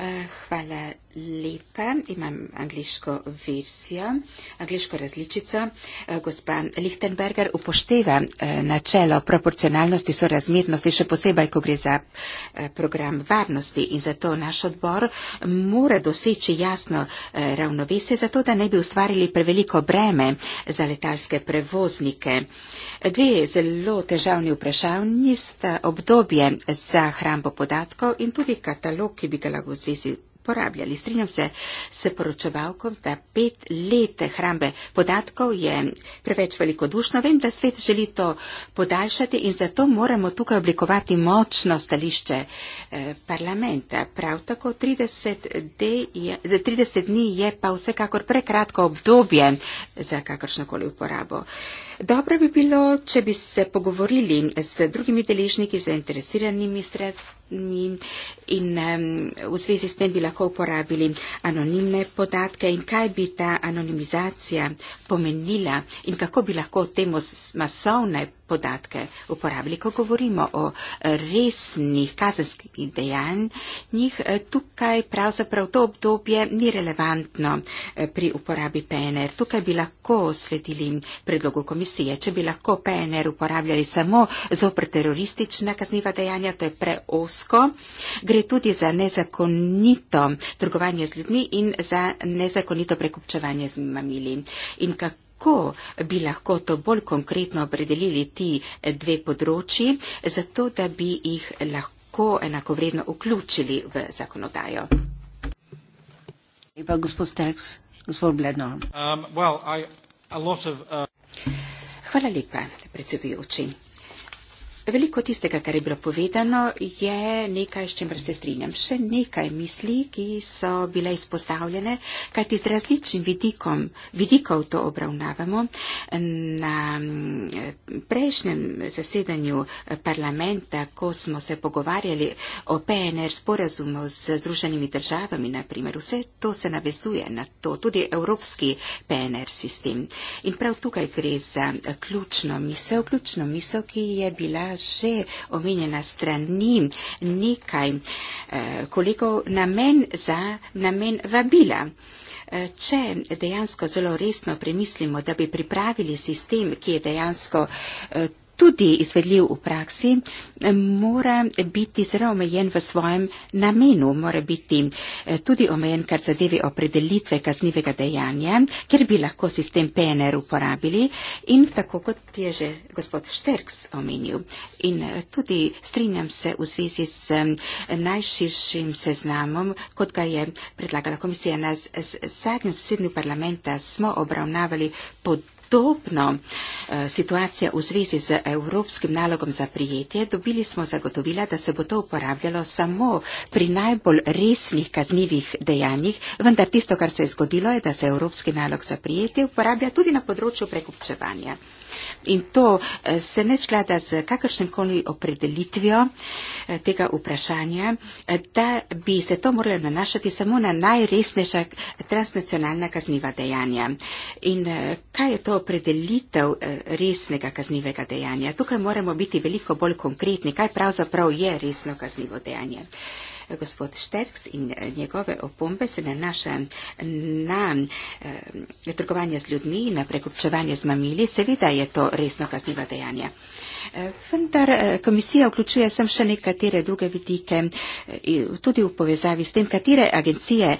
Uh, eh, voilà lepa. Imam angliško versijo, angliško različico. Eh, gospa Lichtenberger upošteva eh, načelo proporcionalnosti, sorazmernosti, še posebej, ko gre za eh, program varnosti in zato naš odbor mora doseči jasno ravnovesje, zato da ne bi ustvarili preveliko breme za letalske prevoznike. Dve zelo težavni vprašanji sta obdobje za hrambo podatkov in tudi katalog, ki bi ga lahko v zvezi porabljali. Strinjam se s poročevalkom, da pet let hrambe podatkov je preveč velikodušno. Vem, da svet želi to podaljšati in zato moramo tukaj oblikovati močno stališče eh, parlamenta. Prav tako 30, je, 30 dni je pa vsekakor prekratko obdobje za kakršnokoli uporabo. Dobro bi bilo, če bi se pogovorili z drugimi deležniki, zainteresiranimi strani in um, v zvezi s tem bi lahko uporabili anonimne podatke in kaj bi ta anonimizacija pomenila in kako bi lahko temu masovne podatke uporabili. Ko govorimo o resnih kazenskih dejanjih, eh, tukaj pravzaprav to obdobje ni relevantno eh, pri uporabi PNR. Tukaj bi lahko sledili predlogu komisije. Če bi lahko PNR uporabljali samo zopr teroristična kazniva dejanja, to je preosko. Gre tudi za nezakonito trgovanje z ljudmi in za nezakonito prekupčevanje z mamili. In kako kako bi lahko to bolj konkretno opredelili ti eh, dve področji, zato da bi jih lahko enakovredno vključili v zakonodajo. Lepa, gospod Sterks, gospod Blednor. Um, well, I, a lot of, uh... Hvala lepa, predsedujoči. Veliko tistega, kar je bilo povedano, je nekaj, s čemer se strinjam. Še nekaj misli, ki so bile izpostavljene, kajti z različnim vidikom, vidikov to obravnavamo. Na prejšnjem zasedanju parlamenta, ko smo se pogovarjali o PNR sporazumu z Združenimi državami, naprimer, vse to se navezuje na to, tudi evropski PNR sistem. In prav tukaj gre za ključno misel, ključno misel, ki je bila že omenjena strani nekaj, eh, koliko namen za namen vabila. Eh, če dejansko zelo resno premislimo, da bi pripravili sistem, ki je dejansko eh, tudi izvedljiv v praksi, mora biti zelo omejen v svojem namenu, mora biti eh, tudi omejen, kar zadeve opredelitve kaznivega dejanja, ker bi lahko sistem PNR uporabili in tako kot je že gospod Šterks omenil. In eh, tudi strinjam se v zvezi s eh, najširšim seznamom, kot ga je predlagala komisija. Na zadnjem sedmju parlamenta smo obravnavali pod podobno eh, situacijo v zvezi z Evropskim nalogom za prijetje, dobili smo zagotovila, da se bo to uporabljalo samo pri najbolj resnih kaznjivih dejanjih, vendar tisto, kar se je zgodilo, je, da se Evropski nalog za prijetje uporablja tudi na področju prekupčevanja. In to eh, se ne sklada z kakršnim koli opredelitvijo eh, tega vprašanja, eh, da bi se to moralo nanašati samo na najresnejša transnacionalna kazniva dejanja. In kaj je to opredelitev resnega kaznivega dejanja? Tukaj moramo biti veliko bolj konkretni, kaj pravzaprav je resno kaznivo dejanje gospod Šterks in eh, njegove opombe se nanaša na eh, trgovanje z ljudmi, na prekupčevanje z mamili. Seveda je to resno kazniva dejanja. Eh, vendar komisija vključuje sem še nekatere druge vidike, tudi v povezavi s tem, katere agencije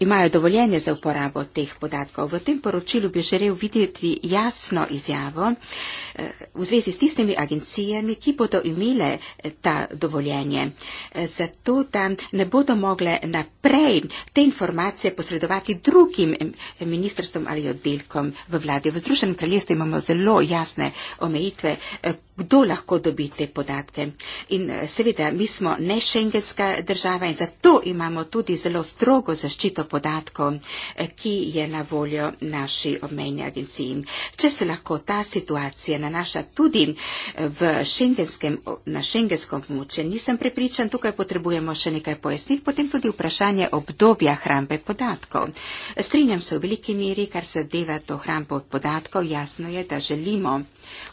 imajo dovoljenje za uporabo teh podatkov. V tem poročilu bi želel videti jasno izjavo eh, v zvezi s tistimi agencijami, ki bodo imele eh, ta dovoljenje, eh, zato da ne bodo mogle naprej te informacije posredovati drugim ministrstvom ali oddelkom v vladi. V Združenem kraljestvu imamo zelo jasne omejitve, kdo lahko dobi te podatke. In eh, seveda, mi smo ne šengenska država in zato imamo tudi zelo strogo zaščito podatkov, eh, ki je na voljo naši obmejni agenciji. Če se lahko ta situacija nanaša tudi eh, na šengenskom območju, nisem prepričan, tukaj potrebujemo še nekaj pojasnil, potem tudi vprašanje obdobja hrambe podatkov. Strinjam se v veliki meri, kar se deva do hrambe podatkov, jasno je, da želimo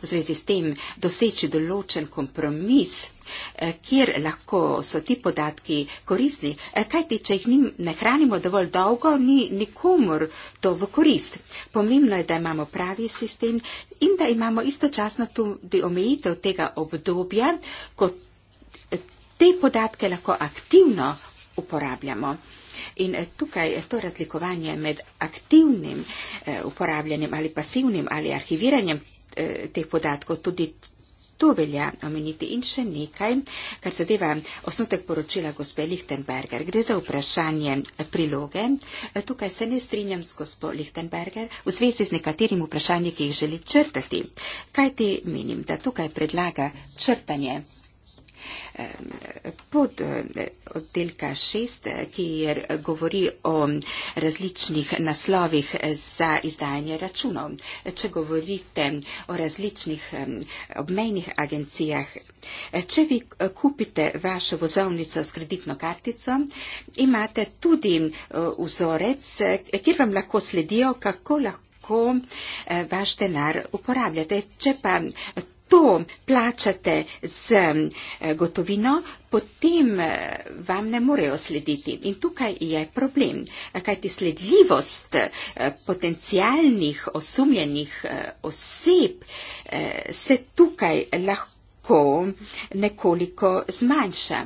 v zvezi s tem doseči določen kompromis, eh, kjer lahko so ti podatki korisni. Eh, kajti, če jih ne hranimo dovolj dolgo, ni nikomor to v korist. Pomembno je, da imamo pravi sistem in da imamo istočasno tudi omejitev tega obdobja, ko eh, te podatke lahko aktivno uporabljamo. In tukaj je to razlikovanje med aktivnim uporabljanjem ali pasivnim ali arhiviranjem Eh, teh podatkov. Tudi to velja omeniti. In še nekaj, kar zadeva osnutek poročila gospe Lichtenberger. Gre za vprašanje priloge. Eh, tukaj se ne strinjam s gospo Lichtenberger v zvezi z nekaterim vprašanjem, ki jih želi črtati. Kaj ti menim, da tukaj predlaga črtanje? pod eh, oddelka 6, eh, kjer govori o različnih naslovih eh, za izdajanje računov. Če govorite o različnih obmejnih agencijah, če vi kupite vašo vozovnico s kreditno kartico, imate tudi vzorec, kjer vam lahko sledijo, kako lahko vaš denar uporabljate. Če pa to plačate z eh, gotovino, potem eh, vam ne morejo slediti. In tukaj je problem, eh, kajti sledljivost potencijalnih osumljenih oseb se tukaj lahko nekoliko zmanjša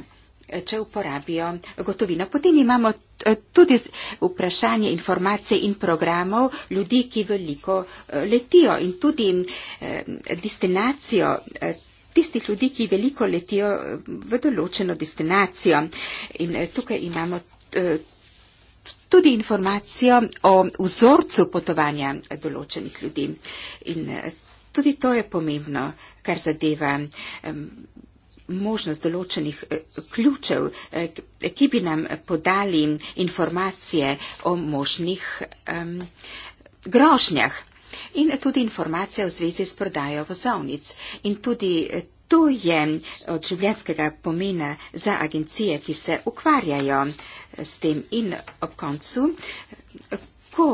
če uporabijo gotovino. Potem imamo eh, tudi vprašanje informacije in programov ljudi, ki veliko eh, letijo in tudi eh, destinacijo tistih ljudi, ki veliko letijo v določeno destinacijo. In tukaj imamo tudi informacijo o vzorcu potovanja določenih ljudi. In tudi to je pomembno, kar zadeva um, možnost določenih eh, ključev, eh, ki bi nam podali informacije o možnih um, grožnjah in tudi informacije v zvezi s prodajo vozovnic. In tudi eh, to je od življenskega pomena za agencije, ki se ukvarjajo s tem. In ob koncu, ko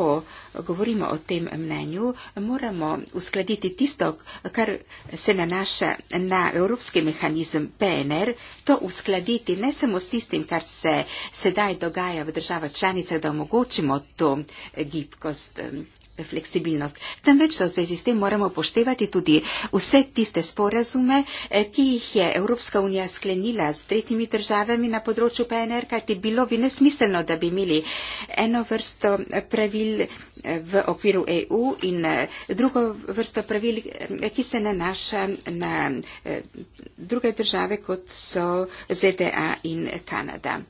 govorimo o tem mnenju, moramo uskladiti tisto, kar se nanaša na evropski mehanizem PNR, to uskladiti ne samo s tistim, kar se sedaj dogaja v državah članicah, da omogočimo to gibkost fleksibilnost. Temveč v zvezi s tem moramo poštevati tudi vse tiste sporazume, eh, ki jih je Evropska unija sklenila s tretjimi državami na področju PNR, kajti bilo bi nesmiselno, da bi imeli eno vrsto pravil eh, v okviru EU in eh, drugo vrsto pravil, ki se nanaša na druge države, kot so ZDA in Kanada.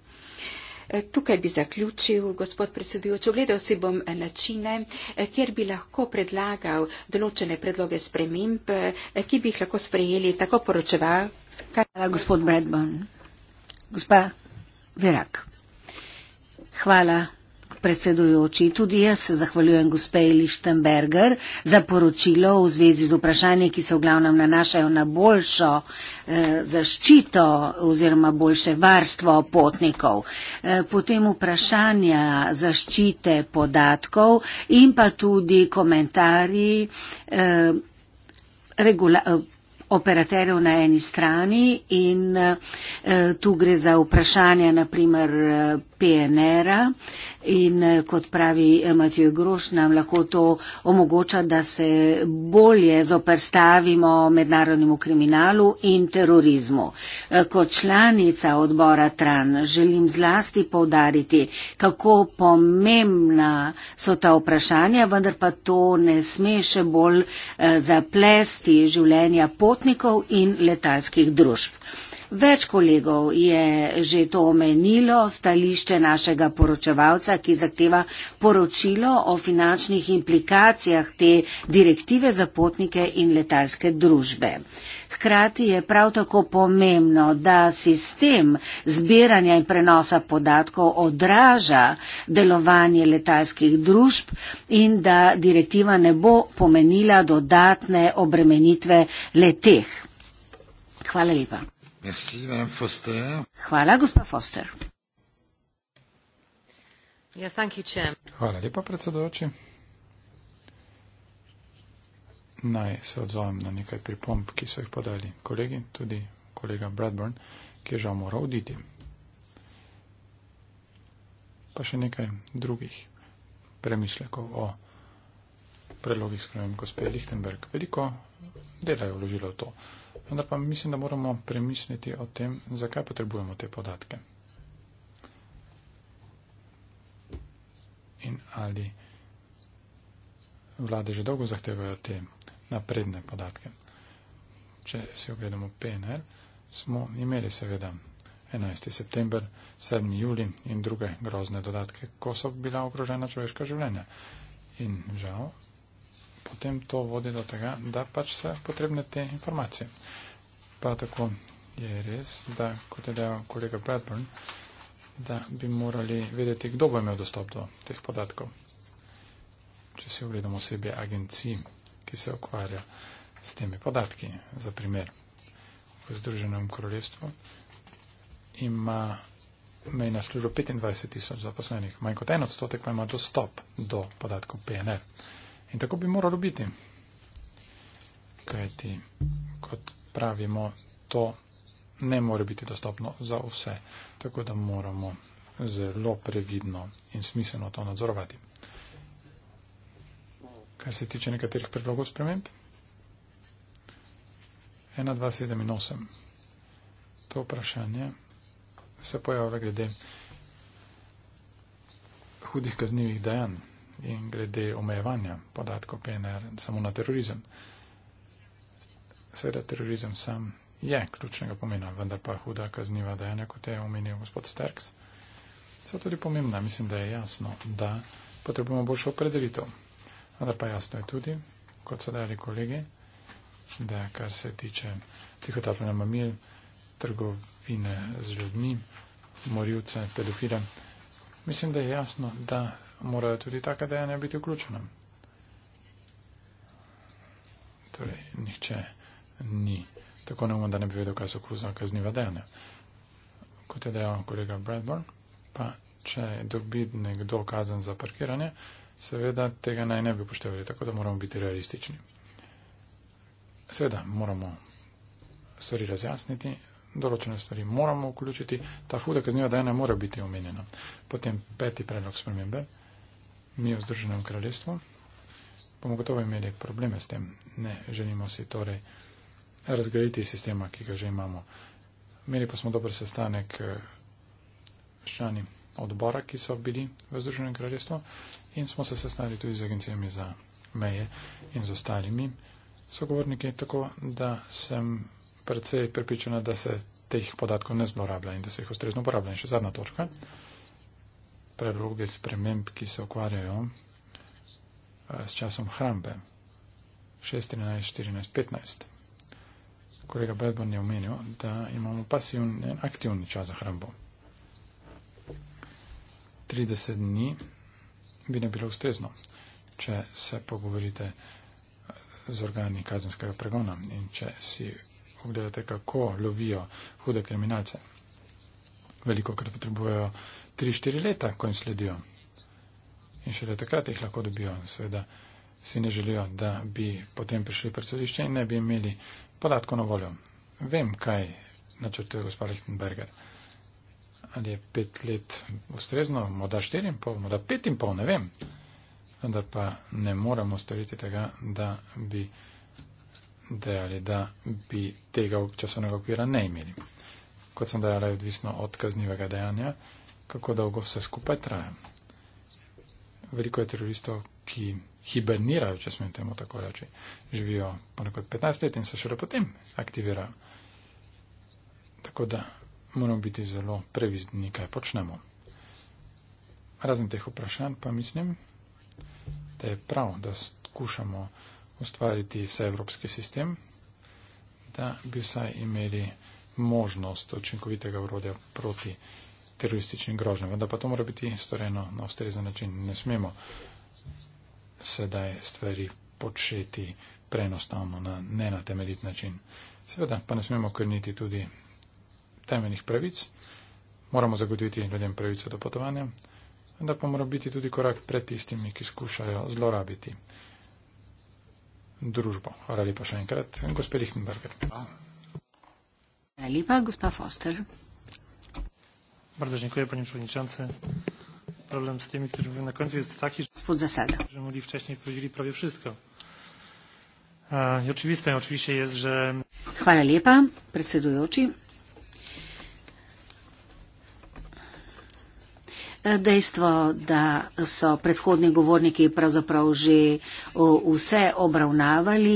Eh, tukaj bi zaključil, gospod predsedujoči, ogledal si bom eh, načine, eh, kjer bi lahko predlagal določene predloge sprememb, ki bi jih lahko sprejeli tako poročeval. Kaj... Hvala, gospod Bradburn. Gospa Verak. Hvala predsedujoči. Tudi jaz se zahvaljujem gospe Lichtenberger za poročilo v zvezi z vprašanji, ki se v glavnem nanašajo na boljšo eh, zaščito oziroma boljše varstvo potnikov. Eh, potem vprašanja zaščite podatkov in pa tudi komentarji. Eh, regula, eh, operaterjev na eni strani in eh, tu gre za vprašanja, naprimer eh, PNR-a in eh, kot pravi eh, Matijo Groš, nam lahko to omogoča, da se bolje zoprstavimo mednarodnemu kriminalu in terorizmu. Eh, kot članica odbora TRAN želim zlasti povdariti, kako pomembna so ta vprašanja, vendar pa to ne sme še bolj zaplesti življenja potnikov in letalskih družb. Več kolegov je že to omenilo, stališče našega poročevalca, ki zahteva poročilo o finančnih implikacijah te direktive za potnike in letalske družbe. Hkrati je prav tako pomembno, da sistem zbiranja in prenosa podatkov odraža delovanje letalskih družb in da direktiva ne bo pomenila dodatne obremenitve leteh. Hvala lepa. Merci, Madame Foster. Hvala, gospa Foster. Yeah, thank you, Chair. Hvala lepa, predsedujoči. Naj se odzovem na nekaj pripomb, ki so jih podali kolegi, tudi kolega Bradburn, ki je žal moral oditi. Pa še nekaj drugih premišljakov o predlogih sprememb gospe Lichtenberg. Veliko dela je vložilo v to vendar pa mislim, da moramo premisliti o tem, zakaj potrebujemo te podatke. In ali vlade že dolgo zahtevajo te napredne podatke. Če si ogledamo PNR, smo imeli seveda 11. september, 7. juli in druge grozne dodatke, ko so bila ogrožena človeška življenja. In žal, potem to vodi do tega, da pač so potrebne te informacije. Prav tako je res, da, kot je dejal kolega Bradburn, da bi morali vedeti, kdo bo imel dostop do teh podatkov. Če si ogledamo osebe agencij, ki se ukvarja s temi podatki, za primer v Združenem kroljestvu, ima mejna služba 25 tisoč zaposlenih, manj kot en odstotek pa ima dostop do podatkov PNR. In tako bi moralo biti. Kajti, kot pravimo, to ne more biti dostopno za vse, tako da moramo zelo previdno in smiselno to nadzorovati. Kar se tiče nekaterih predlogov sprememb, 1, 2, 7 in 8. To vprašanje se pojavlja glede hudih kaznjivih dejanj in glede omejevanja podatkov PNR samo na terorizem seveda terorizem sam je ključnega pomena, vendar pa huda kazniva dejanja, kot je omenil gospod Sterks, so tudi pomembna. Mislim, da je jasno, da potrebujemo boljšo opredelitev. Vendar pa jasno je tudi, kot so dali kolege, da kar se tiče tihotapljena mamil, trgovine z ljudmi, morilce, pedofile, mislim, da je jasno, da morajo tudi taka dejanja biti vključena. Torej, nihče ni. Tako ne bomo, da ne bi vedel, kaj so kruzna kazniva dejanja. Kot je dejal kolega Bradburn, pa če dobi nekdo kazen za parkiranje, seveda tega naj ne bi upoštevali, tako da moramo biti realistični. Seveda moramo stvari razjasniti, določene stvari moramo vključiti, ta huda kazniva dejanja mora biti omenjena. Potem peti predlog spremembe. Mi v Združenem kraljestvu bomo gotovo imeli probleme s tem. Ne želimo si torej razgraditi sistema, ki ga že imamo. Imeli pa smo dober sestanek eh, s člani odbora, ki so bili v Združenem kraljestvu in smo se sestali tudi z agencijami za meje in z ostalimi sogovorniki, tako da sem predvsej prepričana, da se teh podatkov ne zlorablja in da se jih ustrezno uporablja. In še zadnja točka, predloge sprememb, ki se ukvarjajo eh, s časom hrambe 6, 13, 14, 15 kolega Bedbon je omenil, da imamo pasivni in aktivni čas za hrambo. 30 dni bi ne bilo ustezno, če se pogovorite z organi kazenskega pregona in če si ogledate, kako lovijo hude kriminalce. Veliko krat potrebujejo 3-4 leta, ko jim sledijo. In šele takrat jih lahko dobijo. Seveda si ne želijo, da bi potem prišli pred sodišče in ne bi imeli podatkov na voljo. Vem, kaj načrtuje gospod Lichtenberger. Ali je pet let ustrezno, morda štiri in pol, morda pet in pol, ne vem. Vendar pa ne moramo storiti tega, da bi dejali, da bi tega časovnega okvira ne imeli. Kot sem dejala, je odvisno od kaznivega dejanja, kako dolgo vse skupaj traja. Veliko je teroristov, ki hibernirajo, če smem temu tako reči. Živijo ponekod 15 let in se šele potem aktivirajo. Tako da moramo biti zelo previzni, kaj počnemo. Razen teh vprašanj pa mislim, da je prav, da skušamo ustvariti vse evropski sistem, da bi vsaj imeli možnost očinkovitega urodja proti terorističnim grožnjam. Vendar pa to mora biti storjeno na ustrezen način. Ne smemo seveda je stvari početi prenostavno, na, ne na temeljit način. Seveda pa ne smemo krniti tudi temeljnih pravic, moramo zagotoviti ljudem pravico do potovanja, vendar pa mora biti tudi korak pred tistimi, ki skušajo zlorabiti družbo. Hvala lepa še enkrat, gospod Lichtenberger. Hvala lepa, gospod Foster. Bardzo dziękuję panie przewodniczący problem z tymi, którzy mówią na końcu, jest taki, że, że mówili wcześniej, powiedzieli prawie wszystko. E, I oczywiste oczywiście jest, że... Chwala lepa, predsedujący. Dejstvo, da so predhodni govorniki pravzaprav že vse obravnavali,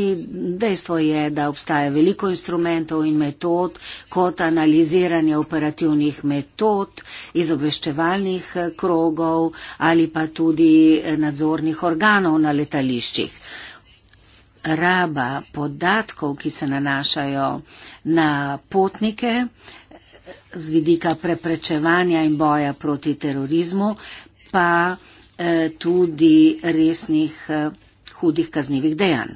dejstvo je, da obstaja veliko instrumentov in metod kot analiziranje operativnih metod, izobveščevalnih eh, krogov ali pa tudi eh, nadzornih organov na letališčih. Raba podatkov, ki se nanašajo na potnike, z vidika preprečevanja in boja proti terorizmu, pa eh, tudi resnih eh, hudih kaznjivih dejanj.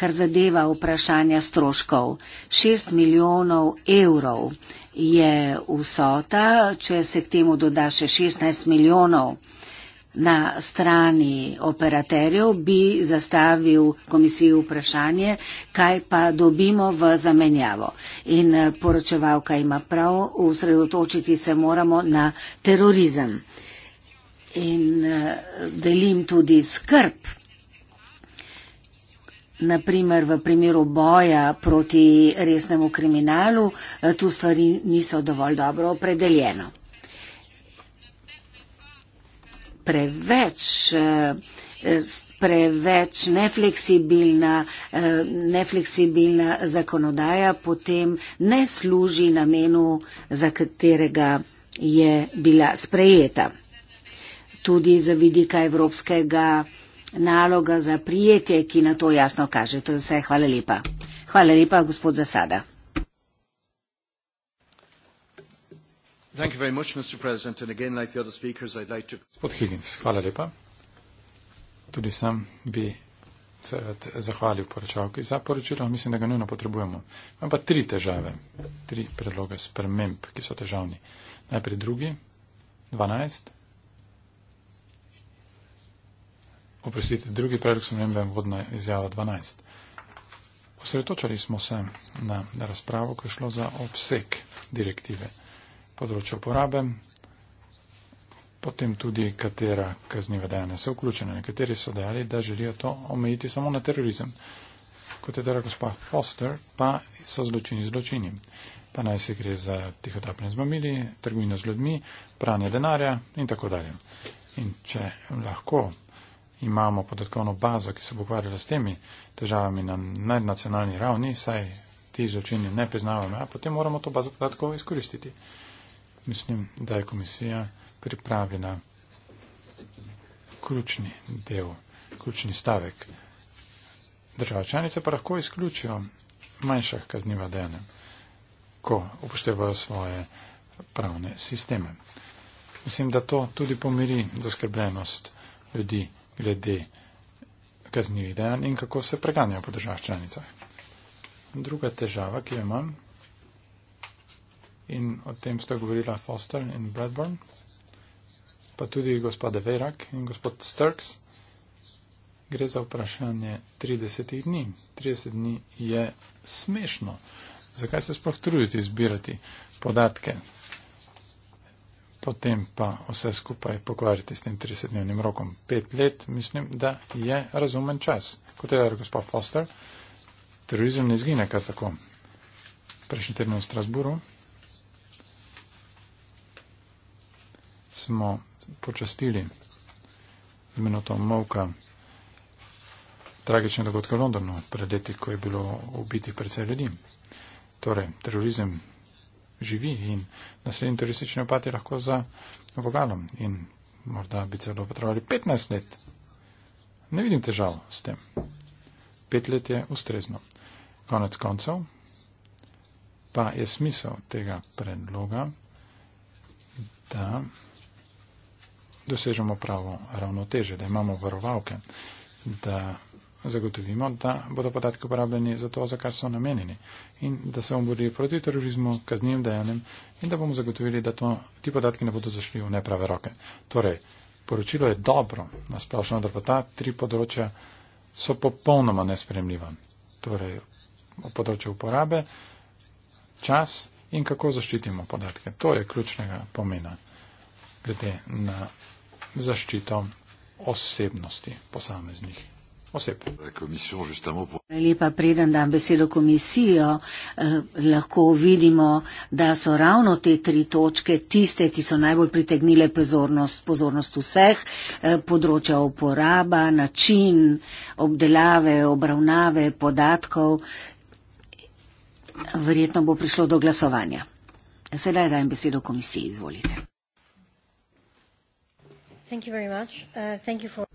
Kar zadeva vprašanja stroškov, 6 milijonov evrov je vsota, če se k temu doda še 16 milijonov evrov, na strani operaterjev, bi zastavil komisiji vprašanje, kaj pa dobimo v zamenjavo. In eh, poročevalka ima prav, usredotočiti se moramo na terorizem. In eh, delim tudi skrb, naprimer v primeru boja proti resnemu kriminalu, eh, tu stvari niso dovolj dobro opredeljeno preveč, eh, preveč nefleksibilna, eh, nefleksibilna zakonodaja, potem ne služi namenu, za katerega je bila sprejeta. Tudi za vidika evropskega naloga za prijetje, ki na to jasno kaže. To je vse. Hvala lepa. Hvala lepa, gospod Zasada. Gospod Higgins, hvala lepa. Tudi sam bi se zahvalil poročavki za poročilo. Mislim, da ga nujno potrebujemo. Imam pa tri težave, tri predloge sprememb, ki so težavni. Najprej drugi, 12. Oprostite, drugi predlog spremembe vodna izjava 12. Osredotočali smo se na razpravo, ko je šlo za obseg direktive področje uporabe, potem tudi katera kazniva dejanja so vključena. Nekateri so dejali, da želijo to omejiti samo na terorizem. Kot je dejala gospa Foster, pa so zločini zločini. Pa naj se gre za tihotapljenje z mamili, trgovino z ljudmi, pranje denarja in tako dalje. In če lahko imamo podatkovno bazo, ki se bo ukvarjala s temi težavami na nacionalni ravni, saj ti zločini ne priznavamo, potem moramo to bazo podatkov izkoristiti mislim, da je komisija pripravljena ključni del, ključni stavek. Država članice pa lahko izključijo manjša kazniva dejanja, ko upoštevajo svoje pravne sisteme. Mislim, da to tudi pomiri zaskrbljenost ljudi glede kaznivih dejanj in kako se preganjajo po državah članicah. Druga težava, ki jo imam, in o tem sta govorila Foster in Bradburn, pa tudi gospod Deverak in gospod Sturks. Gre za vprašanje 30 dni. 30 dni je smešno. Zakaj se sploh trudite izbirati podatke, potem pa vse skupaj pokvariti s tem 30-dnevnim rokom? Pet let mislim, da je razumen čas. Kot je rekel gospod Foster, terorizem ne izgine kar tako. Prejšnji teden v Strasburu. smo počastili imeno to Mavka, tragične dogodke v Londonu, pred leti, ko je bilo ubiti predvsej ljudi. Torej, terorizem živi in naslednji teroristični opad je lahko za vogalom in morda bi celo potrebovali 15 let. Ne vidim težav s tem. Pet let je ustrezno. Konec koncev pa je smisel tega predloga, da dosežemo pravo ravnoteže, da imamo varovalke, da zagotovimo, da bodo podatki uporabljeni za to, za kar so namenjeni in da se bomo borili proti terorizmu, kaznim dejanjem in da bomo zagotovili, da to, ti podatki ne bodo zašli v neprave roke. Torej, poročilo je dobro, nasplošno, da pa ta tri področja so popolnoma nespremljiva. Torej, o področju uporabe, čas in kako zaščitimo podatke. To je ključnega pomena glede na zaščito osebnosti posameznih. Lepa preden dam besedo komisijo, eh, lahko vidimo, da so ravno te tri točke tiste, ki so najbolj pritegnile pozornost, pozornost vseh, eh, področja uporaba, način obdelave, obravnave podatkov. Verjetno bo prišlo do glasovanja. Sedaj dajem besedo komisiji, izvolite. Uh,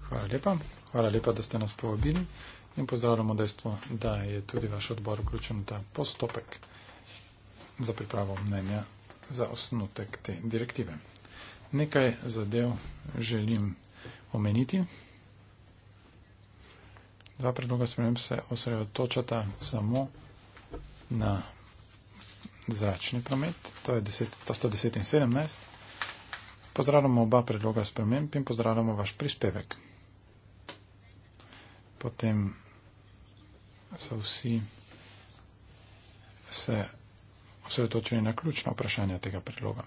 Hvala lepa. Hvala lepa, da ste nas povabili in pozdravljamo dejstvo, da je tudi vaš odbor vključen v ta postopek za pripravo mnenja za osnutek te direktive. Nekaj zadev želim omeniti. Dva predloga sprememb se osredotočata samo na zračni promet, to, je 10, to sta 10 in 17. Pozdravljamo oba predloga sprememb in pozdravljamo vaš prispevek. Potem so vsi se osredotočili na ključno vprašanje tega predloga.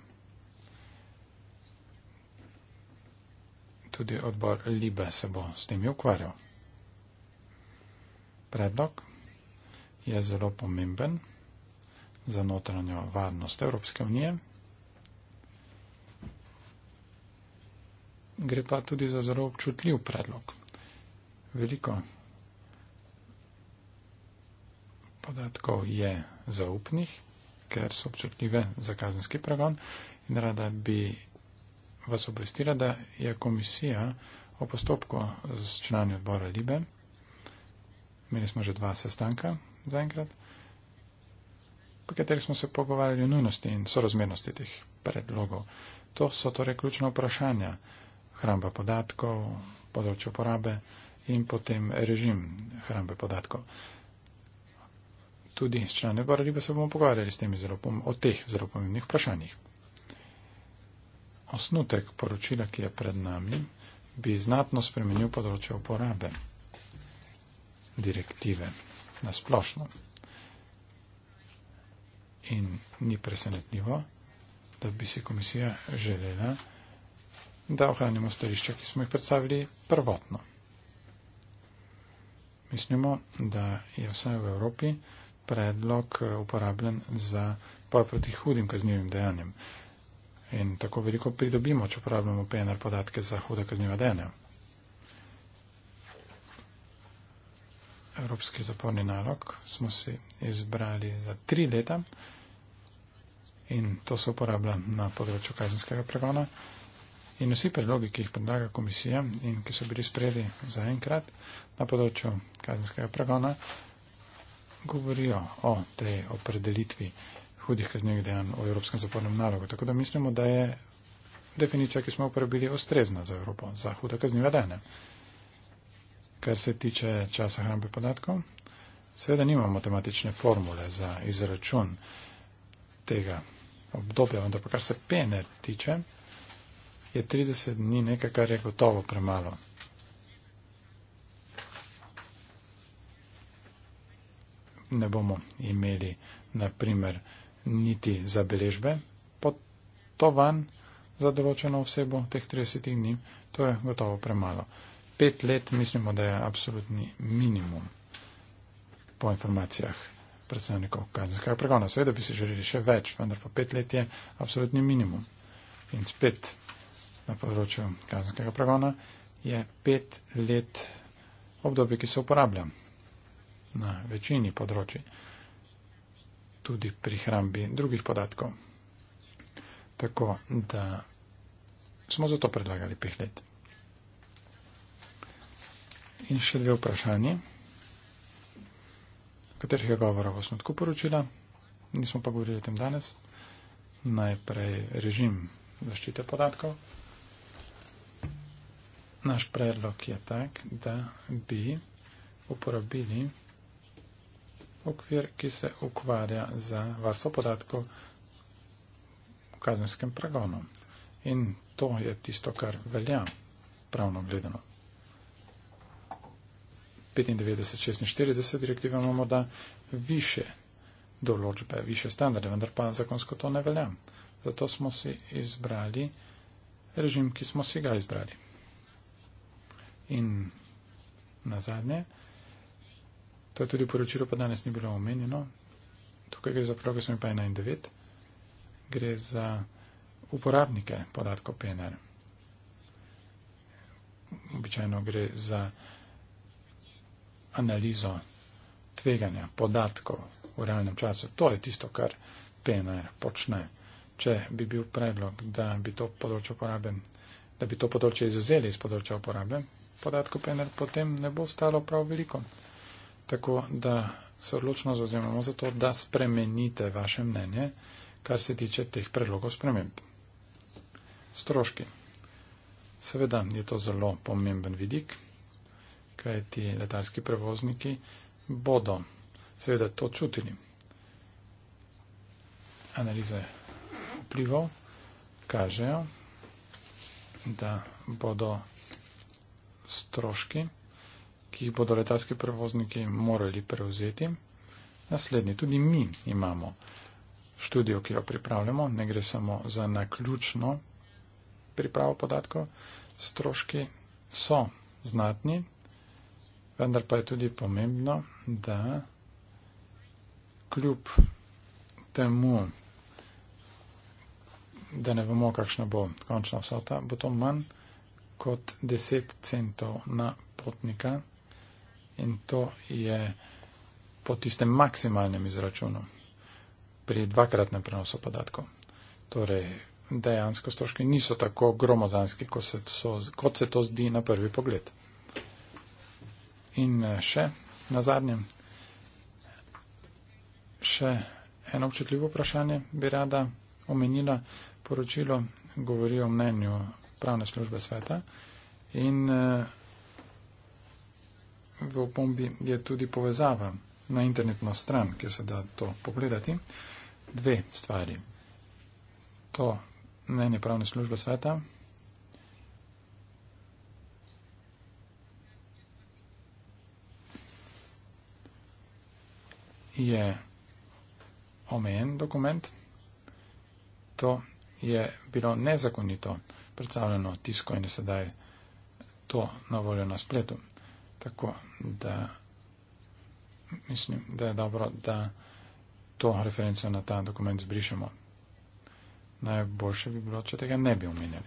Tudi odbor Libe se bo s temi ukvarjal. Predlog je zelo pomemben za notranjo varnost Evropske unije. gre pa tudi za zelo občutljiv predlog. Veliko podatkov je zaupnih, ker so občutljive za kazenski pregon in rada bi vas obvestila, da je komisija o postopku z člani odbora Libe, imeli smo že dva sestanka zaenkrat, po katerih smo se pogovarjali o nujnosti in sorazmernosti teh predlogov. To so torej ključna vprašanja hramba podatkov, področje uporabe in potem režim hrambe podatkov. Tudi s člani odbora Libe se bomo pogovarjali s temi zelo, o teh zelo pomembnih vprašanjih. Osnutek poročila, ki je pred nami, bi znatno spremenil področje uporabe direktive na splošno. In ni presenetljivo, da bi si komisija želela da ohranimo stališča, ki smo jih predstavili prvotno. Mislimo, da je vsaj v Evropi predlog eh, uporabljen za boj proti hudim kaznjivim dejanjem. In tako veliko pridobimo, če uporabljamo PNR podatke za huda kazniva dejanja. Evropski zaporni nalog smo si izbrali za tri leta in to se uporablja na področju kazenskega pregona in vsi predlogi, ki jih predlaga komisija in ki so bili sprejeli zaenkrat na področju kazenskega pregona, govorijo o tej opredelitvi hudih kaznjivih dejanj v Evropskem zapornem nalogu. Tako da mislimo, da je definicija, ki smo jo uporabili, ustrezna za Evropo, za huda kaznjiva dejanja. Kar se tiče časa hrambe podatkov, seveda nimamo matematične formule za izračun tega obdobja, vendar pa kar se pene tiče, je 30 dni nekaj, kar je gotovo premalo. Ne bomo imeli, naprimer, niti zabeležbe potovanj za določeno osebo teh 30 dni. To je gotovo premalo. Pet let mislimo, da je absolutni minimum po informacijah predstavnikov kazenskega pregona. Seveda bi si želeli še več, vendar pa pet let je absolutni minimum. In spet na področju kazenskega pregona, je pet let obdobje, ki se uporablja na večini področji, tudi pri hrambi drugih podatkov. Tako da smo zato predlagali pet let. In še dve vprašanje, katerih je govora v osnotku poročila, nismo pa govorili o tem danes. Najprej režim zaščite podatkov naš predlog je tak, da bi uporabili okvir, ki se ukvarja za varstvo podatkov v kazenskem pregonu. In to je tisto, kar velja pravno gledano. 95-46 direktive imamo da više določbe, više standarde, vendar pa zakonsko to ne velja. Zato smo si izbrali režim, ki smo si ga izbrali. In na zadnje, to je tudi poročilo, pa danes ni bilo omenjeno. Tukaj gre za program 519, gre za uporabnike podatkov PNR. Običajno gre za analizo tveganja podatkov v realnem času. To je tisto, kar PNR počne. Če bi bil predlog, da bi to področje, uporabe, da bi to področje izuzeli iz področja uporabe, podatkov, pa vendar potem ne bo stalo prav veliko. Tako da se odločno zazemamo za to, da spremenite vaše mnenje, kar se tiče teh predlogov sprememb. Stroški. Seveda je to zelo pomemben vidik, kaj ti letalski prevozniki bodo seveda to čutili. Analize vplivov kažejo, da bodo stroški, ki jih bodo letalski prevozniki morali prevzeti. Naslednji, tudi mi imamo študijo, ki jo pripravljamo, ne gre samo za naključno pripravo podatkov. Stroški so znatni, vendar pa je tudi pomembno, da kljub temu, da ne vemo, kakšna bo končna vsota, bo to manj kot 10 centov na potnika in to je po tistem maksimalnem izračunu pri dvakratnem prenosu podatkov. Torej, dejansko stroški niso tako gromozanski, kot se, so, kot se to zdi na prvi pogled. In eh, še na zadnjem, še eno občutljivo vprašanje bi rada omenila. Poročilo govori o mnenju pravne službe sveta. In uh, v opombi je tudi povezava na internetno stran, kjer se da to pogledati. Dve stvari. To mnenje pravne službe sveta. je omejen dokument, to je bilo nezakonito. Uh, predstavljeno tisko in je sedaj to na voljo na spletu. Tako da mislim, da je dobro, da to referenco na ta dokument zbrišemo. Najboljše bi bilo, če tega ne bi omenjali.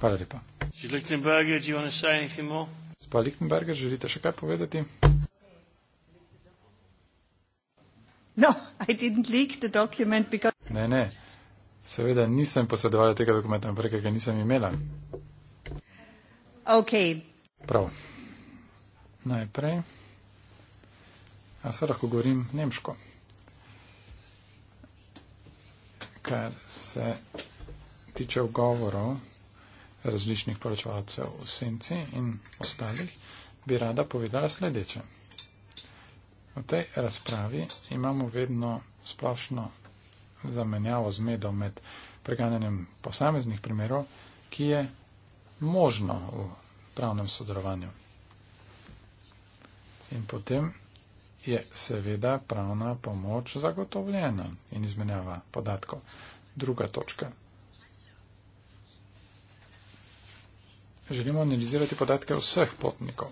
Hvala lepa. Gospod Lichtenberger, želite še kaj povedati? No, I didn't leak the document because... Ne, ne. Seveda nisem posedovala tega dokumenta, ampak ker ga nisem imela. Ok. Prav. Najprej. A se lahko govorim nemško. Kar se tiče ogovorov različnih poročevalcev v senci in ostalih, bi rada povedala sledeče. V tej razpravi imamo vedno splošno zamenjavo zmedo med preganjanjem posameznih primerov, ki je možno v pravnem sodelovanju. In potem je seveda pravna pomoč zagotovljena in izmenjava podatkov. Druga točka. Želimo analizirati podatke vseh potnikov,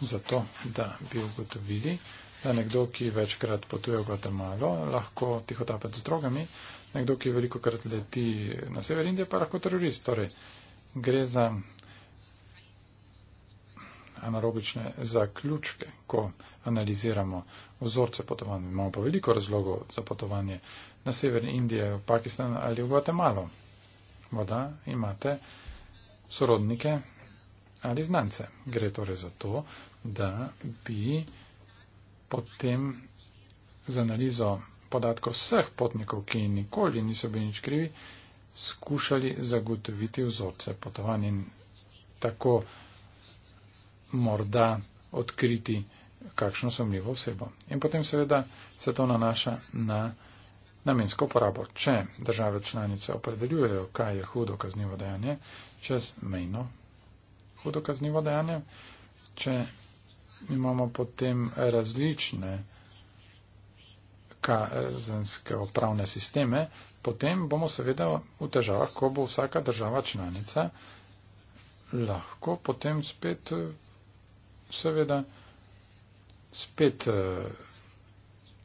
zato da bi ugotovili, da nekdo, ki večkrat potuje v Guatemalo, lahko tihotapec z drogami, nekdo, ki veliko krat leti na sever Indije, pa lahko terorist. Torej, gre za anarobične zaključke, ko analiziramo vzorce potovanja. Imamo pa veliko razlogov za potovanje na sever Indije, v Pakistan ali v Guatemalo. Voda, imate sorodnike ali znance. Gre torej za to, da bi potem z analizo podatkov vseh potnikov, ki nikoli niso bili nič krivi, skušali zagotoviti vzorce potovanj in tako morda odkriti kakšno sumljivo osebo. In potem seveda se to nanaša na namensko uporabo. Če države članice opredeljujejo, kaj je hudo kaznivo dejanje, čez mejno hudo kaznivo dejanje, če imamo potem različne kazenske upravne sisteme, potem bomo seveda v težavah, ko bo vsaka država članica lahko potem spet, seveda, spet eh,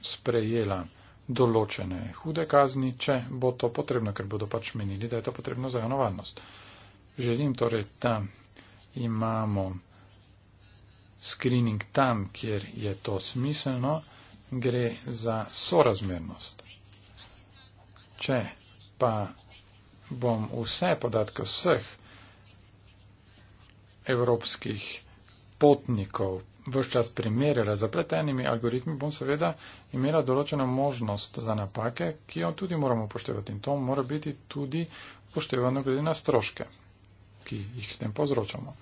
sprejela določene hude kazni, če bo to potrebno, ker bodo pač menili, da je to potrebno za javno varnost. Želim torej, da imamo screening tam, kjer je to smiselno, gre za sorazmernost. Če pa bom vse podatke vseh evropskih potnikov vse čas primerjala zapletenimi algoritmi, bom seveda imela določeno možnost za napake, ki jo tudi moramo upoštevati. In to mora biti tudi upoštevano glede na stroške, ki jih s tem povzročamo.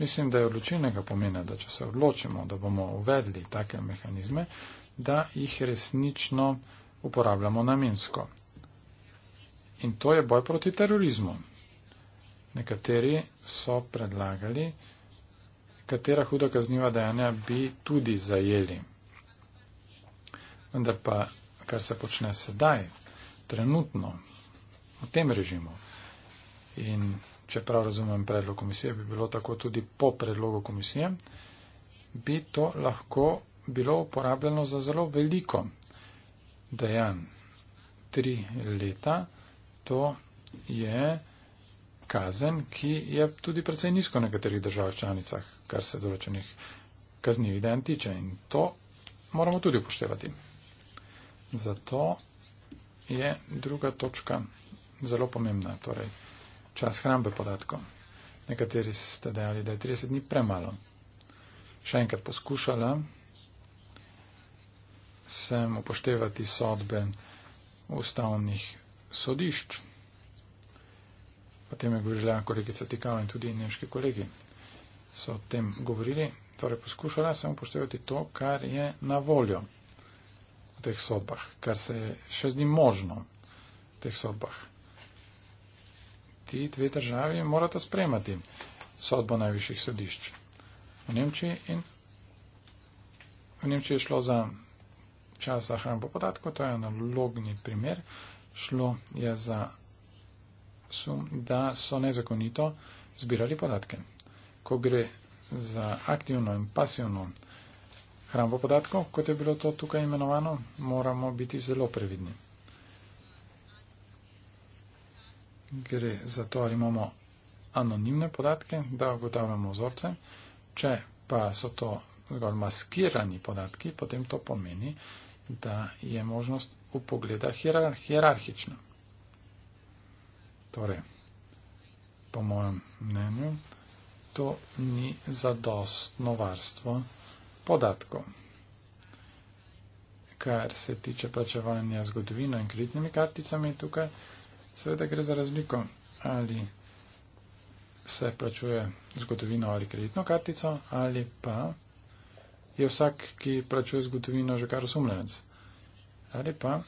Mislim, da je odločilnega pomena, da če se odločimo, da bomo uvedli take mehanizme, da jih resnično uporabljamo namensko. In to je boj proti terorizmu. Nekateri so predlagali, katera huda kazniva dejanja bi tudi zajeli. Vendar pa, kar se počne sedaj, trenutno, v tem režimu in čeprav razumem predlog komisije, bi bilo tako tudi po predlogu komisije, bi to lahko bilo uporabljeno za zelo veliko dejanj. Tri leta to je kazen, ki je tudi precej nizko v nekaterih državah članicah, kar se določenih kaznivih dejanj tiče in to moramo tudi upoštevati. Zato je druga točka zelo pomembna. Torej, čas hrambe podatkov. Nekateri ste dejali, da je 30 dni premalo. Še enkrat poskušala sem upoštevati sodbe ustavnih sodišč. Potem je govorila kolegica Tikava in tudi nemški kolegi so o tem govorili. Torej poskušala sem upoštevati to, kar je na voljo v teh sodbah, kar se je še zdi možno v teh sodbah ti dve državi morata spremati sodbo najvišjih sodišč v Nemčiji in v Nemčiji je šlo za časa hrambo podatkov, to je analogni primer, šlo je za sum, da so nezakonito zbirali podatke. Ko gre za aktivno in pasivno hrambo podatkov, kot je bilo to tukaj imenovano, moramo biti zelo previdni. gre za to, ali imamo anonimne podatke, da ugotavljamo vzorce. Če pa so to zgolj maskirani podatki, potem to pomeni, da je možnost upogleda hierar hierarhična. Torej, po mojem mnenju, to ni zadostno varstvo podatkov. Kar se tiče plačevanja zgodovino in kreditnimi karticami tukaj, Seveda gre za razliko, ali se plačuje zgodovino ali kreditno kartico, ali pa je vsak, ki plačuje zgodovino, že kar osumljenec. Ali pa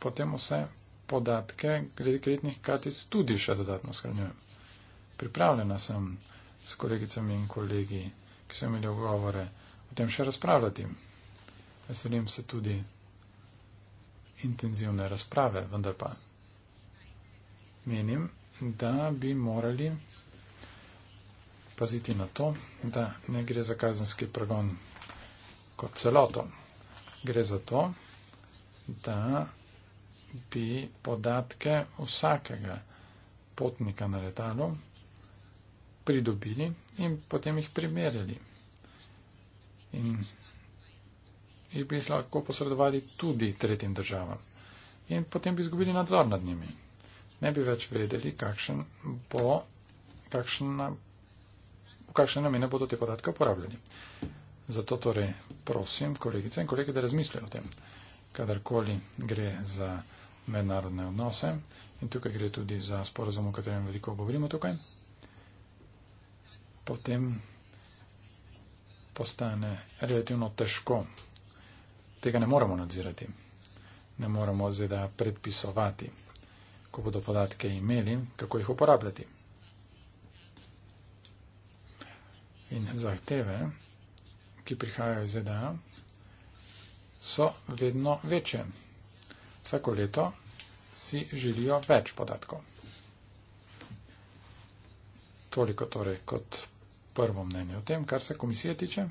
potem vse podatke glede kreditnih kartic tudi še dodatno shranjujem. Pripravljena sem s kolegicami in kolegi, ki so imeli ogovore, o tem še razpravljati. Veselim se tudi intenzivne razprave, vendar pa menim, da bi morali paziti na to, da ne gre za kazenski pregon kot celoto. Gre za to, da bi podatke vsakega potnika na letalu pridobili in potem jih primerjali. In jih bi jih lahko posredovali tudi tretjim državam. In potem bi izgubili nadzor nad njimi ne bi več vedeli, kakšen bo, kakšna, v kakšne namene bodo te podatke uporabljeni. Zato torej prosim kolegice in kolege, da razmislijo o tem, kadarkoli gre za mednarodne odnose in tukaj gre tudi za sporozum, o katerem veliko govorimo tukaj, potem postane relativno težko. Tega ne moremo nadzirati. Ne moremo zdaj predpisovati ko bodo podatke imeli, kako jih uporabljati. In zahteve, ki prihajajo iz ZDA, so vedno večje. Vsako leto si želijo več podatkov. Toliko torej kot prvo mnenje o tem, kar se komisije tiče.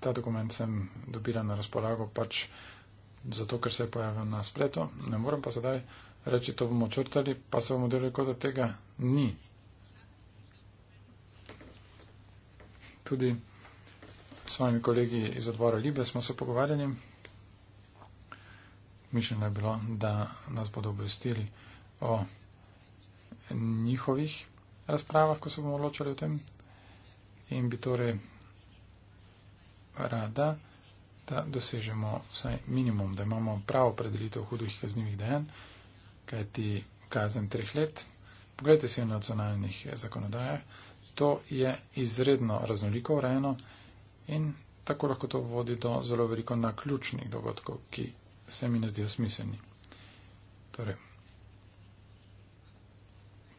ta dokument sem dobila na razpolago pač zato, ker se je pojavil na spletu. Ne morem pa sedaj reči, to bomo črtali, pa se bomo delali, kot da tega ni. Tudi s svojimi kolegi iz odbora Libe smo se pogovarjali. Mišljeno je bilo, da nas bodo obvestili o njihovih razpravah, ko se bomo odločali o tem. In bi torej rada, da dosežemo vsaj minimum, da imamo pravo predelitev hudih kaznjivih dejanj, kajti kazen treh let, pogledajte si v nacionalnih eh, zakonodajah, to je izredno raznoliko urejeno in tako lahko to vodi do zelo veliko naključnih dogodkov, ki se mi ne zdijo smiselni. Torej,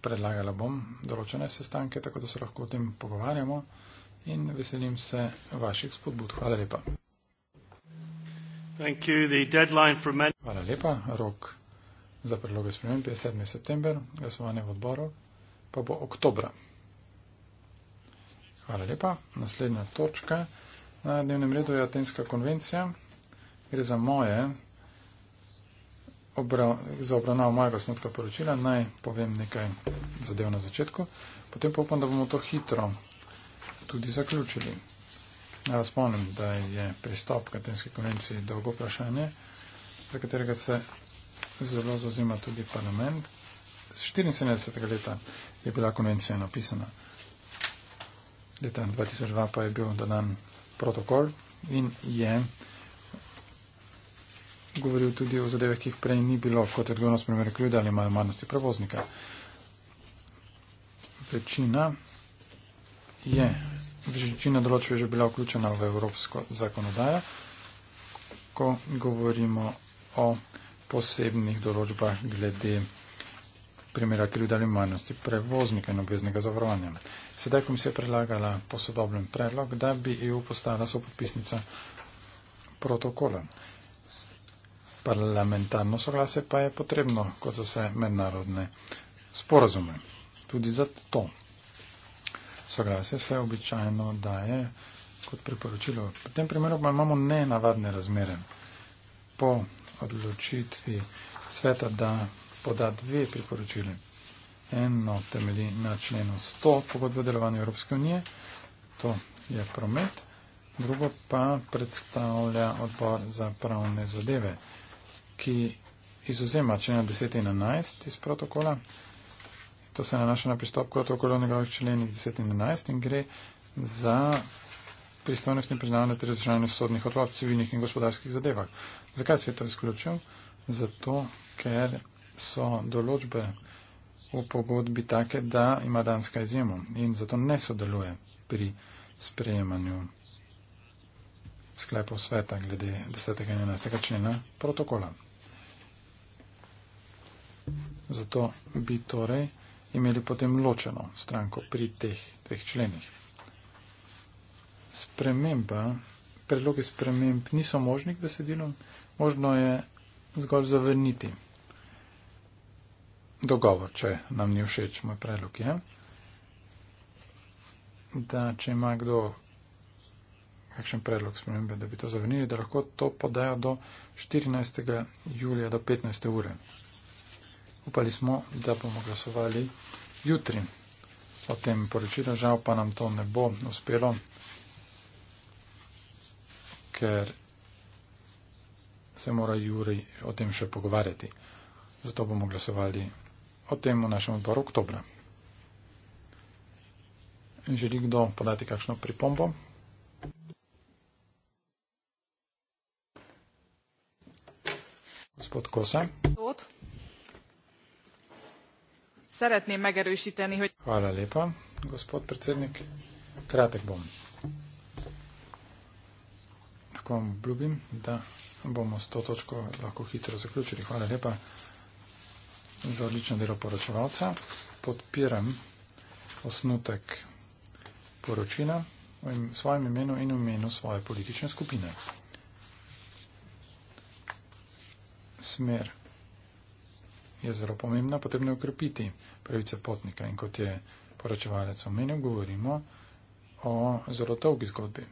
predlagala bom določene sestanke, tako da se lahko o tem pogovarjamo in veselim se vaših spodbud. Hvala lepa. Hvala lepa. Rok za predloge sprememb je 7. september, glasovanje v odboru pa bo oktobra. Hvala lepa. Naslednja točka na dnevnem redu je Atenska konvencija. Gre za moje. Za obravnavo mojega snotka poročila naj povem nekaj zadev na začetku, potem pa upam, da bomo to hitro tudi zaključili. Naj vas spomnim, da je pristop k Atenski konvenciji dolgo vprašanje, za katerega se zelo zazima tudi parlament. Z 74. leta je bila konvencija napisana. Leta 2002 pa je bil dodan protokol in je govoril tudi o zadevah, ki jih prej ni bilo, kot je odgovornost primere krivda ali malo varnosti prevoznika. Večina je Večina določb je že bila vključena v evropsko zakonodajo. Ko govorimo o posebnih določbah glede primera krivda ali manjnosti prevoznika in obveznega zavarovanja. Sedaj komisija predlagala posodobljen predlog, da bi EU postala sopodpisnica protokola. Parlamentarno soglasje pa je potrebno kot za vse mednarodne sporazume. Tudi zato soglasje se običajno daje kot priporočilo. V tem primeru pa imamo nenavadne razmere. Po odločitvi sveta, da poda dve priporočili. Eno temelji na členu 100 pogodbe o delovanju Evropske unije, to je promet, drugo pa predstavlja odbor za pravne zadeve, ki izuzema člena 10 in 11 iz protokola, To se nanaša na pristop k otrokolju v njegovih členih 10 in 11 in gre za pristojnost in priznavanje ter razrešanje sodnih odločb v civilnih in gospodarskih zadevah. Zakaj se je to izključil? Zato, ker so določbe v pogodbi take, da ima Danska izjemo in zato ne sodeluje pri sprejemanju sklepov sveta glede 10. in 11. člena protokola. Zato bi torej imeli potem ločeno stranko pri teh, teh členih. Sprememba, predlogi sprememb niso možni k besedilu, možno je zgolj zavrniti dogovor, če nam ni všeč moj predlog. Je. Da, če ima kdo kakšen predlog spremembe, da bi to zavrnili, da lahko to podajo do 14. julija do 15. ure upali smo, da bomo glasovali jutri o tem poročilu, žal pa nam to ne bo uspelo, ker se mora Juri o tem še pogovarjati. Zato bomo glasovali o tem v našem odboru oktobra. Želi kdo podati kakšno pripombo? Gospod Kosa. Gospod. Szeretném megerősíteni, hogy... Hvala lepa, gospod predsednik. Kratek bom. Lahko vam obljubim, da bomo s to točko lahko hitro zaključili. Hvala lepa za odlično delo poročevalca. Podpiram osnutek poročina v svojem imenu in v imenu svoje politične skupine. Smer je zelo pomembna, potrebno je ukrepiti pravice potnika. In kot je poročevalec omenil, govorimo o zelo dolgi zgodbi.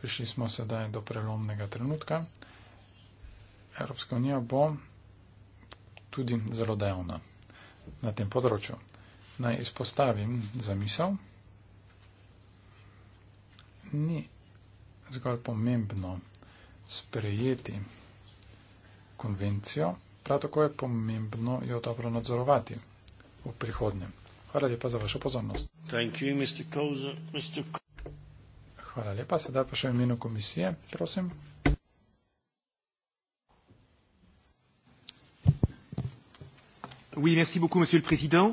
Prišli smo sedaj do prelomnega trenutka. Evropska unija bo tudi zelo dejavna na tem področju. Naj izpostavim zamisel. Ni zgolj pomembno sprejeti konvencijo, Prav tako je pomembno jo dobro nadzorovati v prihodnje. Hvala lepa za vašo pozornost. You, Mr. Kouza, Mr. Hvala lepa, sedaj pa še v imenu komisije, prosim. Oui, merci beaucoup, monsieur le président.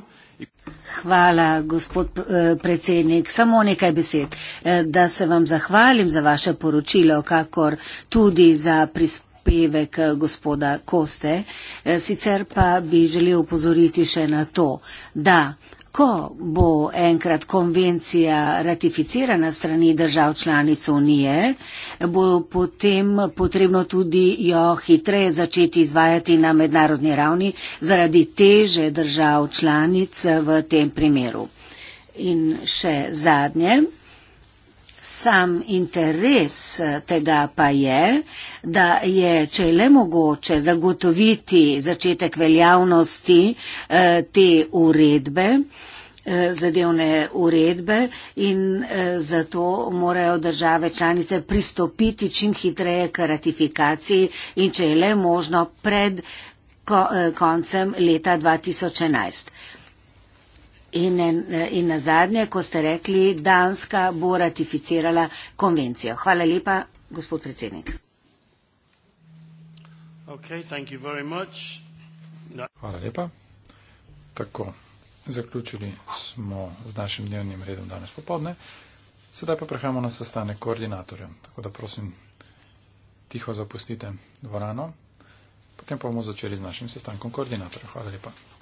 Hvala, gospod eh, predsednik. Samo nekaj besed. Eh, da se vam zahvalim za vaše poročilo, kakor tudi za prispevek prispevek eh, gospoda Koste. Eh, sicer pa bi želel upozoriti še na to, da ko bo enkrat konvencija ratificirana strani držav članic Unije, bo potem potrebno tudi jo hitreje začeti izvajati na mednarodni ravni zaradi teže držav članic v tem primeru. In še zadnje. Sam interes eh, tega pa je, da je, če je le mogoče, zagotoviti začetek veljavnosti eh, te uredbe, eh, zadevne uredbe in zato morajo države članice pristopiti čim hitreje k ratifikaciji in če je le možno pred koncem leta 2011 in, in na zadnje, ko ste rekli, Danska bo ratificirala konvencijo. Hvala lepa, gospod predsednik. Okay, no. Hvala lepa. Tako, zaključili smo z našim dnevnim redom danes popovdne. Sedaj pa prehajamo na sestanek koordinatorjev. Tako da prosim, tiho zapustite dvorano. Potem pa bomo začeli z našim sestankom koordinatorjev. Hvala lepa.